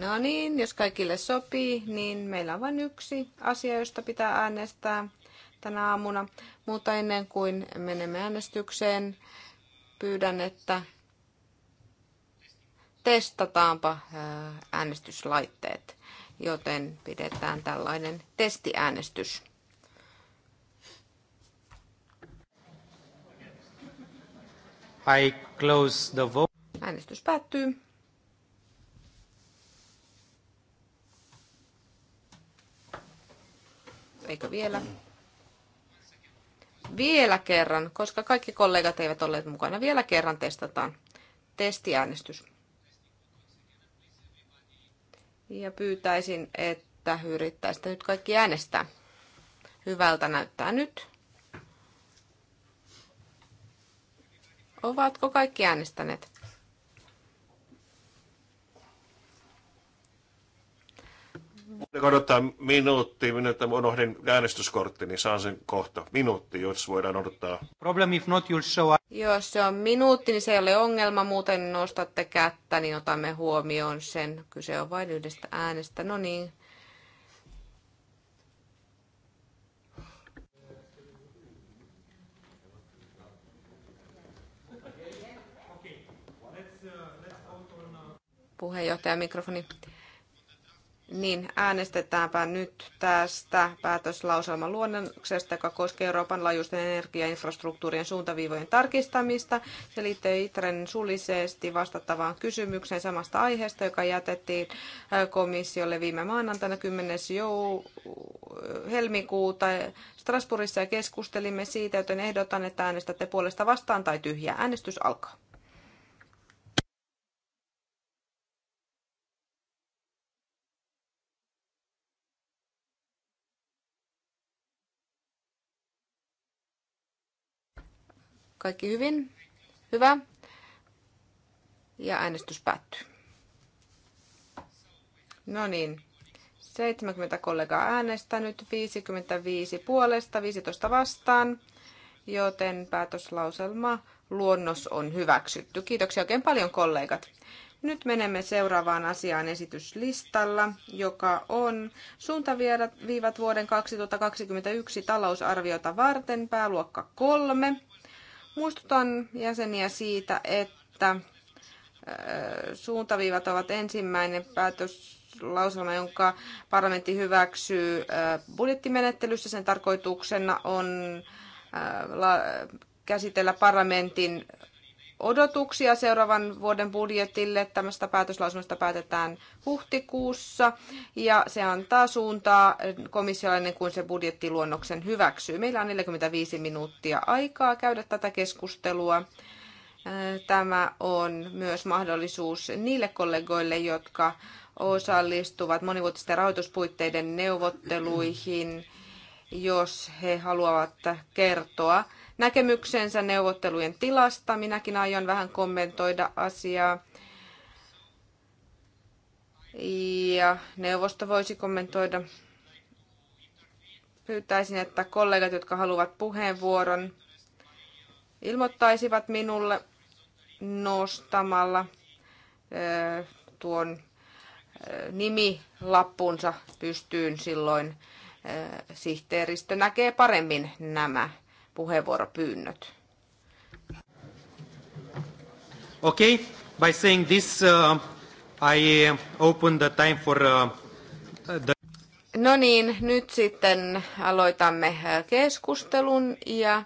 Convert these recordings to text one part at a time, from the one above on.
No niin, jos kaikille sopii, niin meillä on vain yksi asia, josta pitää äänestää tänä aamuna. Mutta ennen kuin menemme äänestykseen, pyydän, että testataanpa äänestyslaitteet, joten pidetään tällainen testiäänestys. I close the vote. Äänestys päättyy. Eikö vielä? Vielä kerran, koska kaikki kollegat eivät olleet mukana. Vielä kerran testataan. Testiäänestys. Ja pyytäisin, että yrittäisitte nyt kaikki äänestää. Hyvältä näyttää nyt. Ovatko kaikki äänestäneet? Voidaanko odottaa minuutti, minuutta unohdin niin saan sen kohta. Minuutti, jos voidaan odottaa. Problem if not, you'll show up. Jos se on minuutti, niin se ei ole ongelma, muuten nostatte kättä, niin otamme huomioon sen. Kyse on vain yhdestä äänestä, no niin. Uh, uh, Puheenjohtaja mikrofoni niin äänestetäänpä nyt tästä päätöslauselman luonnoksesta, joka koskee Euroopan laajuisten energiainfrastruktuurien suuntaviivojen tarkistamista. Se liittyy ITREN sullisesti vastattavaan kysymykseen samasta aiheesta, joka jätettiin komissiolle viime maanantaina 10. Jou- helmikuuta Strasbourgissa ja keskustelimme siitä, joten ehdotan, että äänestätte puolesta vastaan tai tyhjää. Äänestys alkaa. Kaikki hyvin? Hyvä. Ja äänestys päättyy. No niin. 70 kollegaa äänestänyt, 55 puolesta, 15 vastaan, joten päätöslauselma luonnos on hyväksytty. Kiitoksia oikein paljon kollegat. Nyt menemme seuraavaan asiaan esityslistalla, joka on suuntaviivat vuoden 2021 talousarviota varten, pääluokka 3. Muistutan jäseniä siitä, että suuntaviivat ovat ensimmäinen päätös lauselma, jonka parlamentti hyväksyy budjettimenettelyssä. Sen tarkoituksena on käsitellä parlamentin odotuksia seuraavan vuoden budjetille. Tämästä päätöslausumasta päätetään huhtikuussa ja se antaa suuntaa komissiolle ennen kuin se budjettiluonnoksen hyväksyy. Meillä on 45 minuuttia aikaa käydä tätä keskustelua. Äh, tämä on myös mahdollisuus niille kollegoille, jotka osallistuvat monivuotisten rahoituspuitteiden neuvotteluihin, jos he haluavat kertoa näkemyksensä neuvottelujen tilasta. Minäkin aion vähän kommentoida asiaa. Ja neuvosto voisi kommentoida. Pyytäisin, että kollegat, jotka haluavat puheenvuoron, ilmoittaisivat minulle nostamalla tuon nimilappunsa pystyyn silloin sihteeristö näkee paremmin nämä puheenvuoropyynnöt. Okay, by saying this, uh, I uh, open the time for uh, the... No niin, nyt sitten aloitamme uh, keskustelun ja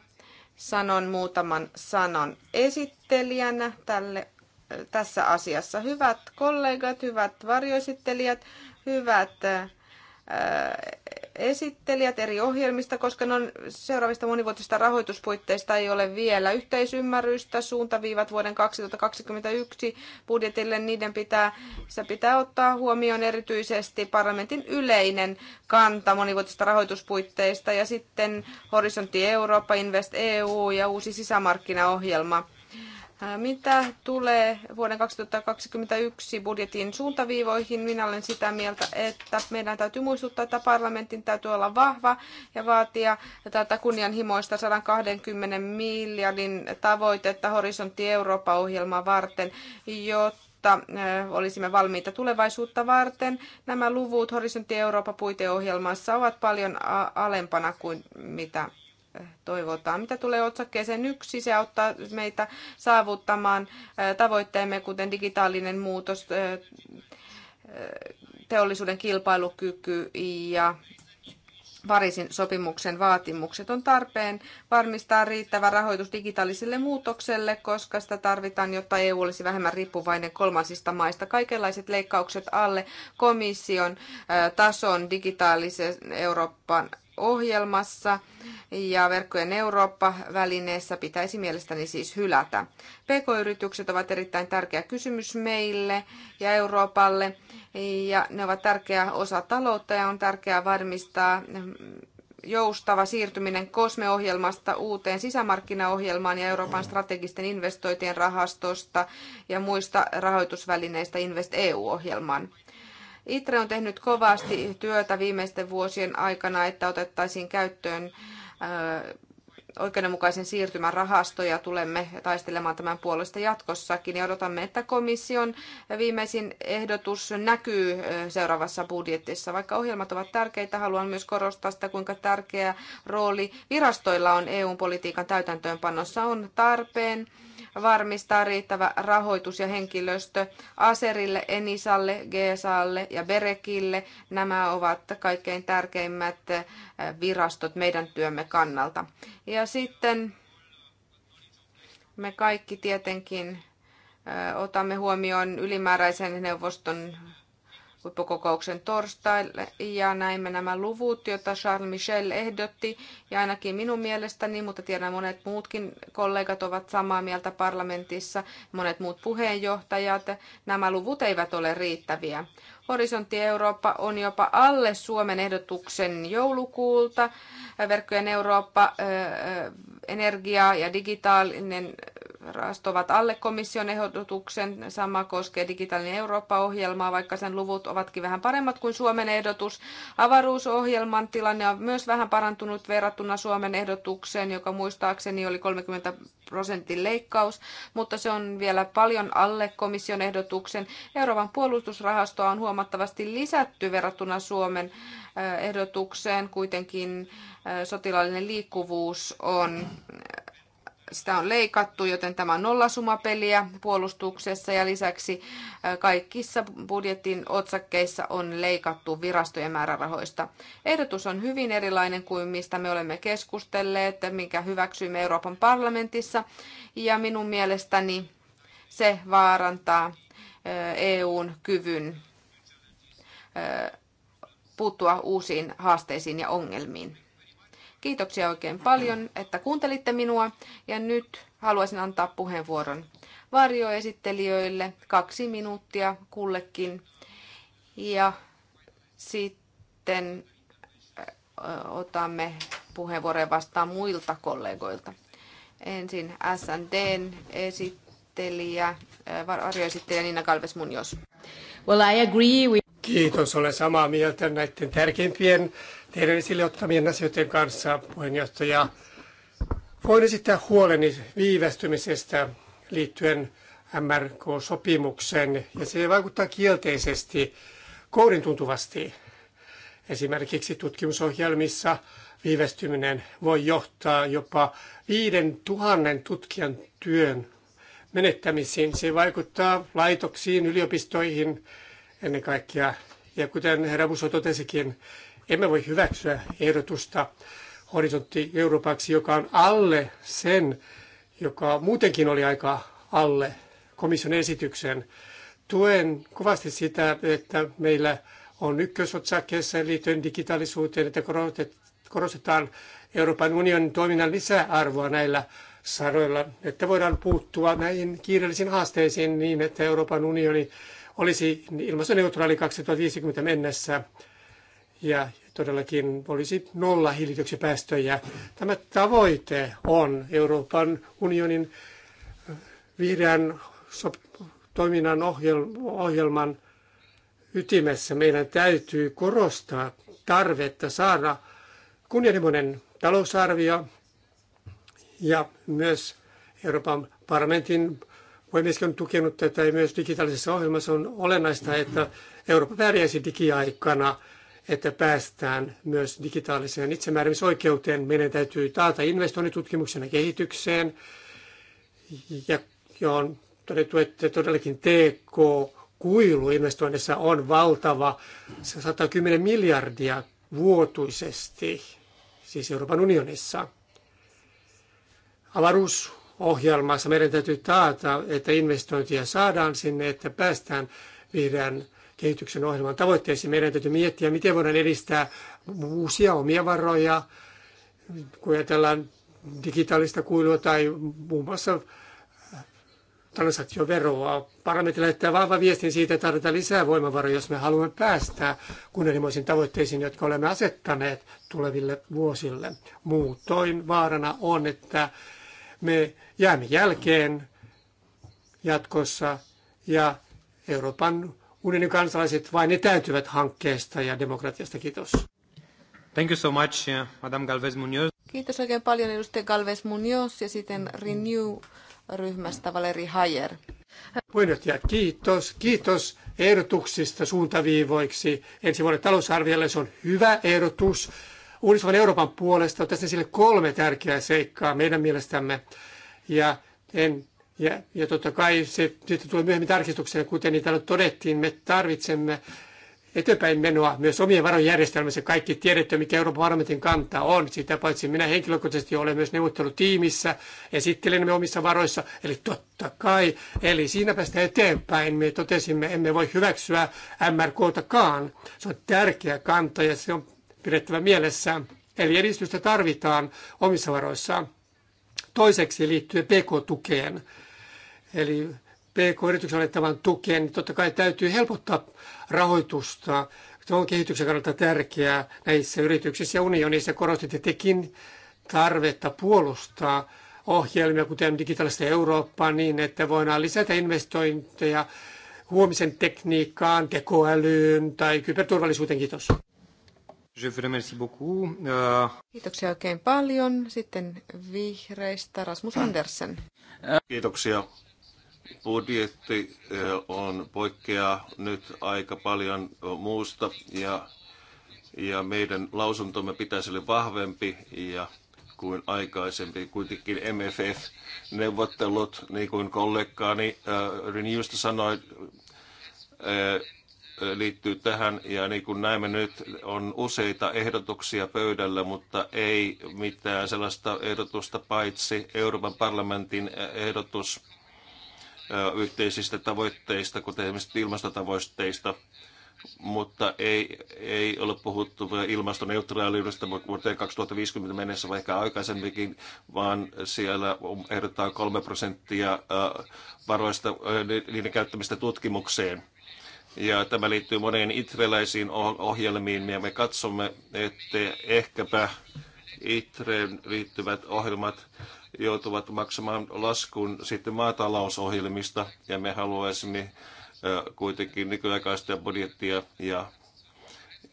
sanon muutaman sanan esittelijänä tälle, uh, tässä asiassa. Hyvät kollegat, hyvät varjoesittelijät, hyvät esittelijät eri ohjelmista, koska on seuraavista monivuotisista rahoituspuitteista ei ole vielä yhteisymmärrystä. Suuntaviivat vuoden 2021 budjetille, niiden pitää, se pitää ottaa huomioon erityisesti parlamentin yleinen kanta monivuotisista rahoituspuitteista ja sitten Horisontti Eurooppa, Invest EU ja uusi sisämarkkinaohjelma. Mitä tulee vuoden 2021 budjetin suuntaviivoihin, minä olen sitä mieltä, että meidän täytyy muistuttaa, että parlamentin täytyy olla vahva ja vaatia tätä kunnianhimoista 120 miljardin tavoitetta horisontti Eurooppa-ohjelmaa varten, jotta olisimme valmiita tulevaisuutta varten. Nämä luvut horisontti Eurooppa-puiteohjelmassa ovat paljon alempana kuin mitä toivotaan. Mitä tulee otsakkeeseen yksi, se auttaa meitä saavuttamaan tavoitteemme, kuten digitaalinen muutos, teollisuuden kilpailukyky ja Pariisin sopimuksen vaatimukset on tarpeen varmistaa riittävä rahoitus digitaaliselle muutokselle, koska sitä tarvitaan, jotta EU olisi vähemmän riippuvainen kolmansista maista. Kaikenlaiset leikkaukset alle komission tason digitaalisen Euroopan ohjelmassa ja verkkojen Eurooppa-välineessä pitäisi mielestäni siis hylätä. PK-yritykset ovat erittäin tärkeä kysymys meille ja Euroopalle ja ne ovat tärkeä osa taloutta ja on tärkeää varmistaa joustava siirtyminen COSME-ohjelmasta uuteen sisämarkkinaohjelmaan ja Euroopan strategisten investointien rahastosta ja muista rahoitusvälineistä Invest EU-ohjelmaan. ITRE on tehnyt kovasti työtä viimeisten vuosien aikana, että otettaisiin käyttöön oikeudenmukaisen siirtymän rahastoja. Tulemme taistelemaan tämän puolesta jatkossakin ja odotamme, että komission viimeisin ehdotus näkyy seuraavassa budjetissa. Vaikka ohjelmat ovat tärkeitä, haluan myös korostaa sitä, kuinka tärkeä rooli virastoilla on EU-politiikan täytäntöönpanossa on tarpeen varmistaa riittävä rahoitus ja henkilöstö Aserille, Enisalle, GSAlle ja Berekille. Nämä ovat kaikkein tärkeimmät eh, virastot meidän työmme kannalta. Ja sitten me kaikki tietenkin eh, otamme huomioon ylimääräisen neuvoston huippukokouksen torstaille ja näimme nämä luvut, joita Charles Michel ehdotti ja ainakin minun mielestäni, mutta tiedän monet muutkin kollegat ovat samaa mieltä parlamentissa, monet muut puheenjohtajat, nämä luvut eivät ole riittäviä. Horisontti Eurooppa on jopa alle Suomen ehdotuksen joulukuulta. Verkkojen Eurooppa, energia ja digitaalinen rahasto ovat alle komission ehdotuksen. Sama koskee digitaalinen Eurooppa-ohjelmaa, vaikka sen luvut ovatkin vähän paremmat kuin Suomen ehdotus. Avaruusohjelman tilanne on myös vähän parantunut verrattuna Suomen ehdotukseen, joka muistaakseni oli 30 prosentin leikkaus, mutta se on vielä paljon alle komission ehdotuksen. Euroopan puolustusrahastoa on huomattavasti lisätty verrattuna Suomen äh, ehdotukseen. Kuitenkin äh, sotilaallinen liikkuvuus on sitä on leikattu, joten tämä on nollasumapeliä puolustuksessa ja lisäksi kaikissa budjetin otsakkeissa on leikattu virastojen määrärahoista. Ehdotus on hyvin erilainen kuin mistä me olemme keskustelleet, minkä hyväksyimme Euroopan parlamentissa ja minun mielestäni se vaarantaa EUn kyvyn puuttua uusiin haasteisiin ja ongelmiin. Kiitoksia oikein paljon, että kuuntelitte minua ja nyt haluaisin antaa puheenvuoron varjoesittelijöille kaksi minuuttia kullekin. Ja sitten äh, otamme puheenvuoroja vastaan muilta kollegoilta. Ensin SNDn esittelijä, äh, varjoesittelijä Nina Kalves Munjos. Well, I agree with... Kiitos, olen samaa mieltä näiden tärkeimpien teidän esille ottamien asioiden kanssa, puheenjohtaja. Voin esittää huoleni viivästymisestä liittyen MRK-sopimukseen, ja se vaikuttaa kielteisesti, kourin tuntuvasti. Esimerkiksi tutkimusohjelmissa viivästyminen voi johtaa jopa 5000 tutkijan työn menettämisiin. Se vaikuttaa laitoksiin, yliopistoihin ennen kaikkea. Ja kuten herra Busso totesikin, emme voi hyväksyä ehdotusta horisontti Euroopaksi, joka on alle sen, joka muutenkin oli aika alle komission esityksen. Tuen kovasti sitä, että meillä on ykkösotsakkeessa liittyen digitaalisuuteen, että korostetaan Euroopan unionin toiminnan lisäarvoa näillä saroilla, että voidaan puuttua näihin kiireellisiin haasteisiin niin, että Euroopan unioni olisi ilmastoneutraali 2050 mennessä ja todellakin olisi nolla hiilidioksidipäästöjä. Tämä tavoite on Euroopan unionin eh, vihreän toiminnan ohjelman ytimessä. Meidän täytyy korostaa tarvetta saada kunnianhimoinen talousarvio ja myös Euroopan parlamentin puhemieskin on tukenut tätä ja myös digitaalisessa ohjelmassa on olennaista, että Eurooppa pärjäisi digiaikana – että päästään myös digitaaliseen itsemääräämisoikeuteen. Meidän täytyy taata investoinnit tutkimuksen ja kehitykseen. Ja, ja on todettu, että todellakin TK-kuilu investoinnissa on valtava 110 miljardia vuotuisesti, siis Euroopan unionissa. Avaruusohjelmassa meidän täytyy taata, että investointia saadaan sinne, että päästään vihreän kehityksen ohjelman tavoitteisiin. Meidän täytyy miettiä, miten voidaan edistää uusia omia varoja, kun ajatellaan digitaalista kuilua tai muun muassa äh, transaktioveroa. Parlamentti lähettää vahva viestin siitä, että tarvitaan lisää voimavaroja, jos me haluamme päästä kunnianhimoisiin tavoitteisiin, jotka olemme asettaneet tuleville vuosille. Muutoin vaarana on, että me jäämme jälkeen jatkossa ja Euroopan unionin kansalaiset vain etääntyvät hankkeesta ja demokratiasta. Kiitos. Thank you so much, eh, Madame Galvez Munoz. Kiitos oikein paljon edustaja Galvez Munoz ja sitten Renew-ryhmästä Valeri Hayer. Puheenjohtaja, kiitos. Kiitos ehdotuksista suuntaviivoiksi ensi vuoden talousarviolle. Se on hyvä ehdotus. Uudistuvan Euroopan puolesta on tässä sille kolme tärkeää seikkaa meidän mielestämme. Ja en ja, ja totta kai se sitten tulee myöhemmin tarkistukseen, kuten niitä täällä todettiin, me tarvitsemme eteenpäin menoa myös omien varojen järjestelmässä. Kaikki tiedätte, mikä Euroopan parlamentin kanta on. Sitä paitsi minä henkilökohtaisesti olen myös neuvottelutiimissä, me omissa varoissa, eli totta kai. Eli siinä päästä eteenpäin me totesimme, emme voi hyväksyä MRKtakaan. Se on tärkeä kanta ja se on pidettävä mielessä. Eli edistystä tarvitaan omissa varoissaan. Toiseksi liittyen PK-tukeen. Eli PK-yrityksen annettavan tukeen, niin totta kai täytyy helpottaa rahoitusta. Se on kehityksen kannalta tärkeää näissä yrityksissä ja unionissa. Korostitte tekin tarvetta puolustaa ohjelmia, kuten digitaalista Eurooppaa, niin että voidaan lisätä investointeja huomisen tekniikkaan, tekoälyyn tai kyberturvallisuuteen. Kiitos. Je vous remercie beaucoup. Uh... Kiitoksia oikein paljon. Sitten vihreistä Rasmus Andersen. Kiitoksia budjetti on poikkeaa nyt aika paljon muusta ja, ja meidän lausuntomme pitäisi olla vahvempi ja kuin aikaisempi. Kuitenkin MFF-neuvottelut, niin kuin kollegaani Renewsta sanoi, liittyy tähän. Ja niin kuin näemme nyt, on useita ehdotuksia pöydällä, mutta ei mitään sellaista ehdotusta paitsi Euroopan parlamentin ehdotus yhteisistä tavoitteista, kuten esimerkiksi ilmastotavoitteista, mutta ei, ei ole puhuttu ilmastoneutraaliudesta vuoteen 2050 mennessä, vaikka aikaisemminkin, vaan siellä ehdotetaan 3 prosenttia varoista niiden käyttämistä tutkimukseen. Ja tämä liittyy moneen itreläisiin ohjelmiin, ja me katsomme, että ehkäpä ITREen liittyvät ohjelmat joutuvat maksamaan laskun sitten maatalousohjelmista, ja me haluaisimme kuitenkin nykyaikaista budjettia ja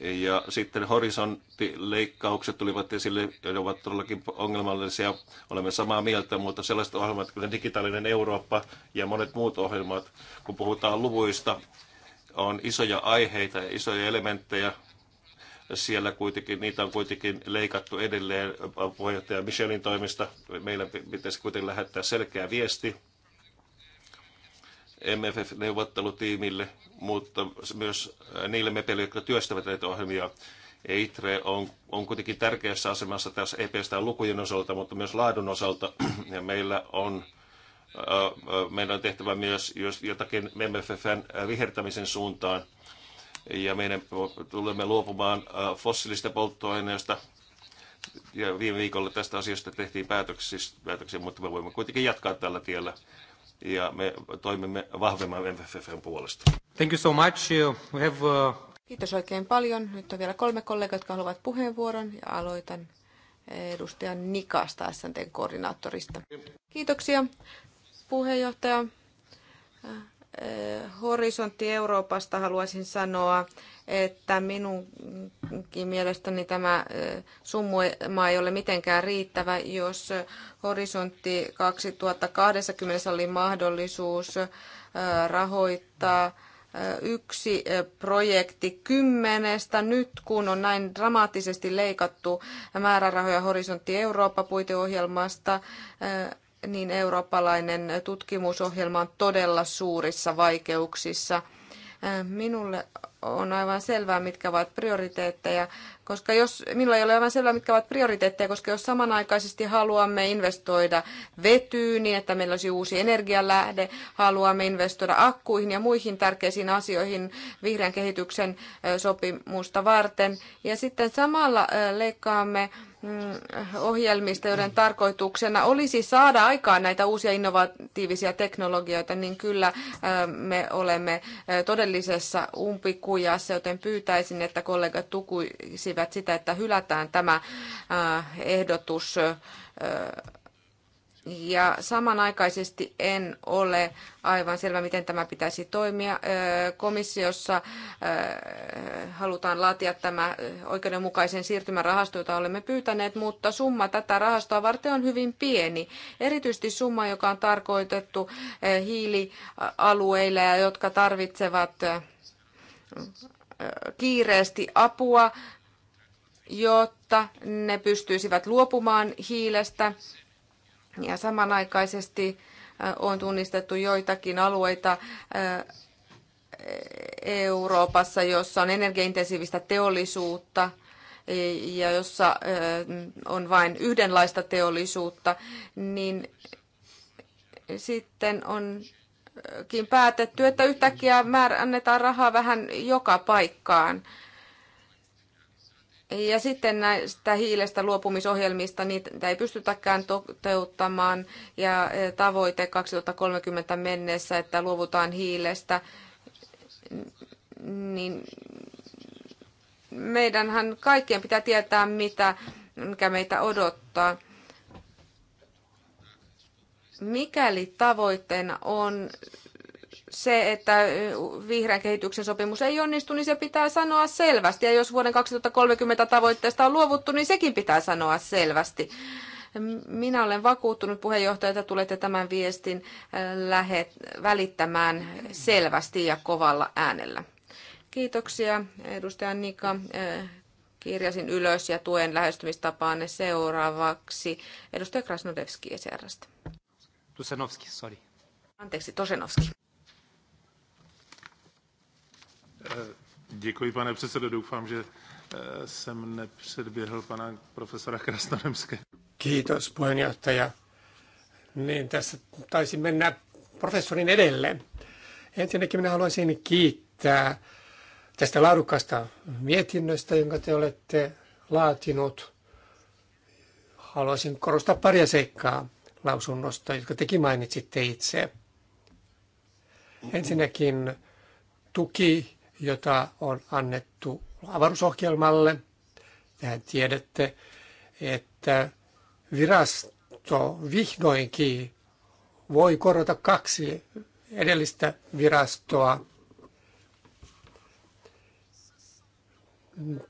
ja sitten horisonttileikkaukset tulivat esille, ne ovat todellakin ongelmallisia. Olemme samaa mieltä, mutta sellaiset ohjelmat kuin Digitaalinen Eurooppa ja monet muut ohjelmat, kun puhutaan luvuista, on isoja aiheita ja isoja elementtejä, siellä kuitenkin, niitä on kuitenkin leikattu edelleen puheenjohtaja Michelin toimista. Meillä pitäisi kuitenkin lähettää selkeä viesti MFF-neuvottelutiimille, mutta myös niille mepeille, jotka työstävät näitä ohjelmia. EITRE on, on kuitenkin tärkeässä asemassa tässä ei pelkästään lukujen osalta, mutta myös laadun osalta. Ja meillä on, meidän on tehtävä myös jotakin MFFn vihertämisen suuntaan ja meidän tulemme luopumaan äh, fossiilista polttoaineista. Ja viime viikolla tästä asiasta tehtiin siis päätöksiä, mutta me voimme kuitenkin jatkaa tällä tiellä ja me toimimme vahvemman MFFn puolesta. Thank you so much. We have, uh... Kiitos oikein paljon. Nyt on vielä kolme kollegaa, jotka haluavat puheenvuoron ja aloitan eh, edustajan Nikasta, snt koordinaattorista. Kiitoksia puheenjohtaja. Äh, Eh, horisontti Euroopasta haluaisin sanoa, että minunkin mielestäni tämä eh, summa ei ole mitenkään riittävä, jos eh, horisontti 2020 oli mahdollisuus rahoittaa yksi projekti kymmenestä nyt, kun on näin dramaattisesti leikattu määrärahoja Horisontti Eurooppa-puiteohjelmasta niin eurooppalainen tutkimusohjelma on todella suurissa vaikeuksissa. Äh, minulle on aivan selvää, mitkä ovat prioriteetteja, koska jos, minulla ei ole aivan selvää, mitkä ovat prioriteetteja, koska jos samanaikaisesti haluamme investoida vetyyn niin, että meillä olisi uusi energialähde, haluamme investoida akkuihin ja muihin tärkeisiin asioihin vihreän kehityksen äh, sopimusta varten, ja sitten samalla äh, leikkaamme Mm, ohjelmista, joiden tarkoituksena olisi saada aikaan näitä uusia innovatiivisia teknologioita, niin kyllä me olemme todellisessa umpikujassa, joten pyytäisin, että kollegat tukuisivat sitä, että hylätään tämä ehdotus ja samanaikaisesti en ole aivan selvä, miten tämä pitäisi toimia. Komissiossa halutaan laatia tämä oikeudenmukaisen siirtymän rahasto, jota olemme pyytäneet, mutta summa tätä rahastoa varten on hyvin pieni. Erityisesti summa, joka on tarkoitettu hiilialueille ja jotka tarvitsevat kiireesti apua, jotta ne pystyisivät luopumaan hiilestä ja samanaikaisesti on tunnistettu joitakin alueita Euroopassa, jossa on energiaintensiivistä teollisuutta e, ja jossa on vain yhdenlaista teollisuutta, niin sitten onkin päätetty, että yhtäkkiä määrä annetaan rahaa vähän joka paikkaan. Ja sitten näistä hiilestä luopumisohjelmista, niitä ei pystytäkään toteuttamaan ja eh, tavoite 2030 mennessä, että luovutaan hiilestä, niin meidänhän kaikkien pitää tietää, mitä, mikä meitä odottaa. Mikäli tavoitteena on se, että vihreän kehityksen sopimus ei onnistu, niin se pitää sanoa selvästi. Ja jos vuoden 2030 tavoitteesta on luovuttu, niin sekin pitää sanoa selvästi. Minä olen vakuuttunut puheenjohtaja, että tulette tämän viestin lähet, välittämään selvästi ja kovalla äänellä. Kiitoksia edustaja Nika. Kirjasin ylös ja tuen lähestymistapaanne seuraavaksi. Edustaja Krasnodevski ECRstä. Tusenovski, sorry. Anteeksi, Tosenovski. Děkuji, pane předsedo. Doufám, že eh, jsem nepředběhl pana profesora Krasnodemské. Kiitos, puheenjohtaja. Niin, tässä taisi mennä professorin edelle. Ensinnäkin minä haluaisin kiittää tästä laadukkaasta mietinnöstä, jonka te olette laatinut. Haluaisin korostaa paria seikkaa lausunnosta, jotka tekin mainitsitte itse. Ensinnäkin tuki jota on annettu avaruusohjelmalle. Tähän tiedätte, että virasto vihdoinkin voi korota kaksi edellistä virastoa.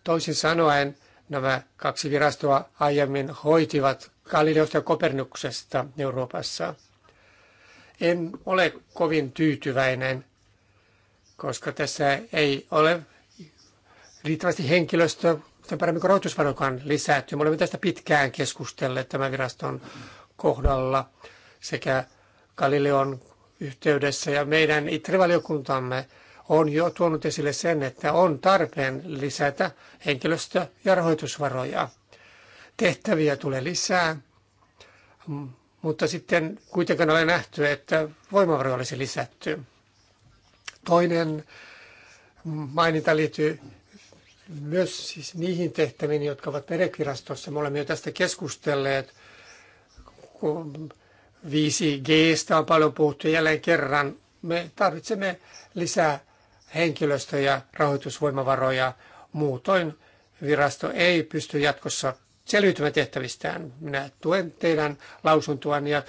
Toisin sanoen nämä kaksi virastoa aiemmin hoitivat Galileosta ja Kopernuksesta Euroopassa. En ole kovin tyytyväinen koska tässä ei ole riittävästi henkilöstöä, sen paremmin kuin lisätty. Me olemme tästä pitkään keskustelleet tämän viraston kohdalla sekä Galileon yhteydessä ja meidän itrevaliokuntamme on jo tuonut esille sen, että on tarpeen lisätä henkilöstö- ja rahoitusvaroja. Tehtäviä tulee lisää, mutta sitten kuitenkaan ole nähty, että voimavaroja olisi lisätty. Toinen maininta liittyy myös siis niihin tehtäviin, jotka ovat merekirastossa. Me olemme jo tästä keskustelleet, 5Gstä on paljon puhuttu jälleen kerran. Me tarvitsemme lisää henkilöstöä, ja rahoitusvoimavaroja. Muutoin virasto ei pysty jatkossa selviytymään tehtävistään. Minä tuen teidän lausuntoani ja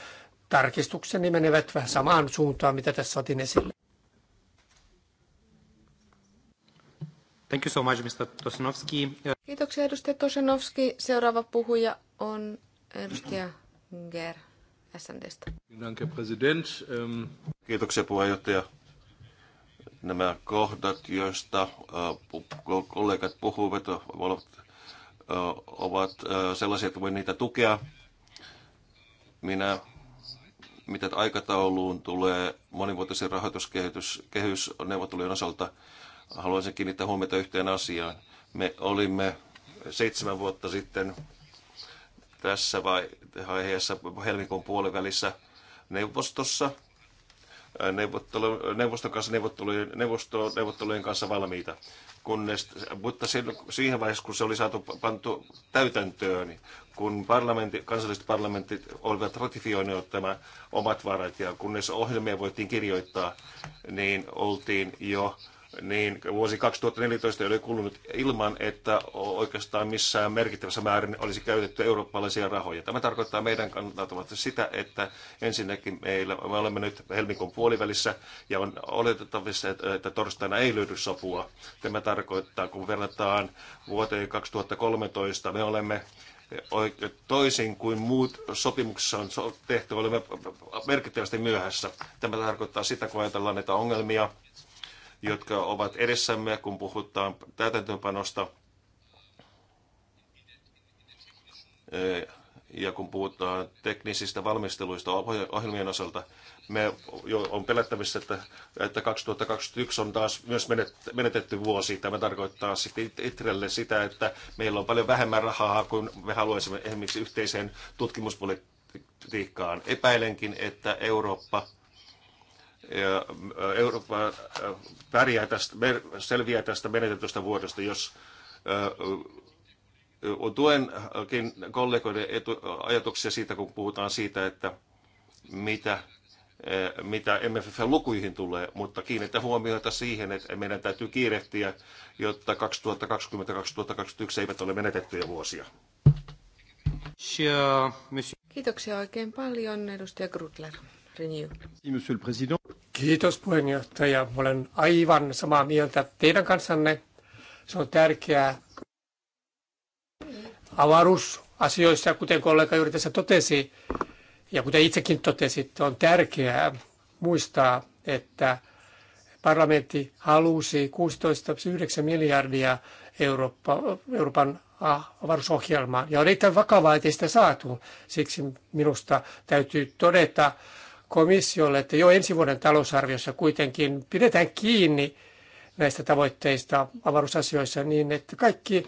tarkistukseni menevät vähän samaan suuntaan, mitä tässä otin esille. Thank you so much, Mr. Kiitoksia, edustaja Tosinovski. Seuraava puhuja on edustaja Ger SNDstä. Ähm, Kiitoksia, puheenjohtaja. Nämä kohdat, joista äh, kollegat puhuvat, ovat äh, äh, sellaisia, että voin niitä tukea. Minä mitä aikatauluun tulee monivuotisen rahoituskehys neuvottelujen osalta, haluaisin kiinnittää huomiota yhteen asiaan. Me olimme seitsemän vuotta sitten tässä vai aiheessa helmikuun puolivälissä neuvostossa neuvottelu, neuvoston kanssa neuvottelujen, neuvosto, neuvottelujen kanssa valmiita. Kunnes, mutta siihen vaiheessa, kun se oli saatu pantu täytäntöön, kun parlamentti, kansalliset parlamentit olivat ratifioineet tämä omat varat ja kunnes ohjelmia voitiin kirjoittaa, niin oltiin jo niin vuosi 2014 oli kulunut ilman, että oikeastaan missään merkittävässä määrin olisi käytetty eurooppalaisia rahoja. Tämä tarkoittaa meidän kannalta sitä, että ensinnäkin meillä, me olemme nyt helmikuun puolivälissä ja on oletettavissa, että torstaina ei löydy sopua. Tämä tarkoittaa, kun verrataan vuoteen 2013, me olemme toisin kuin muut sopimuksissa on tehty, olemme merkittävästi myöhässä. Tämä tarkoittaa sitä, kun ajatellaan näitä ongelmia, jotka ovat edessämme, kun puhutaan täytäntöönpanosta ja kun puhutaan teknisistä valmisteluista ohjelmien osalta, me on pelättävissä, että, että 2021 on taas myös menetetty vuosi. Tämä tarkoittaa sitten itselle sitä, että meillä on paljon vähemmän rahaa kuin me haluaisimme esimerkiksi yhteiseen tutkimuspolitiikkaan. Epäilenkin, että Eurooppa ja äh, Eurooppa äh, pärjää tästä, selviää tästä menetetystä vuodesta, jos äh, tuenkin kollegoiden etu, ajatuksia siitä, kun puhutaan siitä, että mitä, mitä MFF-lukuihin tulee, mutta kiinnitä huomiota siihen, että meidän täytyy kiirehtiä, jotta 2020-2021 eivät ole menetettyjä vuosia. Kiitoksia oikein paljon, edustaja Grutler. Renew. Kiitos puheenjohtaja. Olen aivan samaa mieltä teidän kanssanne. Se on tärkeää avaruusasioissa, kuten kollega juuri tässä totesi, ja kuten itsekin totesit, on tärkeää muistaa, että parlamentti halusi 16,9 miljardia Eurooppa, Euroopan avaruusohjelmaan. Ja on erittäin vakavaa, ettei sitä saatu. Siksi minusta täytyy todeta komissiolle, että jo ensi vuoden talousarviossa kuitenkin pidetään kiinni näistä tavoitteista avaruusasioissa niin, että kaikki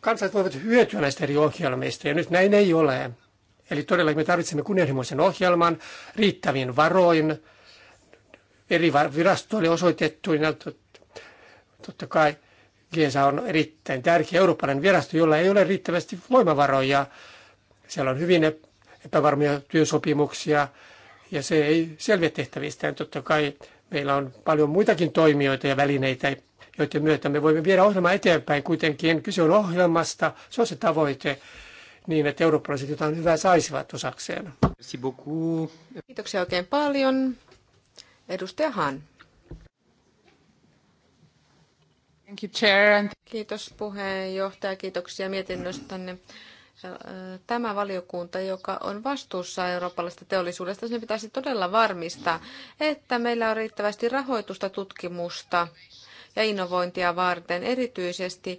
kansat voivat hyötyä näistä eri ohjelmista, ja nyt näin ei ole. Eli todellakin me tarvitsemme kunnianhimoisen ohjelman riittävin varoin, eri virastoille osoitettuina. Totta kai GESA on erittäin tärkeä eurooppalainen virasto, jolla ei ole riittävästi voimavaroja. Siellä on hyvin epävarmia työsopimuksia, ja se ei selviä tehtävistään. Totta kai meillä on paljon muitakin toimijoita ja välineitä, joiden myötä me voimme viedä ohjelmaa eteenpäin. Kuitenkin kyse on ohjelmasta, se on se tavoite, niin että eurooppalaiset jotain hyvää saisivat osakseen. Kiitoksia oikein paljon. Edustaja Han. Kiitos puheenjohtaja, kiitoksia mietinnöstänne. Mm tämä valiokunta, joka on vastuussa eurooppalaisesta teollisuudesta, sen pitäisi todella varmistaa, että meillä on riittävästi rahoitusta tutkimusta ja innovointia varten, erityisesti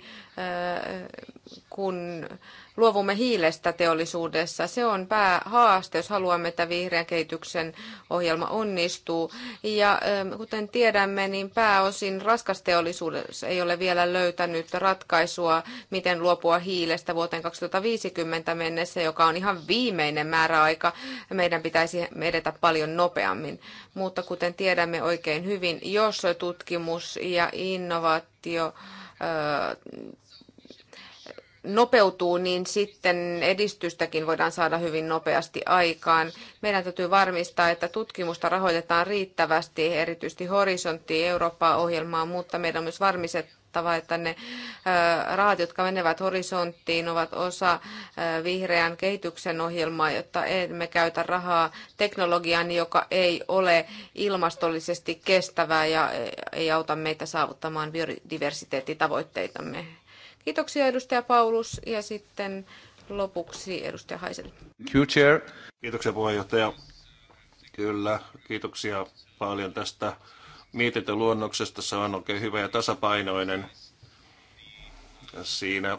kun luovumme hiilestä teollisuudessa. Se on päähaaste, jos haluamme, että vihreän kehityksen ohjelma onnistuu. Ja ähm, kuten tiedämme, niin pääosin raskas teollisuus ei ole vielä löytänyt ratkaisua, miten luopua hiilestä vuoteen 2050 mennessä, joka on ihan viimeinen määräaika. Meidän pitäisi edetä paljon nopeammin. Mutta kuten tiedämme oikein hyvin, jos tutkimus ja innovaatio äh, nopeutuu, niin sitten edistystäkin voidaan saada hyvin nopeasti aikaan. Meidän täytyy varmistaa, että tutkimusta rahoitetaan riittävästi, erityisesti Horisontti eurooppa ohjelmaan mutta meidän on myös varmistettava, että ne rahat, jotka menevät horisonttiin, ovat osa vihreän kehityksen ohjelmaa, jotta emme käytä rahaa teknologiaan, joka ei ole ilmastollisesti kestävää ja ei auta meitä saavuttamaan biodiversiteettitavoitteitamme. Kiitoksia edustaja Paulus ja sitten lopuksi edustaja Haisel. Kiitoksia puheenjohtaja. Kyllä, kiitoksia paljon tästä mietintöluonnoksesta. Se on oikein hyvä ja tasapainoinen. Siinä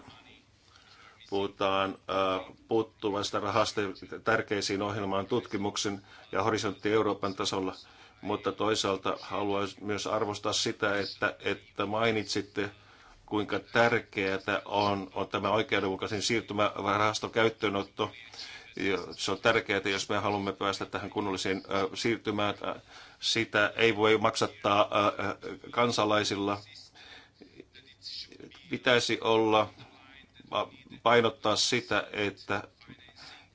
puhutaan äh, puuttuvasta rahasta tärkeisiin ohjelmaan tutkimuksen ja horisontti Euroopan tasolla, mutta toisaalta haluaisin myös arvostaa sitä, että, että mainitsitte kuinka tärkeää on, on tämä oikeudenmukaisen siirtymärahaston käyttöönotto. Se on tärkeää, että jos me haluamme päästä tähän kunnolliseen siirtymään, sitä ei voi maksattaa kansalaisilla. Pitäisi olla painottaa sitä, että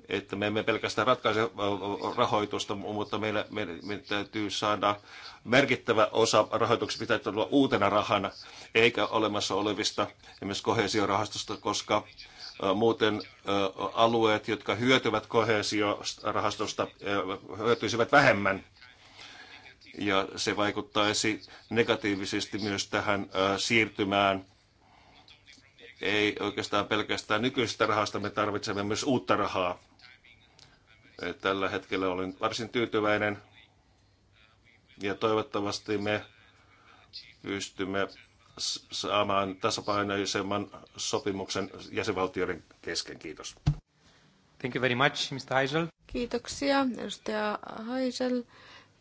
että me emme pelkästään ratkaise rahoitusta, mutta meillä, meidän, meidän täytyy saada merkittävä osa rahoituksesta pitää tulla uutena rahana, eikä olemassa olevista, esimerkiksi kohesiorahastosta, koska muuten alueet, jotka hyötyvät kohesiorahastosta, hyötyisivät vähemmän. Ja se vaikuttaisi negatiivisesti myös tähän siirtymään. Ei oikeastaan pelkästään nykyistä rahasta, me tarvitsemme myös uutta rahaa. Tällä hetkellä olen varsin tyytyväinen ja toivottavasti me pystymme saamaan tasapainoisemman sopimuksen jäsenvaltioiden kesken. Kiitos. Thank you very much, Mr. Heisel. Kiitoksia, edustaja Heisel.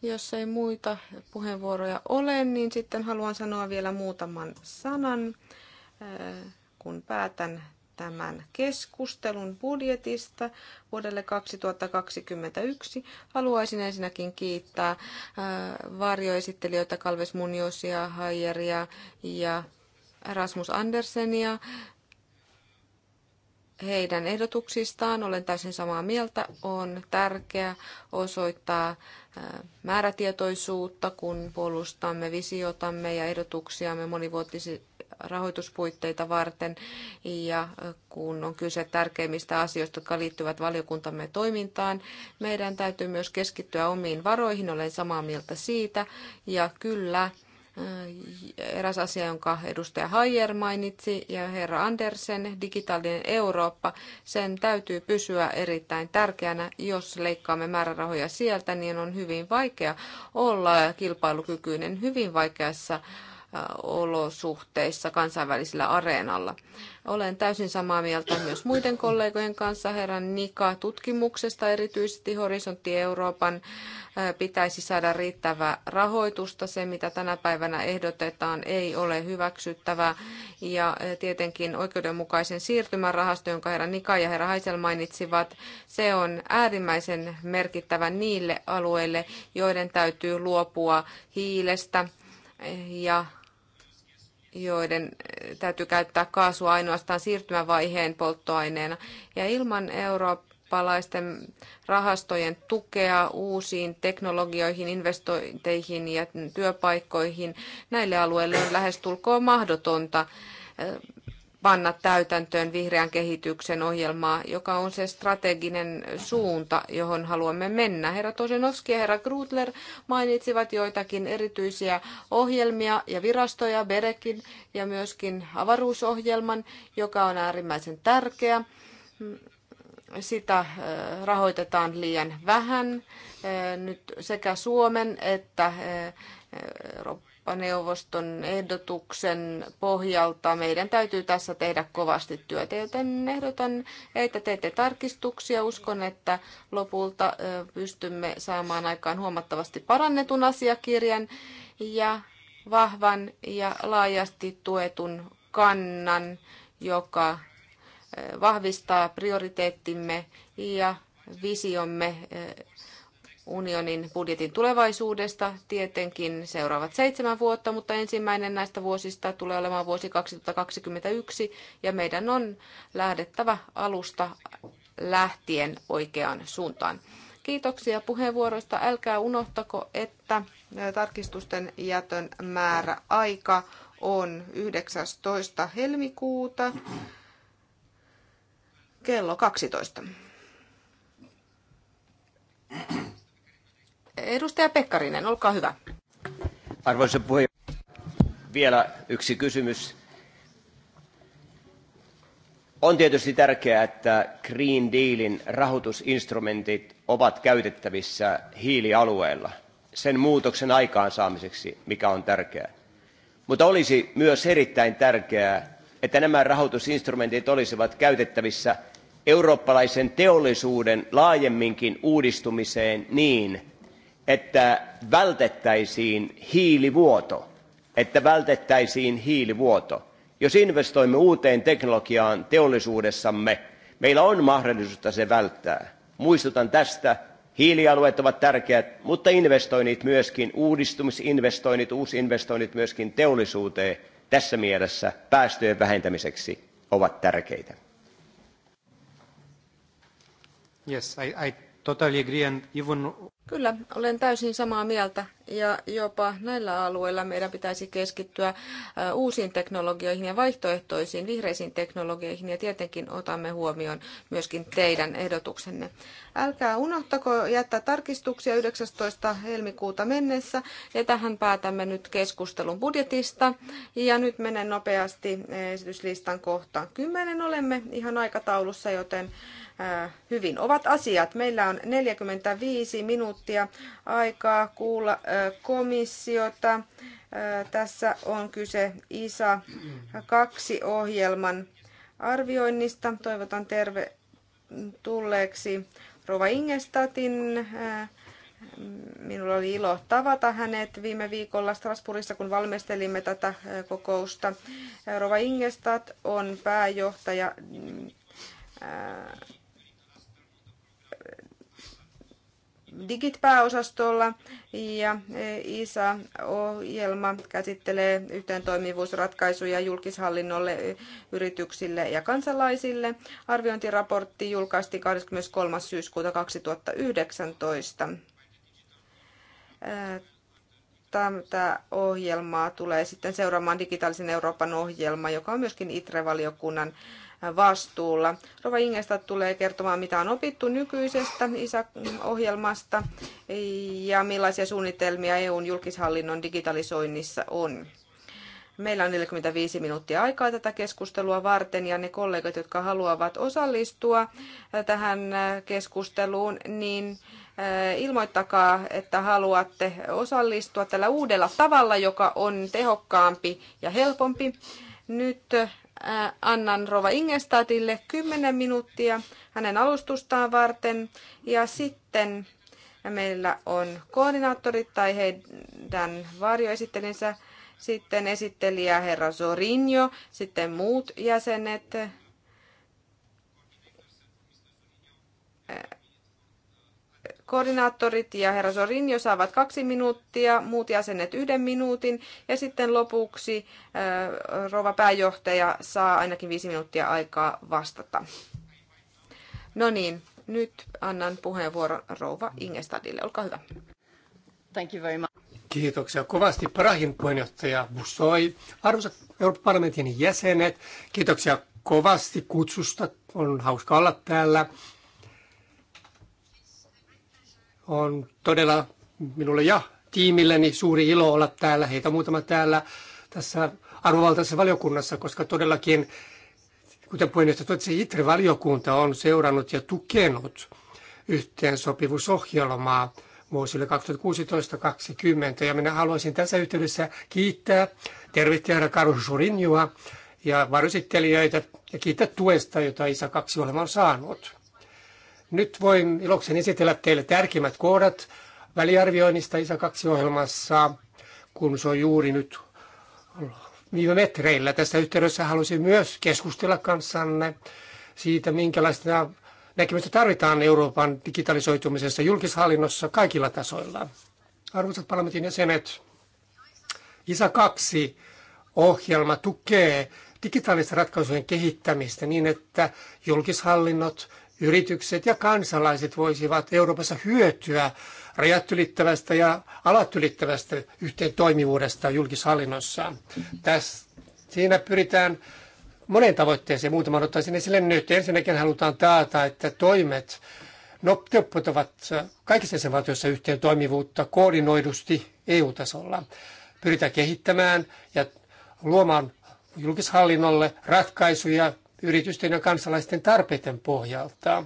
Jos ei muita puheenvuoroja ole, niin sitten haluan sanoa vielä muutaman sanan, äh, kun päätän tämän keskustelun budjetista vuodelle 2021. Haluaisin ensinnäkin kiittää äh, varjoesittelijöitä Kalves Muniosia, Hayeria ja Rasmus Andersenia heidän ehdotuksistaan. Olen täysin samaa mieltä. On tärkeää osoittaa äh, määrätietoisuutta, kun puolustamme visiotamme ja ehdotuksiamme monivuotisi rahoituspuitteita varten ja kun on kyse tärkeimmistä asioista, jotka liittyvät valiokuntamme toimintaan, meidän täytyy myös keskittyä omiin varoihin, olen samaa mieltä siitä ja kyllä eräs asia, jonka edustaja Hayer mainitsi ja herra Andersen, digitaalinen Eurooppa, sen täytyy pysyä erittäin tärkeänä. Jos leikkaamme määrärahoja sieltä, niin on hyvin vaikea olla kilpailukykyinen hyvin vaikeassa olosuhteissa kansainvälisellä areenalla. Olen täysin samaa mieltä myös muiden kollegojen kanssa herran Nika tutkimuksesta, erityisesti Horisontti Euroopan pitäisi saada riittävää rahoitusta. Se, mitä tänä päivänä ehdotetaan, ei ole hyväksyttävää. Ja tietenkin oikeudenmukaisen siirtymän jonka herra Nika ja herra Haisel mainitsivat, se on äärimmäisen merkittävä niille alueille, joiden täytyy luopua hiilestä ja joiden eh, täytyy käyttää kaasua ainoastaan siirtymävaiheen polttoaineena. Ja ilman eurooppalaisten rahastojen tukea uusiin teknologioihin, investointeihin ja työpaikkoihin näille alueille on lähestulkoon mahdotonta eh, panna täytäntöön vihreän kehityksen ohjelmaa, joka on se strateginen suunta, johon haluamme mennä. Herra Tosinovski ja herra Grutler mainitsivat joitakin erityisiä ohjelmia ja virastoja, Berekin ja myöskin avaruusohjelman, joka on äärimmäisen tärkeä. Sitä äh, rahoitetaan liian vähän äh, nyt sekä Suomen että äh, Euroopan neuvoston ehdotuksen pohjalta meidän täytyy tässä tehdä kovasti työtä, joten ehdotan, että teette tarkistuksia. Uskon, että lopulta pystymme saamaan aikaan huomattavasti parannetun asiakirjan ja vahvan ja laajasti tuetun kannan, joka vahvistaa prioriteettimme ja visiomme unionin budjetin tulevaisuudesta, tietenkin seuraavat seitsemän vuotta, mutta ensimmäinen näistä vuosista tulee olemaan vuosi 2021 ja meidän on lähdettävä alusta lähtien oikeaan suuntaan. Kiitoksia puheenvuoroista. Älkää unohtako, että tarkistusten jätön määrä aika on 19. helmikuuta kello 12. Edustaja Pekkarinen, olkaa hyvä. Arvoisa puheenjohtaja, vielä yksi kysymys. On tietysti tärkeää, että Green Dealin rahoitusinstrumentit ovat käytettävissä hiilialueella sen muutoksen aikaansaamiseksi, mikä on tärkeää. Mutta olisi myös erittäin tärkeää, että nämä rahoitusinstrumentit olisivat käytettävissä eurooppalaisen teollisuuden laajemminkin uudistumiseen niin, että vältettäisiin hiilivuoto. Että vältettäisiin hiilivuoto. Jos investoimme uuteen teknologiaan teollisuudessamme, meillä on mahdollisuutta se välttää. Muistutan tästä, hiilialueet ovat tärkeät, mutta investoinnit myöskin, uudistumisinvestoinnit, uusinvestoinnit myöskin teollisuuteen tässä mielessä päästöjen vähentämiseksi ovat tärkeitä. Yes, I, I totally agree and even... Kyllä, olen täysin samaa mieltä ja jopa näillä alueilla meidän pitäisi keskittyä uusiin teknologioihin ja vaihtoehtoisiin vihreisiin teknologioihin ja tietenkin otamme huomioon myöskin teidän ehdotuksenne. Älkää unohtako jättää tarkistuksia 19. helmikuuta mennessä ja tähän päätämme nyt keskustelun budjetista ja nyt menen nopeasti esityslistan kohtaan. Kymmenen olemme ihan aikataulussa, joten Äh, hyvin ovat asiat. Meillä on 45 minuuttia aikaa kuulla äh, komissiota. Äh, tässä on kyse ISA 2 ohjelman arvioinnista. Toivotan tervetulleeksi Rova Ingestatin. Minulla oli ilo tavata hänet viime viikolla Strasbourgissa, kun valmistelimme tätä kokousta. Rova Ingestat on pääjohtaja mm, Digit-pääosastolla ja e, ISA-ohjelma käsittelee yhteen toimivuusratkaisuja julkishallinnolle, e, yrityksille ja kansalaisille. Arviointiraportti julkaistiin 23. syyskuuta 2019. Tätä ohjelmaa tulee sitten seuraamaan digitaalisen Euroopan ohjelma, joka on myöskin ITRE-valiokunnan vastuulla. Rova Ingesta tulee kertomaan, mitä on opittu nykyisestä ISA-ohjelmasta ja millaisia suunnitelmia EUn julkishallinnon digitalisoinnissa on. Meillä on 45 minuuttia aikaa tätä keskustelua varten ja ne kollegat, jotka haluavat osallistua tähän keskusteluun, niin eh, ilmoittakaa, että haluatte osallistua tällä uudella tavalla, joka on tehokkaampi ja helpompi. Nyt Äh, annan Rova Ingenstadille 10 minuuttia hänen alustustaan varten ja sitten meillä on koordinaattorit tai heidän varjoesittelinsä, sitten esittelijä herra Zorinjo, sitten muut jäsenet, äh, Koordinaattorit ja herra Sorinjo saavat kaksi minuuttia, muut jäsenet yhden minuutin ja sitten lopuksi äh, rova pääjohtaja saa ainakin viisi minuuttia aikaa vastata. No niin, nyt annan puheenvuoron rouva Ingestadille. Olkaa hyvä. Thank you very much. Kiitoksia kovasti Prahin puheenjohtaja Bussoi. Arvoisat Euroopan parlamentin jäsenet, kiitoksia kovasti kutsusta. On hauska olla täällä. On todella minulle ja tiimilleni suuri ilo olla täällä, heitä muutama täällä tässä arvovaltaisessa valiokunnassa, koska todellakin, kuten puheenjohtaja totesi, ITRE-valiokunta on seurannut ja tukenut yhteensopivuusohjelmaa vuosille 2016-2020. Ja minä haluaisin tässä yhteydessä kiittää tervehtiä Karus Surinjua ja varjosittelijöitä ja kiittää tuesta, jota ISA 2 ohjelma on saanut. Nyt voin iloksen esitellä teille tärkeimmät kohdat väliarvioinnista ISA 2 ohjelmassa, kun se on juuri nyt viime metreillä. Tässä yhteydessä halusin myös keskustella kanssanne siitä, minkälaista näkemystä tarvitaan Euroopan digitalisoitumisessa julkishallinnossa kaikilla tasoilla. Arvoisat parlamentin jäsenet, ISA 2 ohjelma tukee digitaalisten ratkaisujen kehittämistä niin, että julkishallinnot yritykset ja kansalaiset voisivat Euroopassa hyötyä rajat ylittävästä ja alat ylittävästä yhteen toimivuudesta julkishallinnossa. Tässä, siinä pyritään monen tavoitteeseen. Muutaman ottaisin esille nyt. Ensinnäkin halutaan taata, että toimet nopeuttavat kaikissa jäsenvaltioissa yhteen toimivuutta koordinoidusti EU-tasolla. Pyritään kehittämään ja luomaan julkishallinnolle ratkaisuja, yritysten ja kansalaisten tarpeiden pohjalta.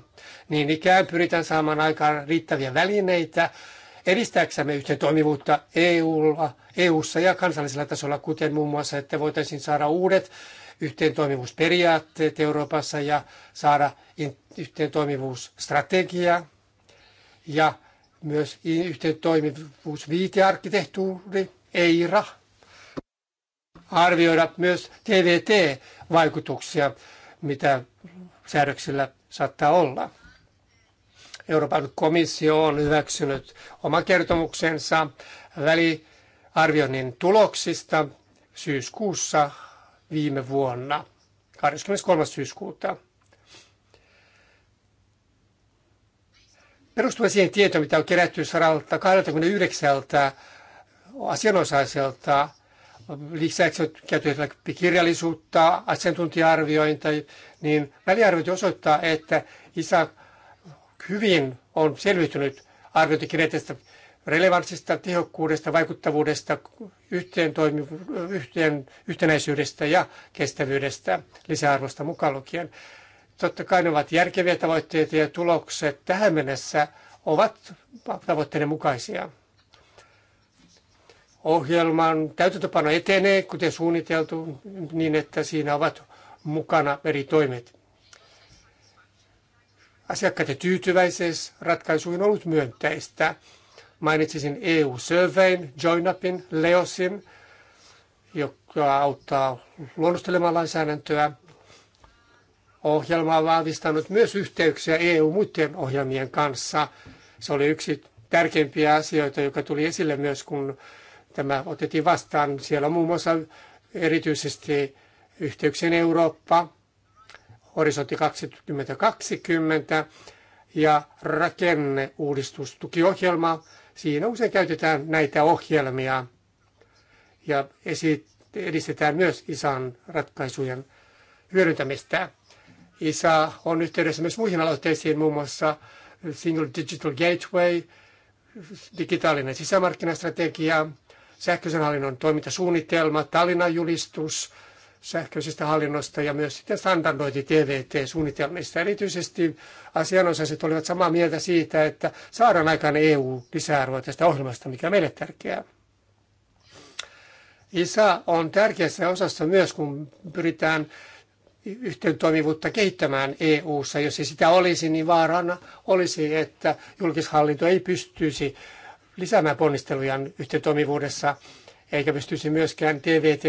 Niin ikään pyritään saamaan aikaan riittäviä välineitä edistääksemme yhteen toimivuutta EUlla, EUssa ja kansallisella tasolla, kuten muun muassa, että voitaisiin saada uudet yhteen toimivuusperiaatteet Euroopassa ja saada yhteen toimivuusstrategia ja myös yhteen toimivuusviitearkkitehtuuri, EIRA, arvioida myös TVT-vaikutuksia mitä säädöksillä saattaa olla. Euroopan komissio on hyväksynyt oman kertomuksensa väliarvioinnin tuloksista syyskuussa viime vuonna, 23. syyskuuta. Perustuen siihen tietoon, mitä on kerätty 129 asianosaiselta lisäksi käytetään kirjallisuutta, asiantuntija niin väliarviointi osoittaa, että isä hyvin on selviytynyt arviointikineettisestä relevanssista, tehokkuudesta, vaikuttavuudesta, yhteen toimi, yhteen, yhtenäisyydestä ja kestävyydestä lisäarvosta mukaan lukien. Totta kai ne ovat järkeviä tavoitteita ja tulokset tähän mennessä ovat tavoitteiden mukaisia ohjelman täytäntöpano etenee, kuten suunniteltu, niin että siinä ovat mukana eri toimet. Asiakkaiden tyytyväisyys ratkaisuihin on ollut myönteistä. Mainitsisin EU-surveyn, JoinUpin, Leosin, joka auttaa luonnostelemaan lainsäädäntöä. Ohjelma on vahvistanut myös yhteyksiä EU-muiden ohjelmien kanssa. Se oli yksi tärkeimpiä asioita, joka tuli esille myös, kun Tämä otettiin vastaan. Siellä on muun muassa erityisesti yhteyksien Eurooppa, horisontti 2020 ja rakenneuudistustukiohjelma. Siinä usein käytetään näitä ohjelmia ja edistetään myös ISAN ratkaisujen hyödyntämistä. ISA on yhteydessä myös muihin aloitteisiin, muun muassa Single Digital Gateway, digitaalinen sisämarkkinastrategia, sähköisen hallinnon toimintasuunnitelma, Tallinnan julistus sähköisestä hallinnosta ja myös sitten standardointi TVT-suunnitelmista. Erityisesti asianosaiset olivat samaa mieltä siitä, että saadaan aikaan EU-lisäarvoa tästä ohjelmasta, mikä meille tärkeää. ISA on tärkeässä osassa myös, kun pyritään yhteen toimivuutta kehittämään EU-ssa. Jos ei sitä olisi, niin vaarana olisi, että julkishallinto ei pystyisi lisäämään ponnistelujaan yhteentoimivuudessa, eikä pystyisi myöskään TVT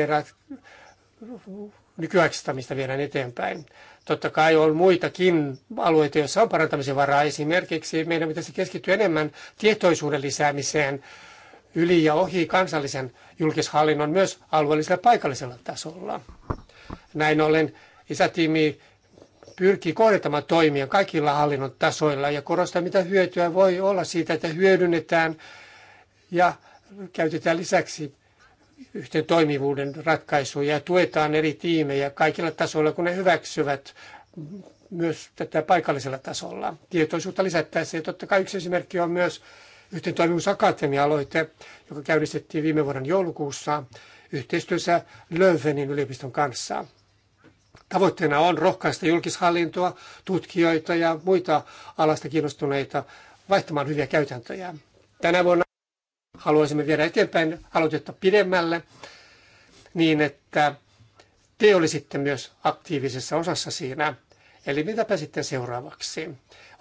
nykyaikaistamista viedään eteenpäin. Totta kai on muitakin alueita, joissa on parantamisen varaa. Esimerkiksi meidän pitäisi keskittyä enemmän tietoisuuden lisäämiseen yli ja ohi kansallisen julkishallinnon myös alueellisella ja paikallisella tasolla. Näin ollen isätiimi pyrkii kohdentamaan toimia kaikilla hallinnon tasoilla ja korostaa, mitä hyötyä voi olla siitä, että hyödynnetään ja käytetään lisäksi yhteen toimivuuden ratkaisuja ja tuetaan eri tiimejä kaikilla tasoilla, kun ne hyväksyvät myös tätä paikallisella tasolla. Tietoisuutta lisättäessä ja totta kai yksi esimerkki on myös yhteen toimivuusakatemia-aloite, joka käynnistettiin viime vuoden joulukuussa yhteistyössä Löfvenin yliopiston kanssa. Tavoitteena on rohkaista julkishallintoa, tutkijoita ja muita alasta kiinnostuneita vaihtamaan hyviä käytäntöjä. Tänä vuonna haluaisimme viedä eteenpäin aloitetta pidemmälle niin, että te olisitte myös aktiivisessa osassa siinä. Eli mitäpä sitten seuraavaksi?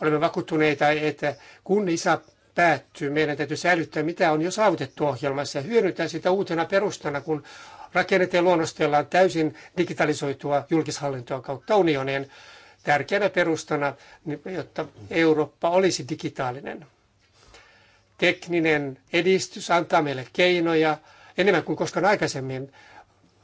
Olemme vakuuttuneita, että kun isä päättyy, meidän täytyy säilyttää, mitä on jo saavutettu ohjelmassa ja hyödyntää sitä uutena perustana, kun rakennetta ja luonnostellaan täysin digitalisoitua julkishallintoa kautta unionin tärkeänä perustana, jotta Eurooppa olisi digitaalinen. Tekninen edistys antaa meille keinoja enemmän kuin koskaan aikaisemmin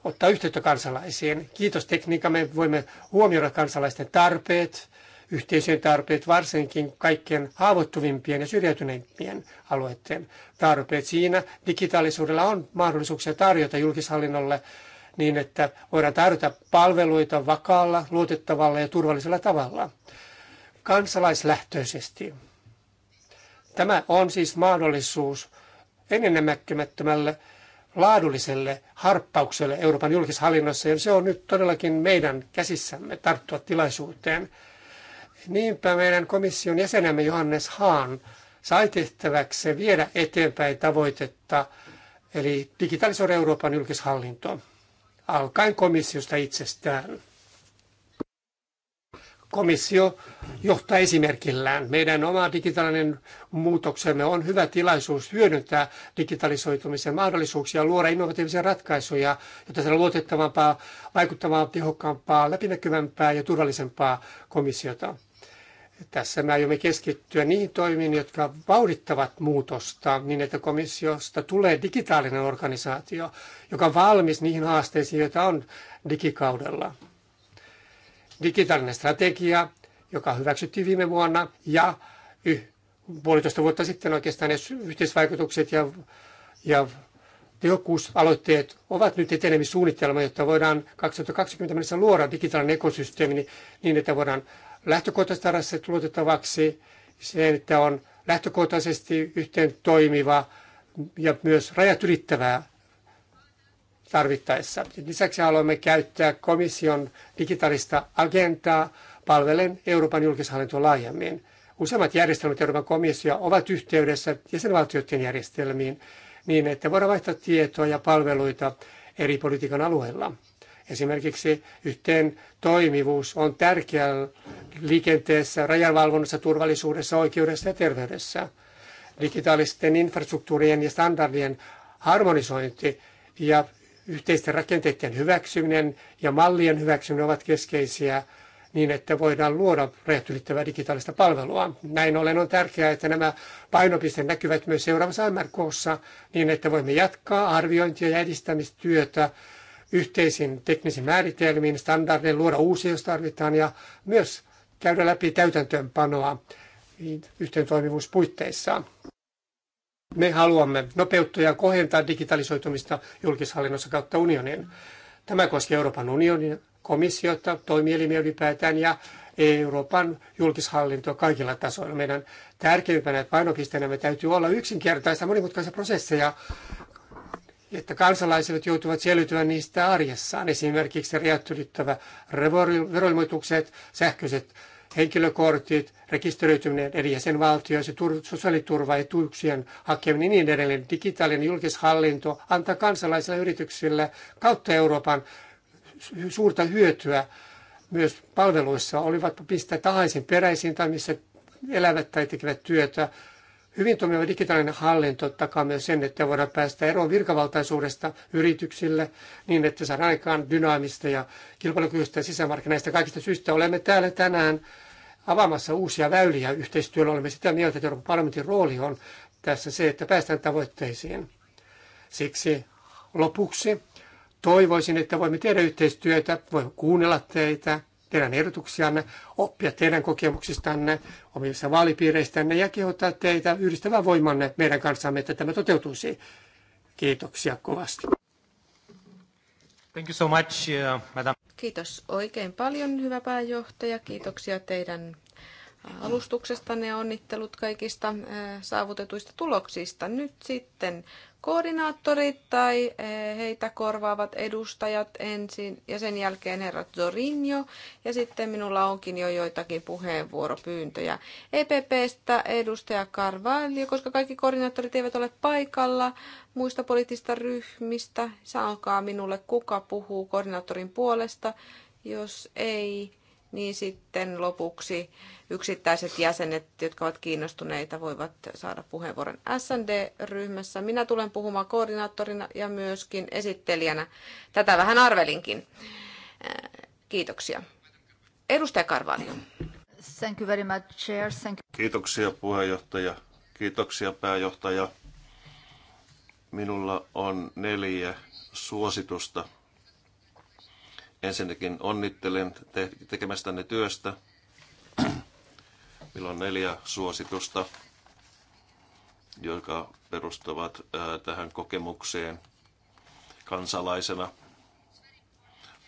ottaa yhteyttä kansalaisiin. Kiitos tekniikka, me voimme huomioida kansalaisten tarpeet, yhteisöjen tarpeet, varsinkin kaikkien haavoittuvimpien ja syrjäytyneimpien alueiden tarpeet. Siinä digitaalisuudella on mahdollisuuksia tarjota julkishallinnolle niin, että voidaan tarjota palveluita vakaalla, luotettavalla ja turvallisella tavalla kansalaislähtöisesti. Tämä on siis mahdollisuus ennennämättömälle laadulliselle harppaukselle Euroopan julkishallinnossa, ja se on nyt todellakin meidän käsissämme tarttua tilaisuuteen. Niinpä meidän komission jäsenemme Johannes Haan sai tehtäväksi viedä eteenpäin tavoitetta, eli digitalisoida Euroopan julkishallinto, alkaen komissiosta itsestään. Komissio johtaa esimerkillään. Meidän oma digitaalinen muutoksemme on hyvä tilaisuus hyödyntää digitalisoitumisen mahdollisuuksia, luoda innovatiivisia ratkaisuja, jotta saadaan luotettavampaa, vaikuttavampaa, tehokkaampaa, läpinäkyvämpää ja turvallisempaa komissiota. Tässä me aiomme keskittyä niihin toimiin, jotka vauhdittavat muutosta niin, että komissiosta tulee digitaalinen organisaatio, joka on valmis niihin haasteisiin, joita on digikaudella. Digitaalinen strategia, joka hyväksyttiin viime vuonna, ja yh, puolitoista vuotta sitten oikeastaan ne yhteisvaikutukset ja, ja tehokkuusaloitteet ovat nyt etenemissuunnitelma, jotta voidaan 2020 mennessä luoda digitaalinen ekosysteemi niin, että voidaan lähtökohtaisesti tarasset luotettavaksi se, että on lähtökohtaisesti yhteen toimiva ja myös rajat ylittävää tarvittaessa. Lisäksi haluamme käyttää komission digitaalista agendaa palvelen Euroopan julkishallintoa laajemmin. Useimmat järjestelmät Euroopan komissio ovat yhteydessä jäsenvaltioiden järjestelmiin niin, että voidaan vaihtaa tietoa ja palveluita eri politiikan alueilla. Esimerkiksi yhteen toimivuus on tärkeää liikenteessä, rajanvalvonnassa, turvallisuudessa, oikeudessa ja terveydessä. Digitaalisten infrastruktuurien ja standardien harmonisointi ja yhteisten rakenteiden hyväksyminen ja mallien hyväksyminen ovat keskeisiä niin, että voidaan luoda rehtylittävää digitaalista palvelua. Näin ollen on tärkeää, että nämä painopisteet näkyvät myös seuraavassa MRKssa niin, että voimme jatkaa arviointia ja edistämistyötä yhteisiin teknisiin määritelmiin, standardeja luoda uusia, jos tarvitaan, ja myös käydä läpi täytäntöönpanoa toimivuuspuitteissaan. Me haluamme nopeuttaa ja kohentaa digitalisoitumista julkishallinnossa kautta unionin. Tämä koskee Euroopan unionin komissiota, toimielimiä ylipäätään ja Euroopan julkishallintoa kaikilla tasoilla. Meidän tärkeimpänä me täytyy olla yksinkertaista monimutkaisia prosesseja että kansalaiset joutuvat selviytymään niistä arjessaan. Esimerkiksi rajat ylittävä veroilmoitukset, sähköiset henkilökortit, rekisteröityminen eri jäsenvaltioissa, sosiaaliturva, etuuksien hakeminen ja niin edelleen. Digitaalinen julkishallinto antaa kansalaisille yrityksille kautta Euroopan suurta hyötyä myös palveluissa, olivat mistä tahansa peräisin tai missä elävät tai tekevät työtä. Hyvin toimiva digitaalinen hallinto takaa myös sen, että voidaan päästä eroon virkavaltaisuudesta yrityksille niin, että saadaan aikaan dynaamista ja kilpailukyvystä sisämarkkinaista kaikista syistä. Olemme täällä tänään avaamassa uusia väyliä yhteistyöllä. Olemme sitä mieltä, että Euroopan parlamentin rooli on tässä se, että päästään tavoitteisiin. Siksi lopuksi toivoisin, että voimme tehdä yhteistyötä, voimme kuunnella teitä teidän ehdotuksianne, oppia teidän kokemuksistanne, omissa vaalipiireistänne ja kehottaa teitä yhdistävän voimanne meidän kanssamme, että tämä toteutuisi. Kiitoksia kovasti. Thank you so much, uh, madam. Kiitos oikein paljon, hyvä pääjohtaja. Kiitoksia teidän alustuksestanne ja onnittelut kaikista saavutetuista tuloksista. Nyt sitten koordinaattorit tai heitä korvaavat edustajat ensin ja sen jälkeen herra Zorinjo ja sitten minulla onkin jo joitakin puheenvuoropyyntöjä. EPPstä edustaja Carvalho, koska kaikki koordinaattorit eivät ole paikalla muista poliittista ryhmistä, sanokaa minulle kuka puhuu koordinaattorin puolesta. Jos ei, niin sitten lopuksi yksittäiset jäsenet, jotka ovat kiinnostuneita, voivat saada puheenvuoron SND-ryhmässä. Minä tulen puhumaan koordinaattorina ja myöskin esittelijänä. Tätä vähän arvelinkin. Äh, kiitoksia. Edustaja Karvalio. Thank you very much, Chair. Thank you. Kiitoksia puheenjohtaja. Kiitoksia pääjohtaja. Minulla on neljä suositusta Ensinnäkin onnittelen te- tekemästänne työstä. Meillä on neljä suositusta, jotka perustuvat tähän kokemukseen kansalaisena.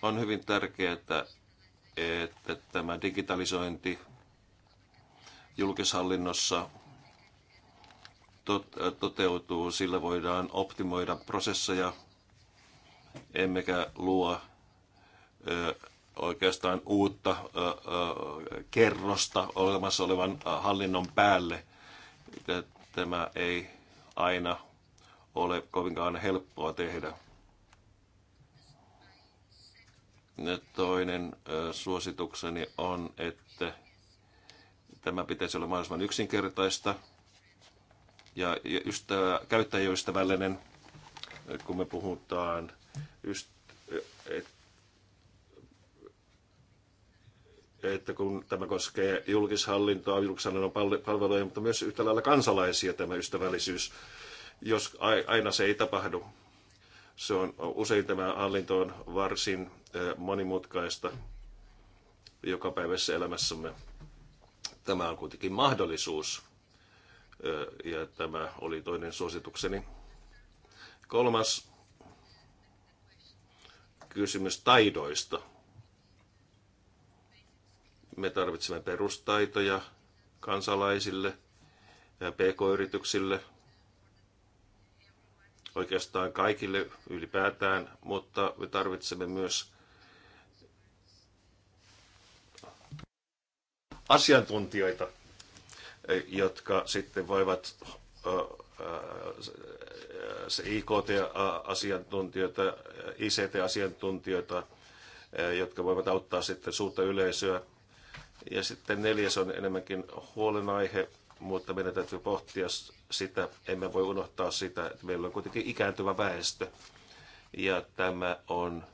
On hyvin tärkeää, että, että tämä digitalisointi julkishallinnossa toteutuu, sillä voidaan optimoida prosesseja, emmekä luo oikeastaan uutta kerrosta olemassa olevan hallinnon päälle. Tämä ei aina ole kovinkaan helppoa tehdä. Toinen suositukseni on, että tämä pitäisi olla mahdollisimman yksinkertaista ja ystävä, käyttäjäystävällinen, kun me puhutaan, ystä, että että kun tämä koskee julkishallintoa, julkishallinnon palveluja, mutta myös yhtä lailla kansalaisia tämä ystävällisyys, jos aina se ei tapahdu. Se on, usein tämä hallinto on varsin monimutkaista jokapäiväisessä elämässämme. Tämä on kuitenkin mahdollisuus, ja tämä oli toinen suositukseni. Kolmas kysymys taidoista – me tarvitsemme perustaitoja kansalaisille, ja pk-yrityksille, oikeastaan kaikille ylipäätään, mutta me tarvitsemme myös asiantuntijoita, jotka sitten voivat se IKT-asiantuntijoita, ICT-asiantuntijoita, jotka voivat auttaa sitten suurta yleisöä ja sitten neljäs on enemmänkin huolenaihe, mutta meidän täytyy pohtia sitä, emme voi unohtaa sitä, että meillä on kuitenkin ikääntyvä väestö. Ja tämä on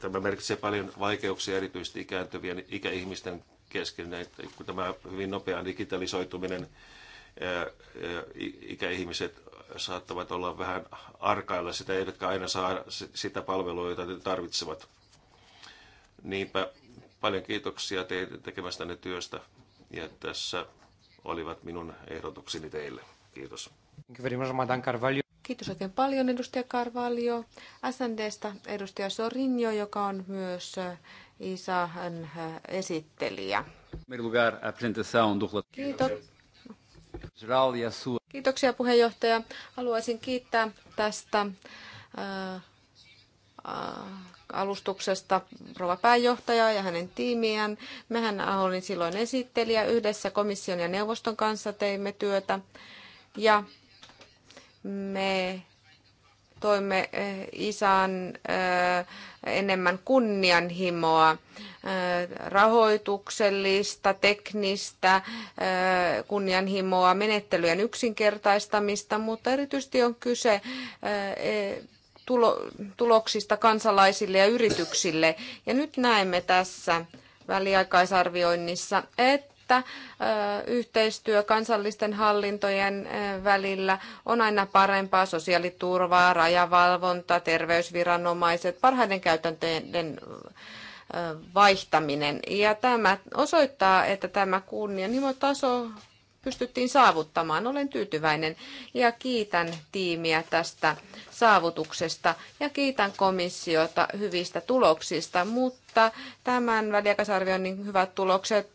tämä merkitsee paljon vaikeuksia erityisesti ikääntyvien ikäihmisten kesken, kun tämä hyvin nopea digitalisoituminen ikäihmiset saattavat olla vähän arkailla sitä, eivätkä aina saa sitä palvelua, jota ne tarvitsevat. Niinpä paljon kiitoksia teille tekemästänne työstä ja tässä olivat minun ehdotukseni teille. Kiitos. Kiitos oikein paljon edustaja Carvalho. SNDstä edustaja Sorinjo, joka on myös äh, Isahan äh, esittelijä. Kiitos. E kiitoksia puheenjohtaja. Haluaisin kiittää tästä äh, alustuksesta rova pääjohtajaa ja hänen tiimiään. Mehän äh, olin silloin esittelijä. Yhdessä komission ja neuvoston kanssa teimme työtä ja me toimme äh, isän äh, enemmän kunnianhimoa, rahoituksellista, teknistä kunnianhimoa, menettelyjen yksinkertaistamista, mutta erityisesti on kyse tulo, tuloksista kansalaisille ja yrityksille. Ja nyt näemme tässä väliaikaisarvioinnissa, että yhteistyö kansallisten hallintojen välillä on aina parempaa. Sosiaaliturvaa, rajavalvonta, terveysviranomaiset, parhaiden käytäntöjen vaihtaminen. Ja tämä osoittaa, että tämä kunnianhimotaso pystyttiin saavuttamaan. Olen tyytyväinen ja kiitän tiimiä tästä saavutuksesta ja kiitän komissiota hyvistä tuloksista, mutta tämän väliaikaisarvioinnin hyvät tulokset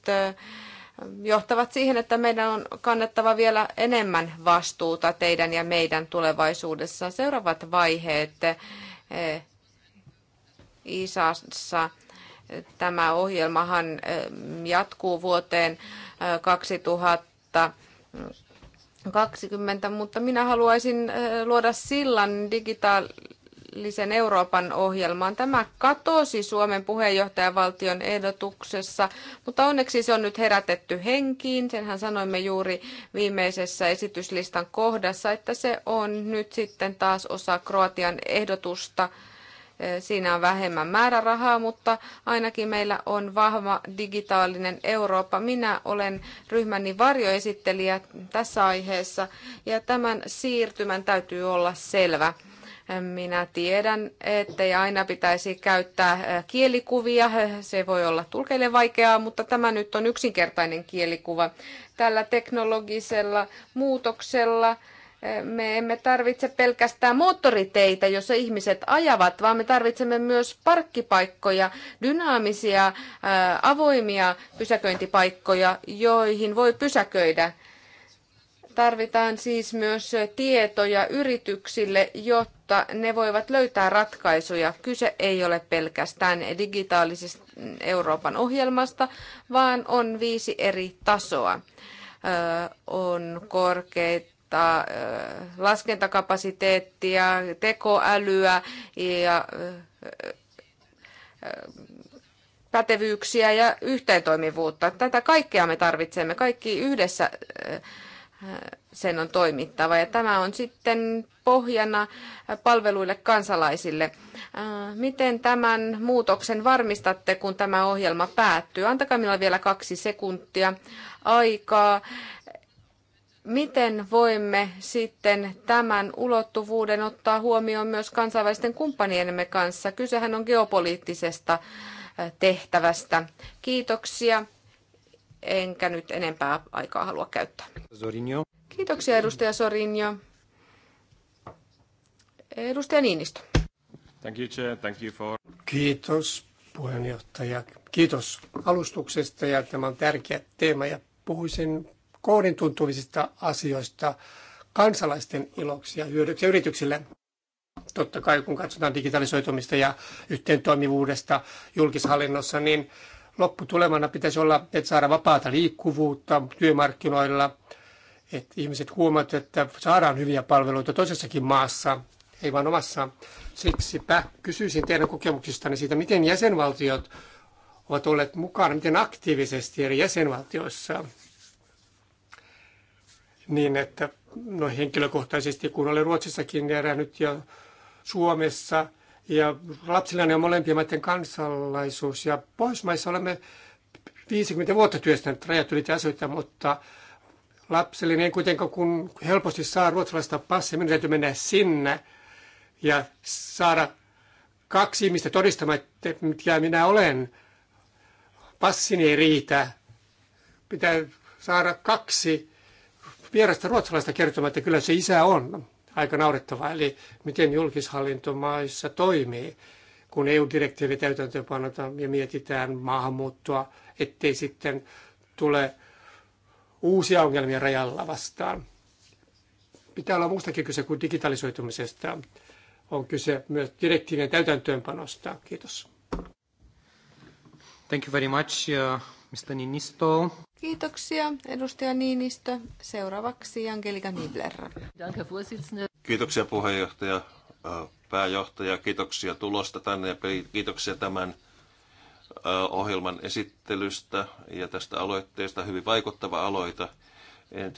johtavat siihen, että meidän on kannettava vielä enemmän vastuuta teidän ja meidän tulevaisuudessa. Seuraavat vaiheet Isassa. Tämä ohjelmahan jatkuu vuoteen 2000 20, mutta minä haluaisin äh, luoda sillan digitaalisen Euroopan ohjelmaan. Tämä katosi Suomen puheenjohtajavaltion ehdotuksessa, mutta onneksi se on nyt herätetty henkiin. Senhän sanoimme juuri viimeisessä esityslistan kohdassa, että se on nyt sitten taas osa Kroatian ehdotusta – Siinä on vähemmän määrärahaa, mutta ainakin meillä on vahva digitaalinen Eurooppa. Minä olen ryhmäni varjoesittelijä tässä aiheessa ja tämän siirtymän täytyy olla selvä. Minä tiedän, ettei aina pitäisi käyttää kielikuvia. Se voi olla tulkeille vaikeaa, mutta tämä nyt on yksinkertainen kielikuva. Tällä teknologisella muutoksella me emme tarvitse pelkästään moottoriteitä, jossa ihmiset ajavat, vaan me tarvitsemme myös parkkipaikkoja, dynaamisia, avoimia pysäköintipaikkoja, joihin voi pysäköidä. Tarvitaan siis myös tietoja yrityksille, jotta ne voivat löytää ratkaisuja. Kyse ei ole pelkästään digitaalisesta Euroopan ohjelmasta, vaan on viisi eri tasoa. On korkeita tota, laskentakapasiteettia, tekoälyä ja pätevyyksiä ja yhteentoimivuutta. Tätä kaikkea me tarvitsemme. Kaikki yhdessä sen on toimittava. Ja tämä on sitten pohjana palveluille kansalaisille. Miten tämän muutoksen varmistatte, kun tämä ohjelma päättyy? Antakaa minulle vielä kaksi sekuntia aikaa miten voimme sitten tämän ulottuvuuden ottaa huomioon myös kansainvälisten kumppanienemme kanssa? Kysehän on geopoliittisesta äh, tehtävästä. Kiitoksia. Enkä nyt enempää aikaa halua käyttää. Sorinio. Kiitoksia edustaja Sorinjo. Edustaja Niinistö. Thank you, Chair. Thank you for... Kiitos puheenjohtaja. Kiitos alustuksesta ja tämä on tärkeä teema ja puhuisin koodin tuntuvista asioista kansalaisten iloksi ja hyödyksi yrityksille. Totta kai kun katsotaan digitalisoitumista ja yhteen toimivuudesta julkishallinnossa, niin lopputulemana pitäisi olla, että saada vapaata liikkuvuutta työmarkkinoilla, että ihmiset huomaavat, että saadaan hyviä palveluita toisessakin maassa, ei vain omassa. Siksipä kysyisin teidän kokemuksistanne siitä, miten jäsenvaltiot ovat olleet mukana, miten aktiivisesti eri jäsenvaltioissa niin, että no henkilökohtaisesti, kun olen Ruotsissakin erännyt ja Suomessa, ja lapsillani on molempien maiden kansalaisuus, ja Pohjoismaissa olemme 50 vuotta työstäneet rajat ylitä asioita, mutta lapselleni ei kuitenkaan kun helposti saa ruotsalaista passia, minun täytyy mennä sinne ja saada kaksi ihmistä todistamaan, että mitä minä olen. Passini ei riitä. Pitää saada kaksi vierasta ruotsalaista kertomaan, että kyllä se isä on. Aika naurettava, eli miten julkishallintomaissa toimii, kun EU-direktiivi täytäntöönpanotaan ja mietitään maahanmuuttoa, ettei sitten tule uusia ongelmia rajalla vastaan. Pitää olla muustakin kyse kuin digitalisoitumisesta. On kyse myös direktiivien täytäntöönpanosta. Kiitos. Thank you very much. Uh... Kiitoksia, edustaja Niinistö. Seuraavaksi Angelika Nibler. Kiitoksia puheenjohtaja, pääjohtaja. Kiitoksia tulosta tänne ja kiitoksia tämän ohjelman esittelystä ja tästä aloitteesta. Hyvin vaikuttava aloite.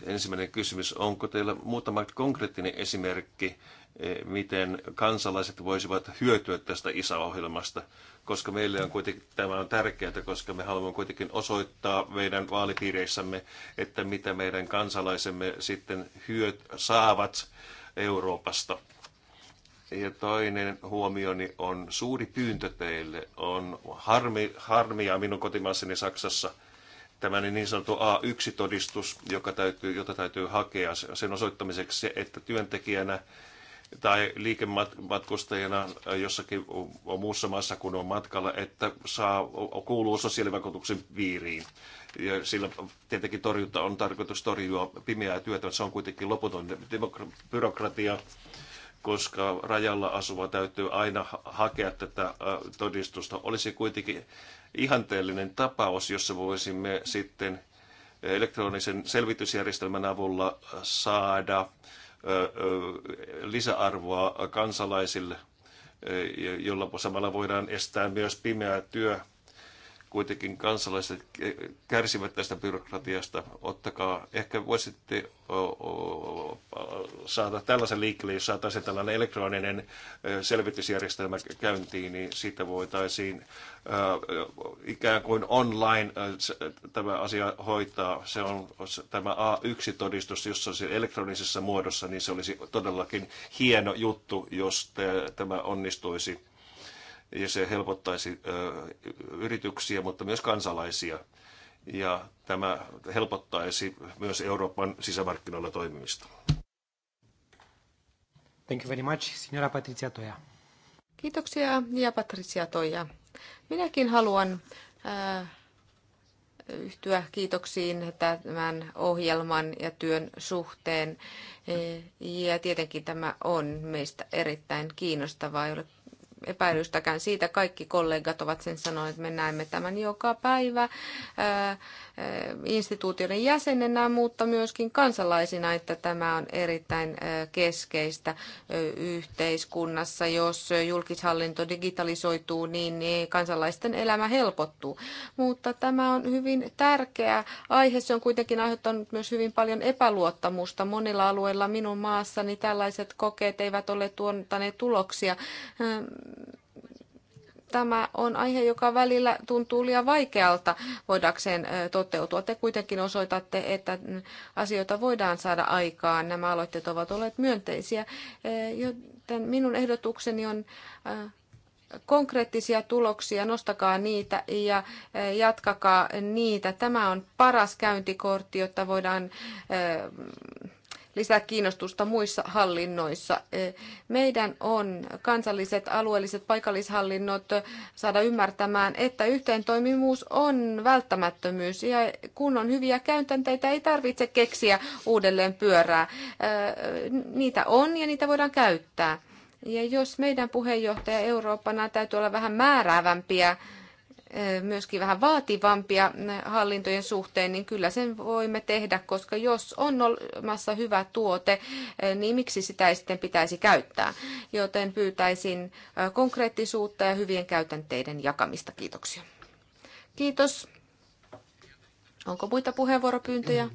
Ensimmäinen kysymys, onko teillä muutama konkreettinen esimerkki, e, miten kansalaiset voisivat hyötyä tästä ISA-ohjelmasta? koska meille on kuitenkin, tämä on tärkeää, koska me haluamme kuitenkin osoittaa meidän vaalipiireissämme, että mitä meidän kansalaisemme sitten hyöt, saavat Euroopasta. Ja toinen huomioni on suuri pyyntö teille. On harmi, harmia minun kotimaassani Saksassa – tämä niin sanottu A1-todistus, joka täytyy, jota täytyy hakea sen osoittamiseksi, että työntekijänä tai liikematkustajana jossakin muussa maassa, kun on matkalla, että saa, kuuluu sosiaalivakuutuksen piiriin. Ja sillä tietenkin torjunta on tarkoitus torjua pimeää työtä, se on kuitenkin loputon byrokratia, koska rajalla asuva täytyy aina hakea tätä todistusta. Olisi kuitenkin ihanteellinen tapaus, jossa voisimme sitten elektronisen selvitysjärjestelmän avulla saada lisäarvoa kansalaisille, e, jolla samalla voidaan estää myös pimeää työ Kuitenkin kansalaiset kärsivät tästä byrokratiasta. Ottakaa, ehkä voisitte saada tällaisen liikkeelle, jos saataisiin tällainen elektroninen selvitysjärjestelmä käyntiin, niin siitä voitaisiin ikään kuin online tämä asia hoitaa. Se on tämä A1-todistus, jossa se elektronisessa muodossa, niin se olisi todellakin hieno juttu, jos tämä onnistuisi ja se helpottaisi yrityksiä, mutta myös kansalaisia. Ja tämä helpottaisi myös Euroopan sisämarkkinoilla toimimista. Thank you very much, signora Patricia Toja. Kiitoksia ja Patricia Toja. Minäkin haluan äh, yhtyä kiitoksiin tämän ohjelman ja työn suhteen. E, ja tietenkin tämä on meistä erittäin kiinnostavaa. Ei ole epäilystäkään siitä. Kaikki kollegat ovat sen sanoneet, että me näemme tämän joka päivä instituutioiden jäsenenä, mutta myöskin kansalaisina, että tämä on erittäin keskeistä yhteiskunnassa. Jos julkishallinto digitalisoituu, niin, niin kansalaisten elämä helpottuu. Mutta tämä on hyvin tärkeä aihe. Se on kuitenkin aiheuttanut myös hyvin paljon epäluottamusta monilla alueilla minun maassani. Tällaiset kokeet eivät ole tuottaneet tuloksia tämä on aihe, joka välillä tuntuu liian vaikealta voidakseen toteutua. Te kuitenkin osoitatte, että mm, asioita voidaan saada aikaan. Nämä aloitteet ovat olleet myönteisiä, joten minun ehdotukseni on konkreettisia tuloksia, nostakaa niitä ja jatkakaa niitä. Tämä on paras käyntikortti, jotta voidaan lisää kiinnostusta muissa hallinnoissa. E, meidän on kansalliset, alueelliset, paikallishallinnot saada ymmärtämään, että yhteentoimivuus on välttämättömyys ja kun on hyviä käytänteitä, ei tarvitse keksiä uudelleen pyörää. E, niitä on ja niitä voidaan käyttää. Ja jos meidän puheenjohtaja Euroopana täytyy olla vähän määräävämpiä, Eh, myöskin vähän vaativampia eh, hallintojen suhteen, niin kyllä sen voimme tehdä, koska jos on olemassa hyvä tuote, eh, niin miksi sitä ei sitten pitäisi käyttää? Joten pyytäisin konkreettisuutta ja hyvien käytänteiden jakamista. Kiitoksia. Kiitos. Onko muita puheenvuoropyyntöjä?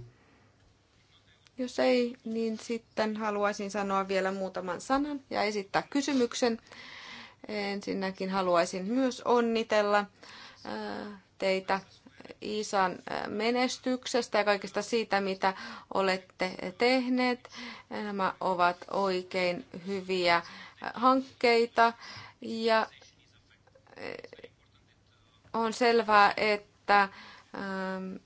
Jos ei, niin sitten haluaisin sanoa vielä muutaman sanan ja esittää kysymyksen. Ensinnäkin haluaisin myös onnitella teitä Iisan äh, menestyksestä ja kaikesta siitä, mitä olette tehneet. Nämä ovat oikein hyviä äh, hankkeita ja äh, on selvää, että ähm,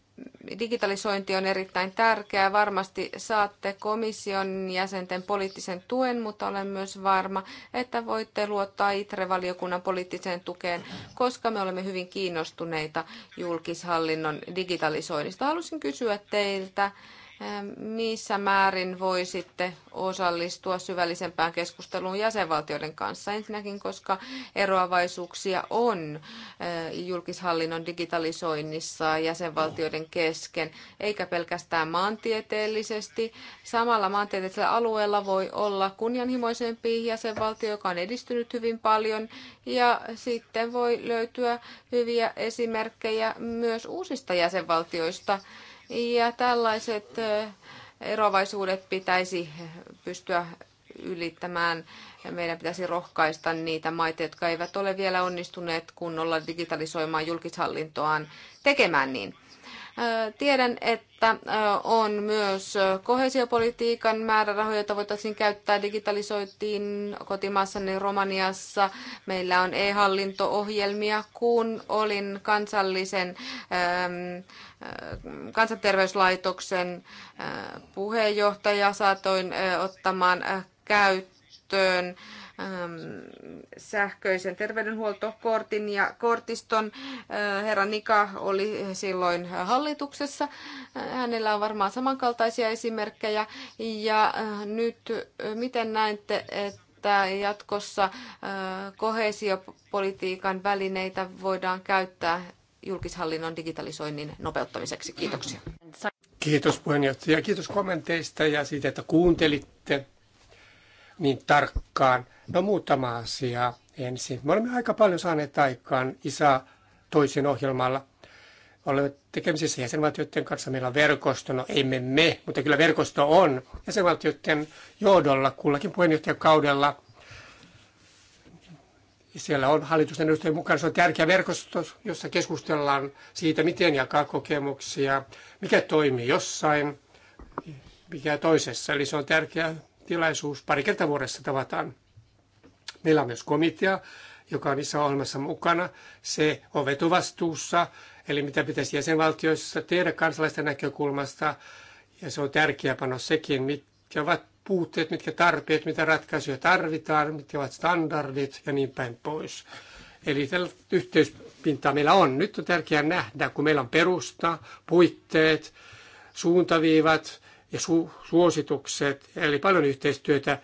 digitalisointi on erittäin tärkeää. Varmasti saatte komission jäsenten poliittisen tuen, mutta olen myös varma, että voitte luottaa ITRE-valiokunnan poliittiseen tukeen, koska me olemme hyvin kiinnostuneita julkishallinnon digitalisoinnista. Haluaisin kysyä teiltä, Ähm, missä määrin voi sitten osallistua syvällisempään keskusteluun jäsenvaltioiden kanssa. Ensinnäkin, koska eroavaisuuksia on äh, julkishallinnon digitalisoinnissa jäsenvaltioiden kesken, eikä pelkästään maantieteellisesti. Samalla maantieteellisellä alueella voi olla kunnianhimoisempi jäsenvaltio, joka on edistynyt hyvin paljon, ja sitten voi löytyä hyviä esimerkkejä myös uusista jäsenvaltioista, ja tällaiset eroavaisuudet pitäisi pystyä ylittämään. Meidän pitäisi rohkaista niitä maita, jotka eivät ole vielä onnistuneet kunnolla digitalisoimaan julkishallintoaan tekemään niin. Tiedän, että on myös kohesiopolitiikan määrärahoja, joita voitaisiin käyttää. Digitalisoitiin kotimaassani Romaniassa. Meillä on e-hallinto-ohjelmia. Kun olin kansallisen kansanterveyslaitoksen puheenjohtaja, saatoin ottamaan käyttöön Ähm, sähköisen terveydenhuoltokortin ja kortiston. Äh, herra Nika oli silloin hallituksessa. Hänellä on varmaan samankaltaisia esimerkkejä. Ja äh, nyt äh, miten näette, että että jatkossa kohesiopolitiikan välineitä voidaan käyttää julkishallinnon digitalisoinnin nopeuttamiseksi. Kiitoksia. Kiitos puheenjohtaja. Kiitos kommenteista ja siitä, että kuuntelitte niin tarkkaan. No muutama asia ensin. Me olemme aika paljon saaneet aikaan isä toisen ohjelmalla. Olemme tekemisissä jäsenvaltioiden kanssa. Meillä on verkosto, no emme me, mutta kyllä verkosto on jäsenvaltioiden johdolla kullakin puheenjohtajakaudella. Siellä on hallitusten edustajien mukana. Se on tärkeä verkosto, jossa keskustellaan siitä, miten jakaa kokemuksia, mikä toimii jossain, mikä toisessa. Eli se on tärkeä tilaisuus. Pari kertaa vuodessa tavataan. Meillä on myös komitea, joka on niissä ohjelmassa mukana. Se on vetovastuussa, eli mitä pitäisi jäsenvaltioissa tehdä kansalaisten näkökulmasta. Ja se on tärkeä pano sekin, mitkä ovat puutteet, mitkä tarpeet, mitä ratkaisuja tarvitaan, mitkä ovat standardit ja niin päin pois. Eli tällä yhteispintaa meillä on. Nyt on tärkeää nähdä, kun meillä on perusta, puitteet, suuntaviivat, ja su- suositukset, eli paljon yhteistyötä.